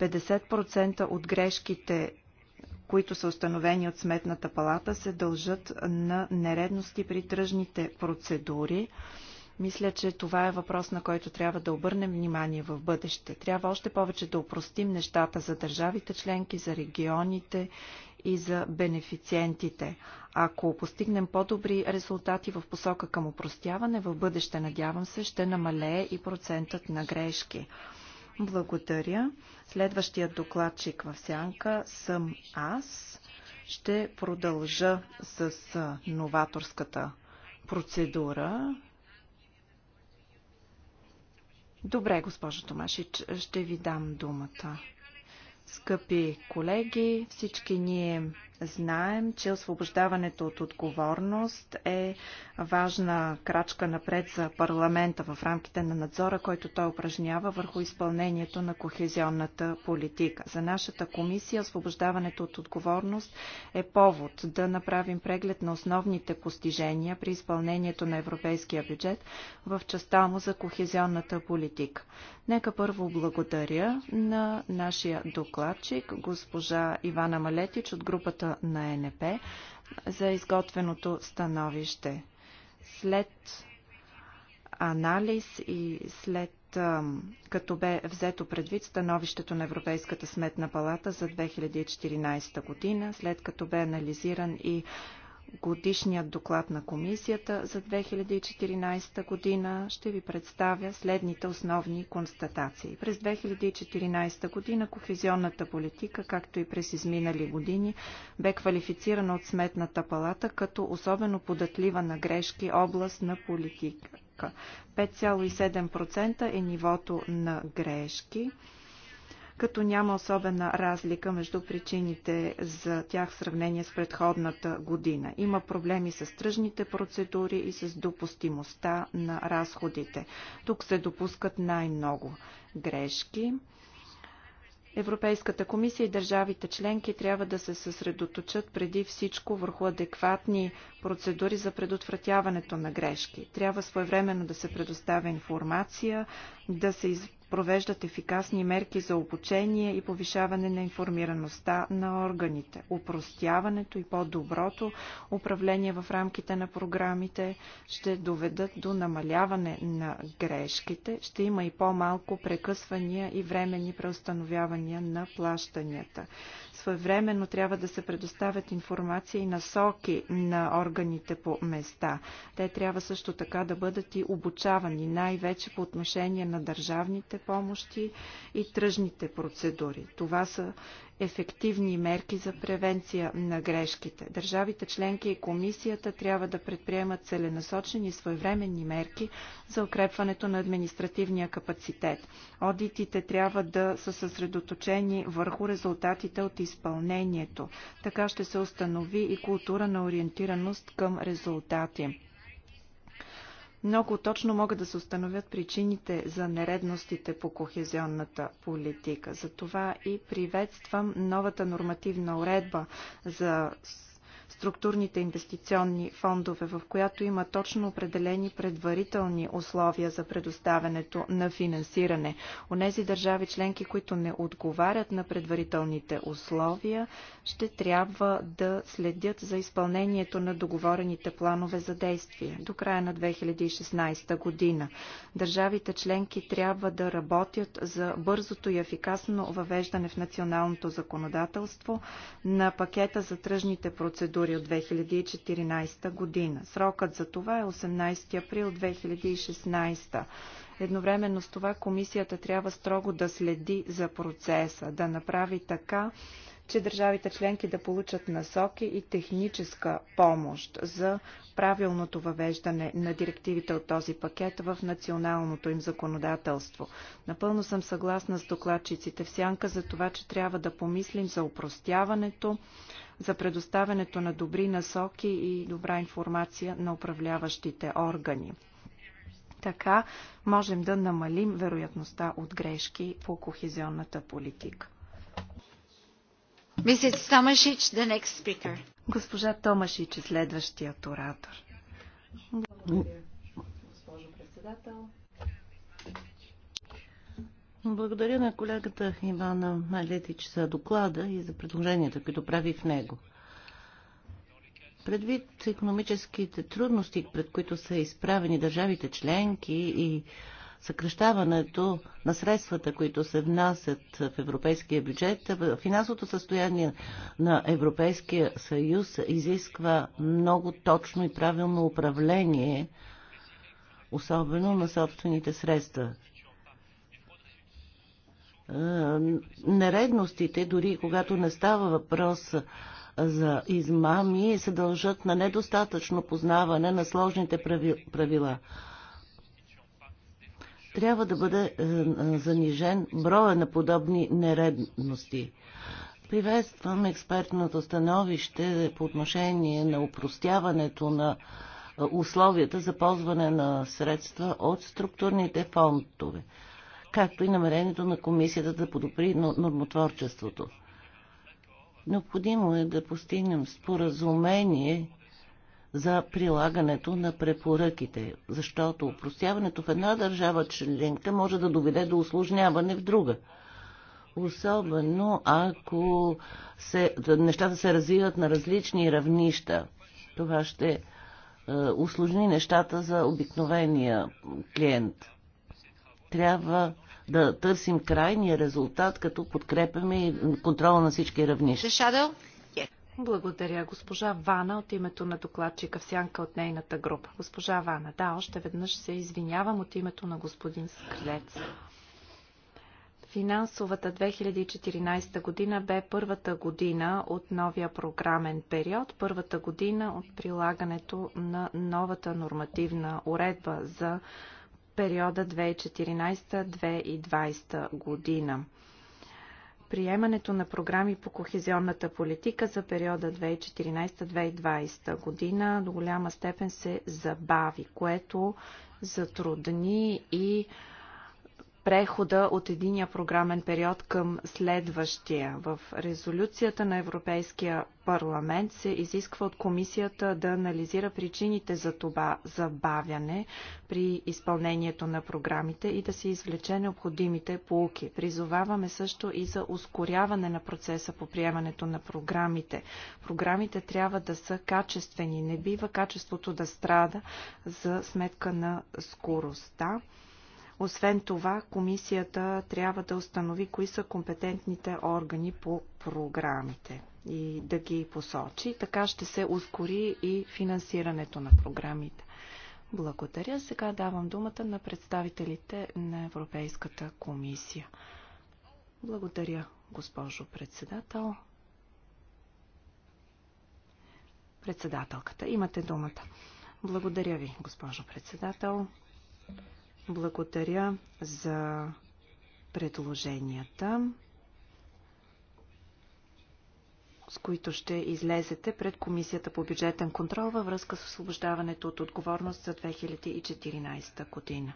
50% от грешките които са установени от Сметната палата, се дължат на нередности при тръжните процедури. Мисля, че това е въпрос, на който трябва да обърнем внимание в бъдеще. Трябва още повече да упростим нещата за държавите членки, за регионите и за бенефициентите. Ако постигнем по-добри резултати в посока към упростяване, в бъдеще, надявам се, ще намалее и процентът на грешки. Благодаря. Следващия докладчик в сянка съм аз. Ще продължа с новаторската процедура. Добре, госпожо Томашич, ще ви дам думата. Скъпи колеги, всички ние Знаем, че освобождаването от отговорност е важна крачка напред за парламента в рамките на надзора, който той упражнява върху изпълнението на кохезионната политика. За нашата комисия освобождаването от отговорност е повод да направим преглед на основните постижения при изпълнението на европейския бюджет в частта му за кохезионната политика. Нека първо благодаря на нашия докладчик, госпожа Ивана Малетич от групата на е НП за изготвеното становище. След анализ и след като бе взето предвид становището на Европейската сметна палата за 2014 година, след като бе анализиран и годишният доклад на комисията за 2014 година ще ви представя следните основни констатации. През 2014 година кохезионната политика, както и през изминали години, бе квалифицирана от Сметната палата като особено податлива на грешки област на политика. 5,7% е нивото на грешки като няма особена разлика между причините за тях в сравнение с предходната година. Има проблеми с тръжните процедури и с допустимостта на разходите. Тук се допускат най-много грешки. Европейската комисия и държавите членки трябва да се съсредоточат преди всичко върху адекватни процедури за предотвратяването на грешки. Трябва своевременно да се предоставя информация, да се провеждат ефикасни мерки за обучение и повишаване на информираността на органите. Упростяването и по-доброто управление в рамките на програмите ще доведат до намаляване на грешките, ще има и по-малко прекъсвания и временни преустановявания на плащанията своевременно трябва да се предоставят информация и насоки на органите по места. Те трябва също така да бъдат и обучавани, най-вече по отношение на държавните помощи и тръжните процедури. Това са ефективни мерки за превенция на грешките. Държавите членки и комисията трябва да предприемат целенасочени своевременни мерки за укрепването на административния капацитет. Одитите трябва да са съсредоточени върху резултатите от изпълнението. Така ще се установи и култура на ориентираност към резултати. Много точно могат да се установят причините за нередностите по кохезионната политика. Затова и приветствам новата нормативна уредба за структурните инвестиционни фондове, в която има точно определени предварителни условия за предоставянето на финансиране. Онези държави членки, които не отговарят на предварителните условия, ще трябва да следят за изпълнението на договорените планове за действие до края на 2016 година. Държавите членки трябва да работят за бързото и ефикасно въвеждане в националното законодателство на пакета за тръжните процедури процедури от 2014 година. Срокът за това е 18 април 2016. Едновременно с това комисията трябва строго да следи за процеса, да направи така, че държавите членки да получат насоки и техническа помощ за правилното въвеждане на директивите от този пакет в националното им законодателство. Напълно съм съгласна с докладчиците в сянка за това, че трябва да помислим за упростяването, за предоставянето на добри насоки и добра информация на управляващите органи. Така можем да намалим вероятността от грешки по кохезионната политика. Госпожа Томашич е следващият оратор. Благодаря, на колегата Ивана Малетич за доклада и за предложенията, които прави в него. Предвид економическите трудности, пред които са изправени държавите членки и съкрещаването на средствата, които се внасят в европейския бюджет, финансовото състояние на Европейския съюз изисква много точно и правилно управление, особено на собствените средства. Е, нередностите, дори когато не става въпрос за измами, се дължат на недостатъчно познаване на сложните правила трябва да бъде е, е, занижен броя на подобни нередности. Приветствам експертното становище по отношение на упростяването на е, условията за ползване на средства от структурните фондове, както и намерението на комисията да подобри нормотворчеството. Необходимо е да постигнем споразумение за прилагането на препоръките, защото упростяването в една държава членка може да доведе до осложняване в друга. Особено ако се, нещата се развиват на различни равнища. Това ще е, усложни нещата за обикновения клиент. Трябва да търсим крайния резултат, като подкрепяме контрола на всички равнища. Благодаря, госпожа Вана, от името на докладчика сянка от нейната група. Госпожа Вана, да, още веднъж се извинявам от името на господин Скрилец. Финансовата 2014 година бе първата година от новия програмен период, първата година от прилагането на новата нормативна уредба за периода 2014-2020 година приемането на програми по кохезионната политика за периода 2014-2020 година до голяма степен се забави, което затрудни и прехода от единия програмен период към следващия. В резолюцията на Европейския парламент се изисква от комисията да анализира причините за това забавяне при изпълнението на програмите и да се извлече необходимите полуки. Призоваваме също и за ускоряване на процеса по приемането на програмите. Програмите трябва да са качествени. Не бива качеството да страда за сметка на скоростта. Да? Освен това, комисията трябва да установи кои са компетентните органи по програмите и да ги посочи. Така ще се ускори и финансирането на програмите. Благодаря. Сега давам думата на представителите на Европейската комисия. Благодаря, госпожо председател. Председателката, имате думата. Благодаря ви, госпожо председател. Благодаря за предложенията, с които ще излезете пред Комисията по бюджетен контрол във връзка с освобождаването от отговорност за 2014 година.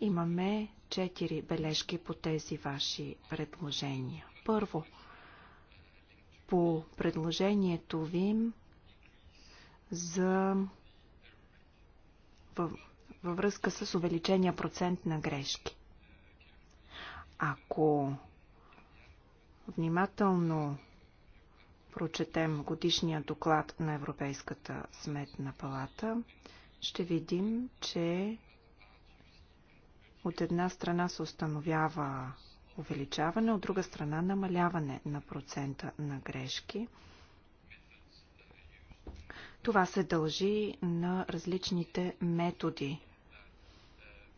Имаме четири бележки по тези ваши предложения. Първо, по предложението ви за във връзка с увеличения процент на грешки. Ако внимателно прочетем годишния доклад на Европейската сметна палата, ще видим, че от една страна се установява увеличаване, от друга страна намаляване на процента на грешки. Това се дължи на различните методи,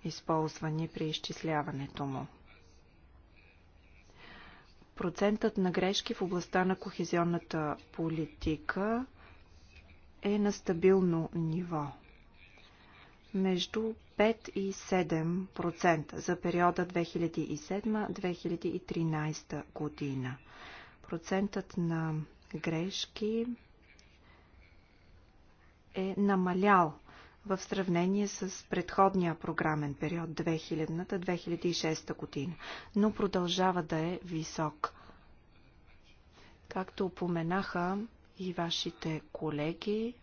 използвани при изчисляването му. Процентът на грешки в областта на кохезионната политика е на стабилно ниво между 5 и 7% за периода 2007-2013 година. Процентът на грешки е намалял в сравнение с предходния програмен период 2000-2006 година, но продължава да е висок. Както упоменаха и вашите колеги,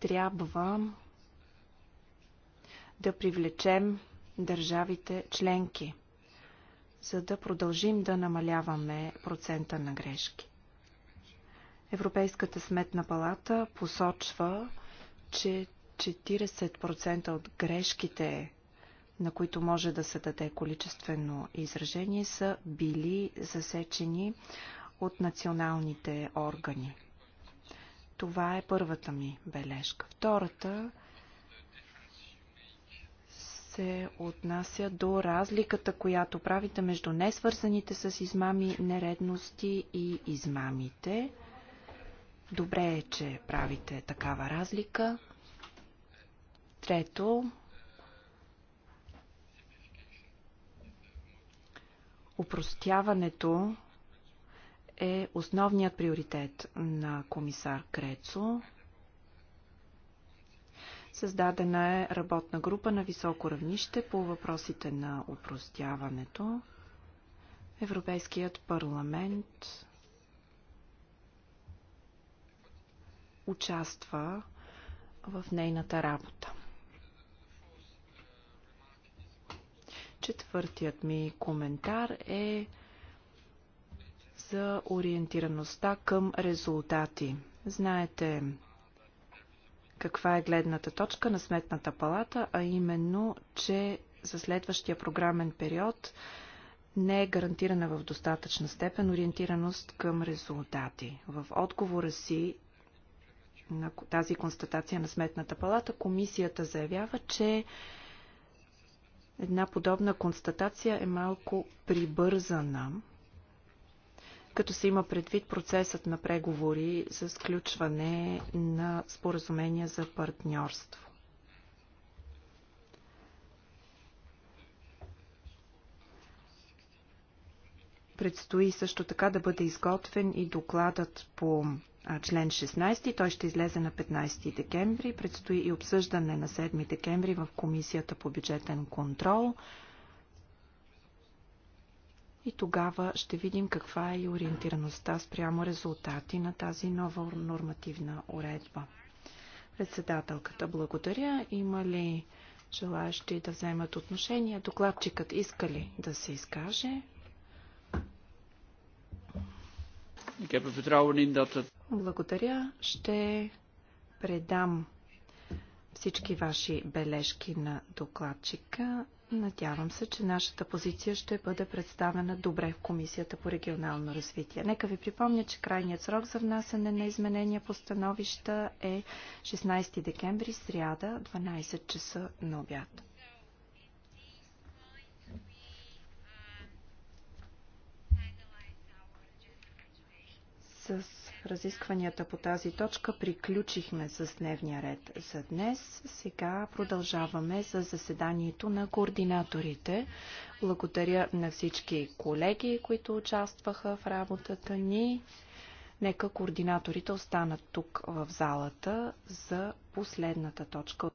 трябва да привлечем държавите членки, за да продължим да намаляваме процента на грешки. Европейската сметна палата посочва, че 40% от грешките, на които може да се даде количествено изражение, са били засечени от националните органи. Това е първата ми бележка. Втората се отнася до разликата, която правите между несвързаните с измами нередности и измамите. Добре е, че правите такава разлика. Трето, упростяването е основният приоритет на комисар Крецо. Създадена е работна група на високо равнище по въпросите на упростяването. Европейският парламент участва в нейната работа. Четвъртият ми коментар е за ориентираността към резултати. Знаете каква е гледната точка на Сметната палата, а именно, че за следващия програмен период не е гарантирана в достатъчна степен ориентираност към резултати. В отговора си на тази констатация на Сметната палата, комисията заявява, че една подобна констатация е малко прибързана, като се има предвид процесът на преговори за сключване на споразумения за партньорство. Предстои също така да бъде изготвен и докладът по член 16. Той ще излезе на 15 декември. Предстои и обсъждане на 7 декември в Комисията по бюджетен контрол. И тогава ще видим каква е и ориентираността спрямо резултати на тази нова нормативна уредба. Председателката, благодаря. Има ли желаящи да вземат отношение? Докладчикът иска ли да се изкаже? Ik heb er vertrouwen in dat het благодаря. Ще предам всички ваши бележки на докладчика. Надявам се, че нашата позиция ще бъде представена добре в Комисията по регионално развитие. Нека ви припомня, че крайният срок за внасяне на изменения по становища е 16 декември, сряда, 12 часа на обяд. С Разискванията по тази точка приключихме с дневния ред за днес. Сега продължаваме с заседанието на координаторите. Благодаря на всички колеги, които участваха в работата ни. Нека координаторите останат тук в залата за последната точка.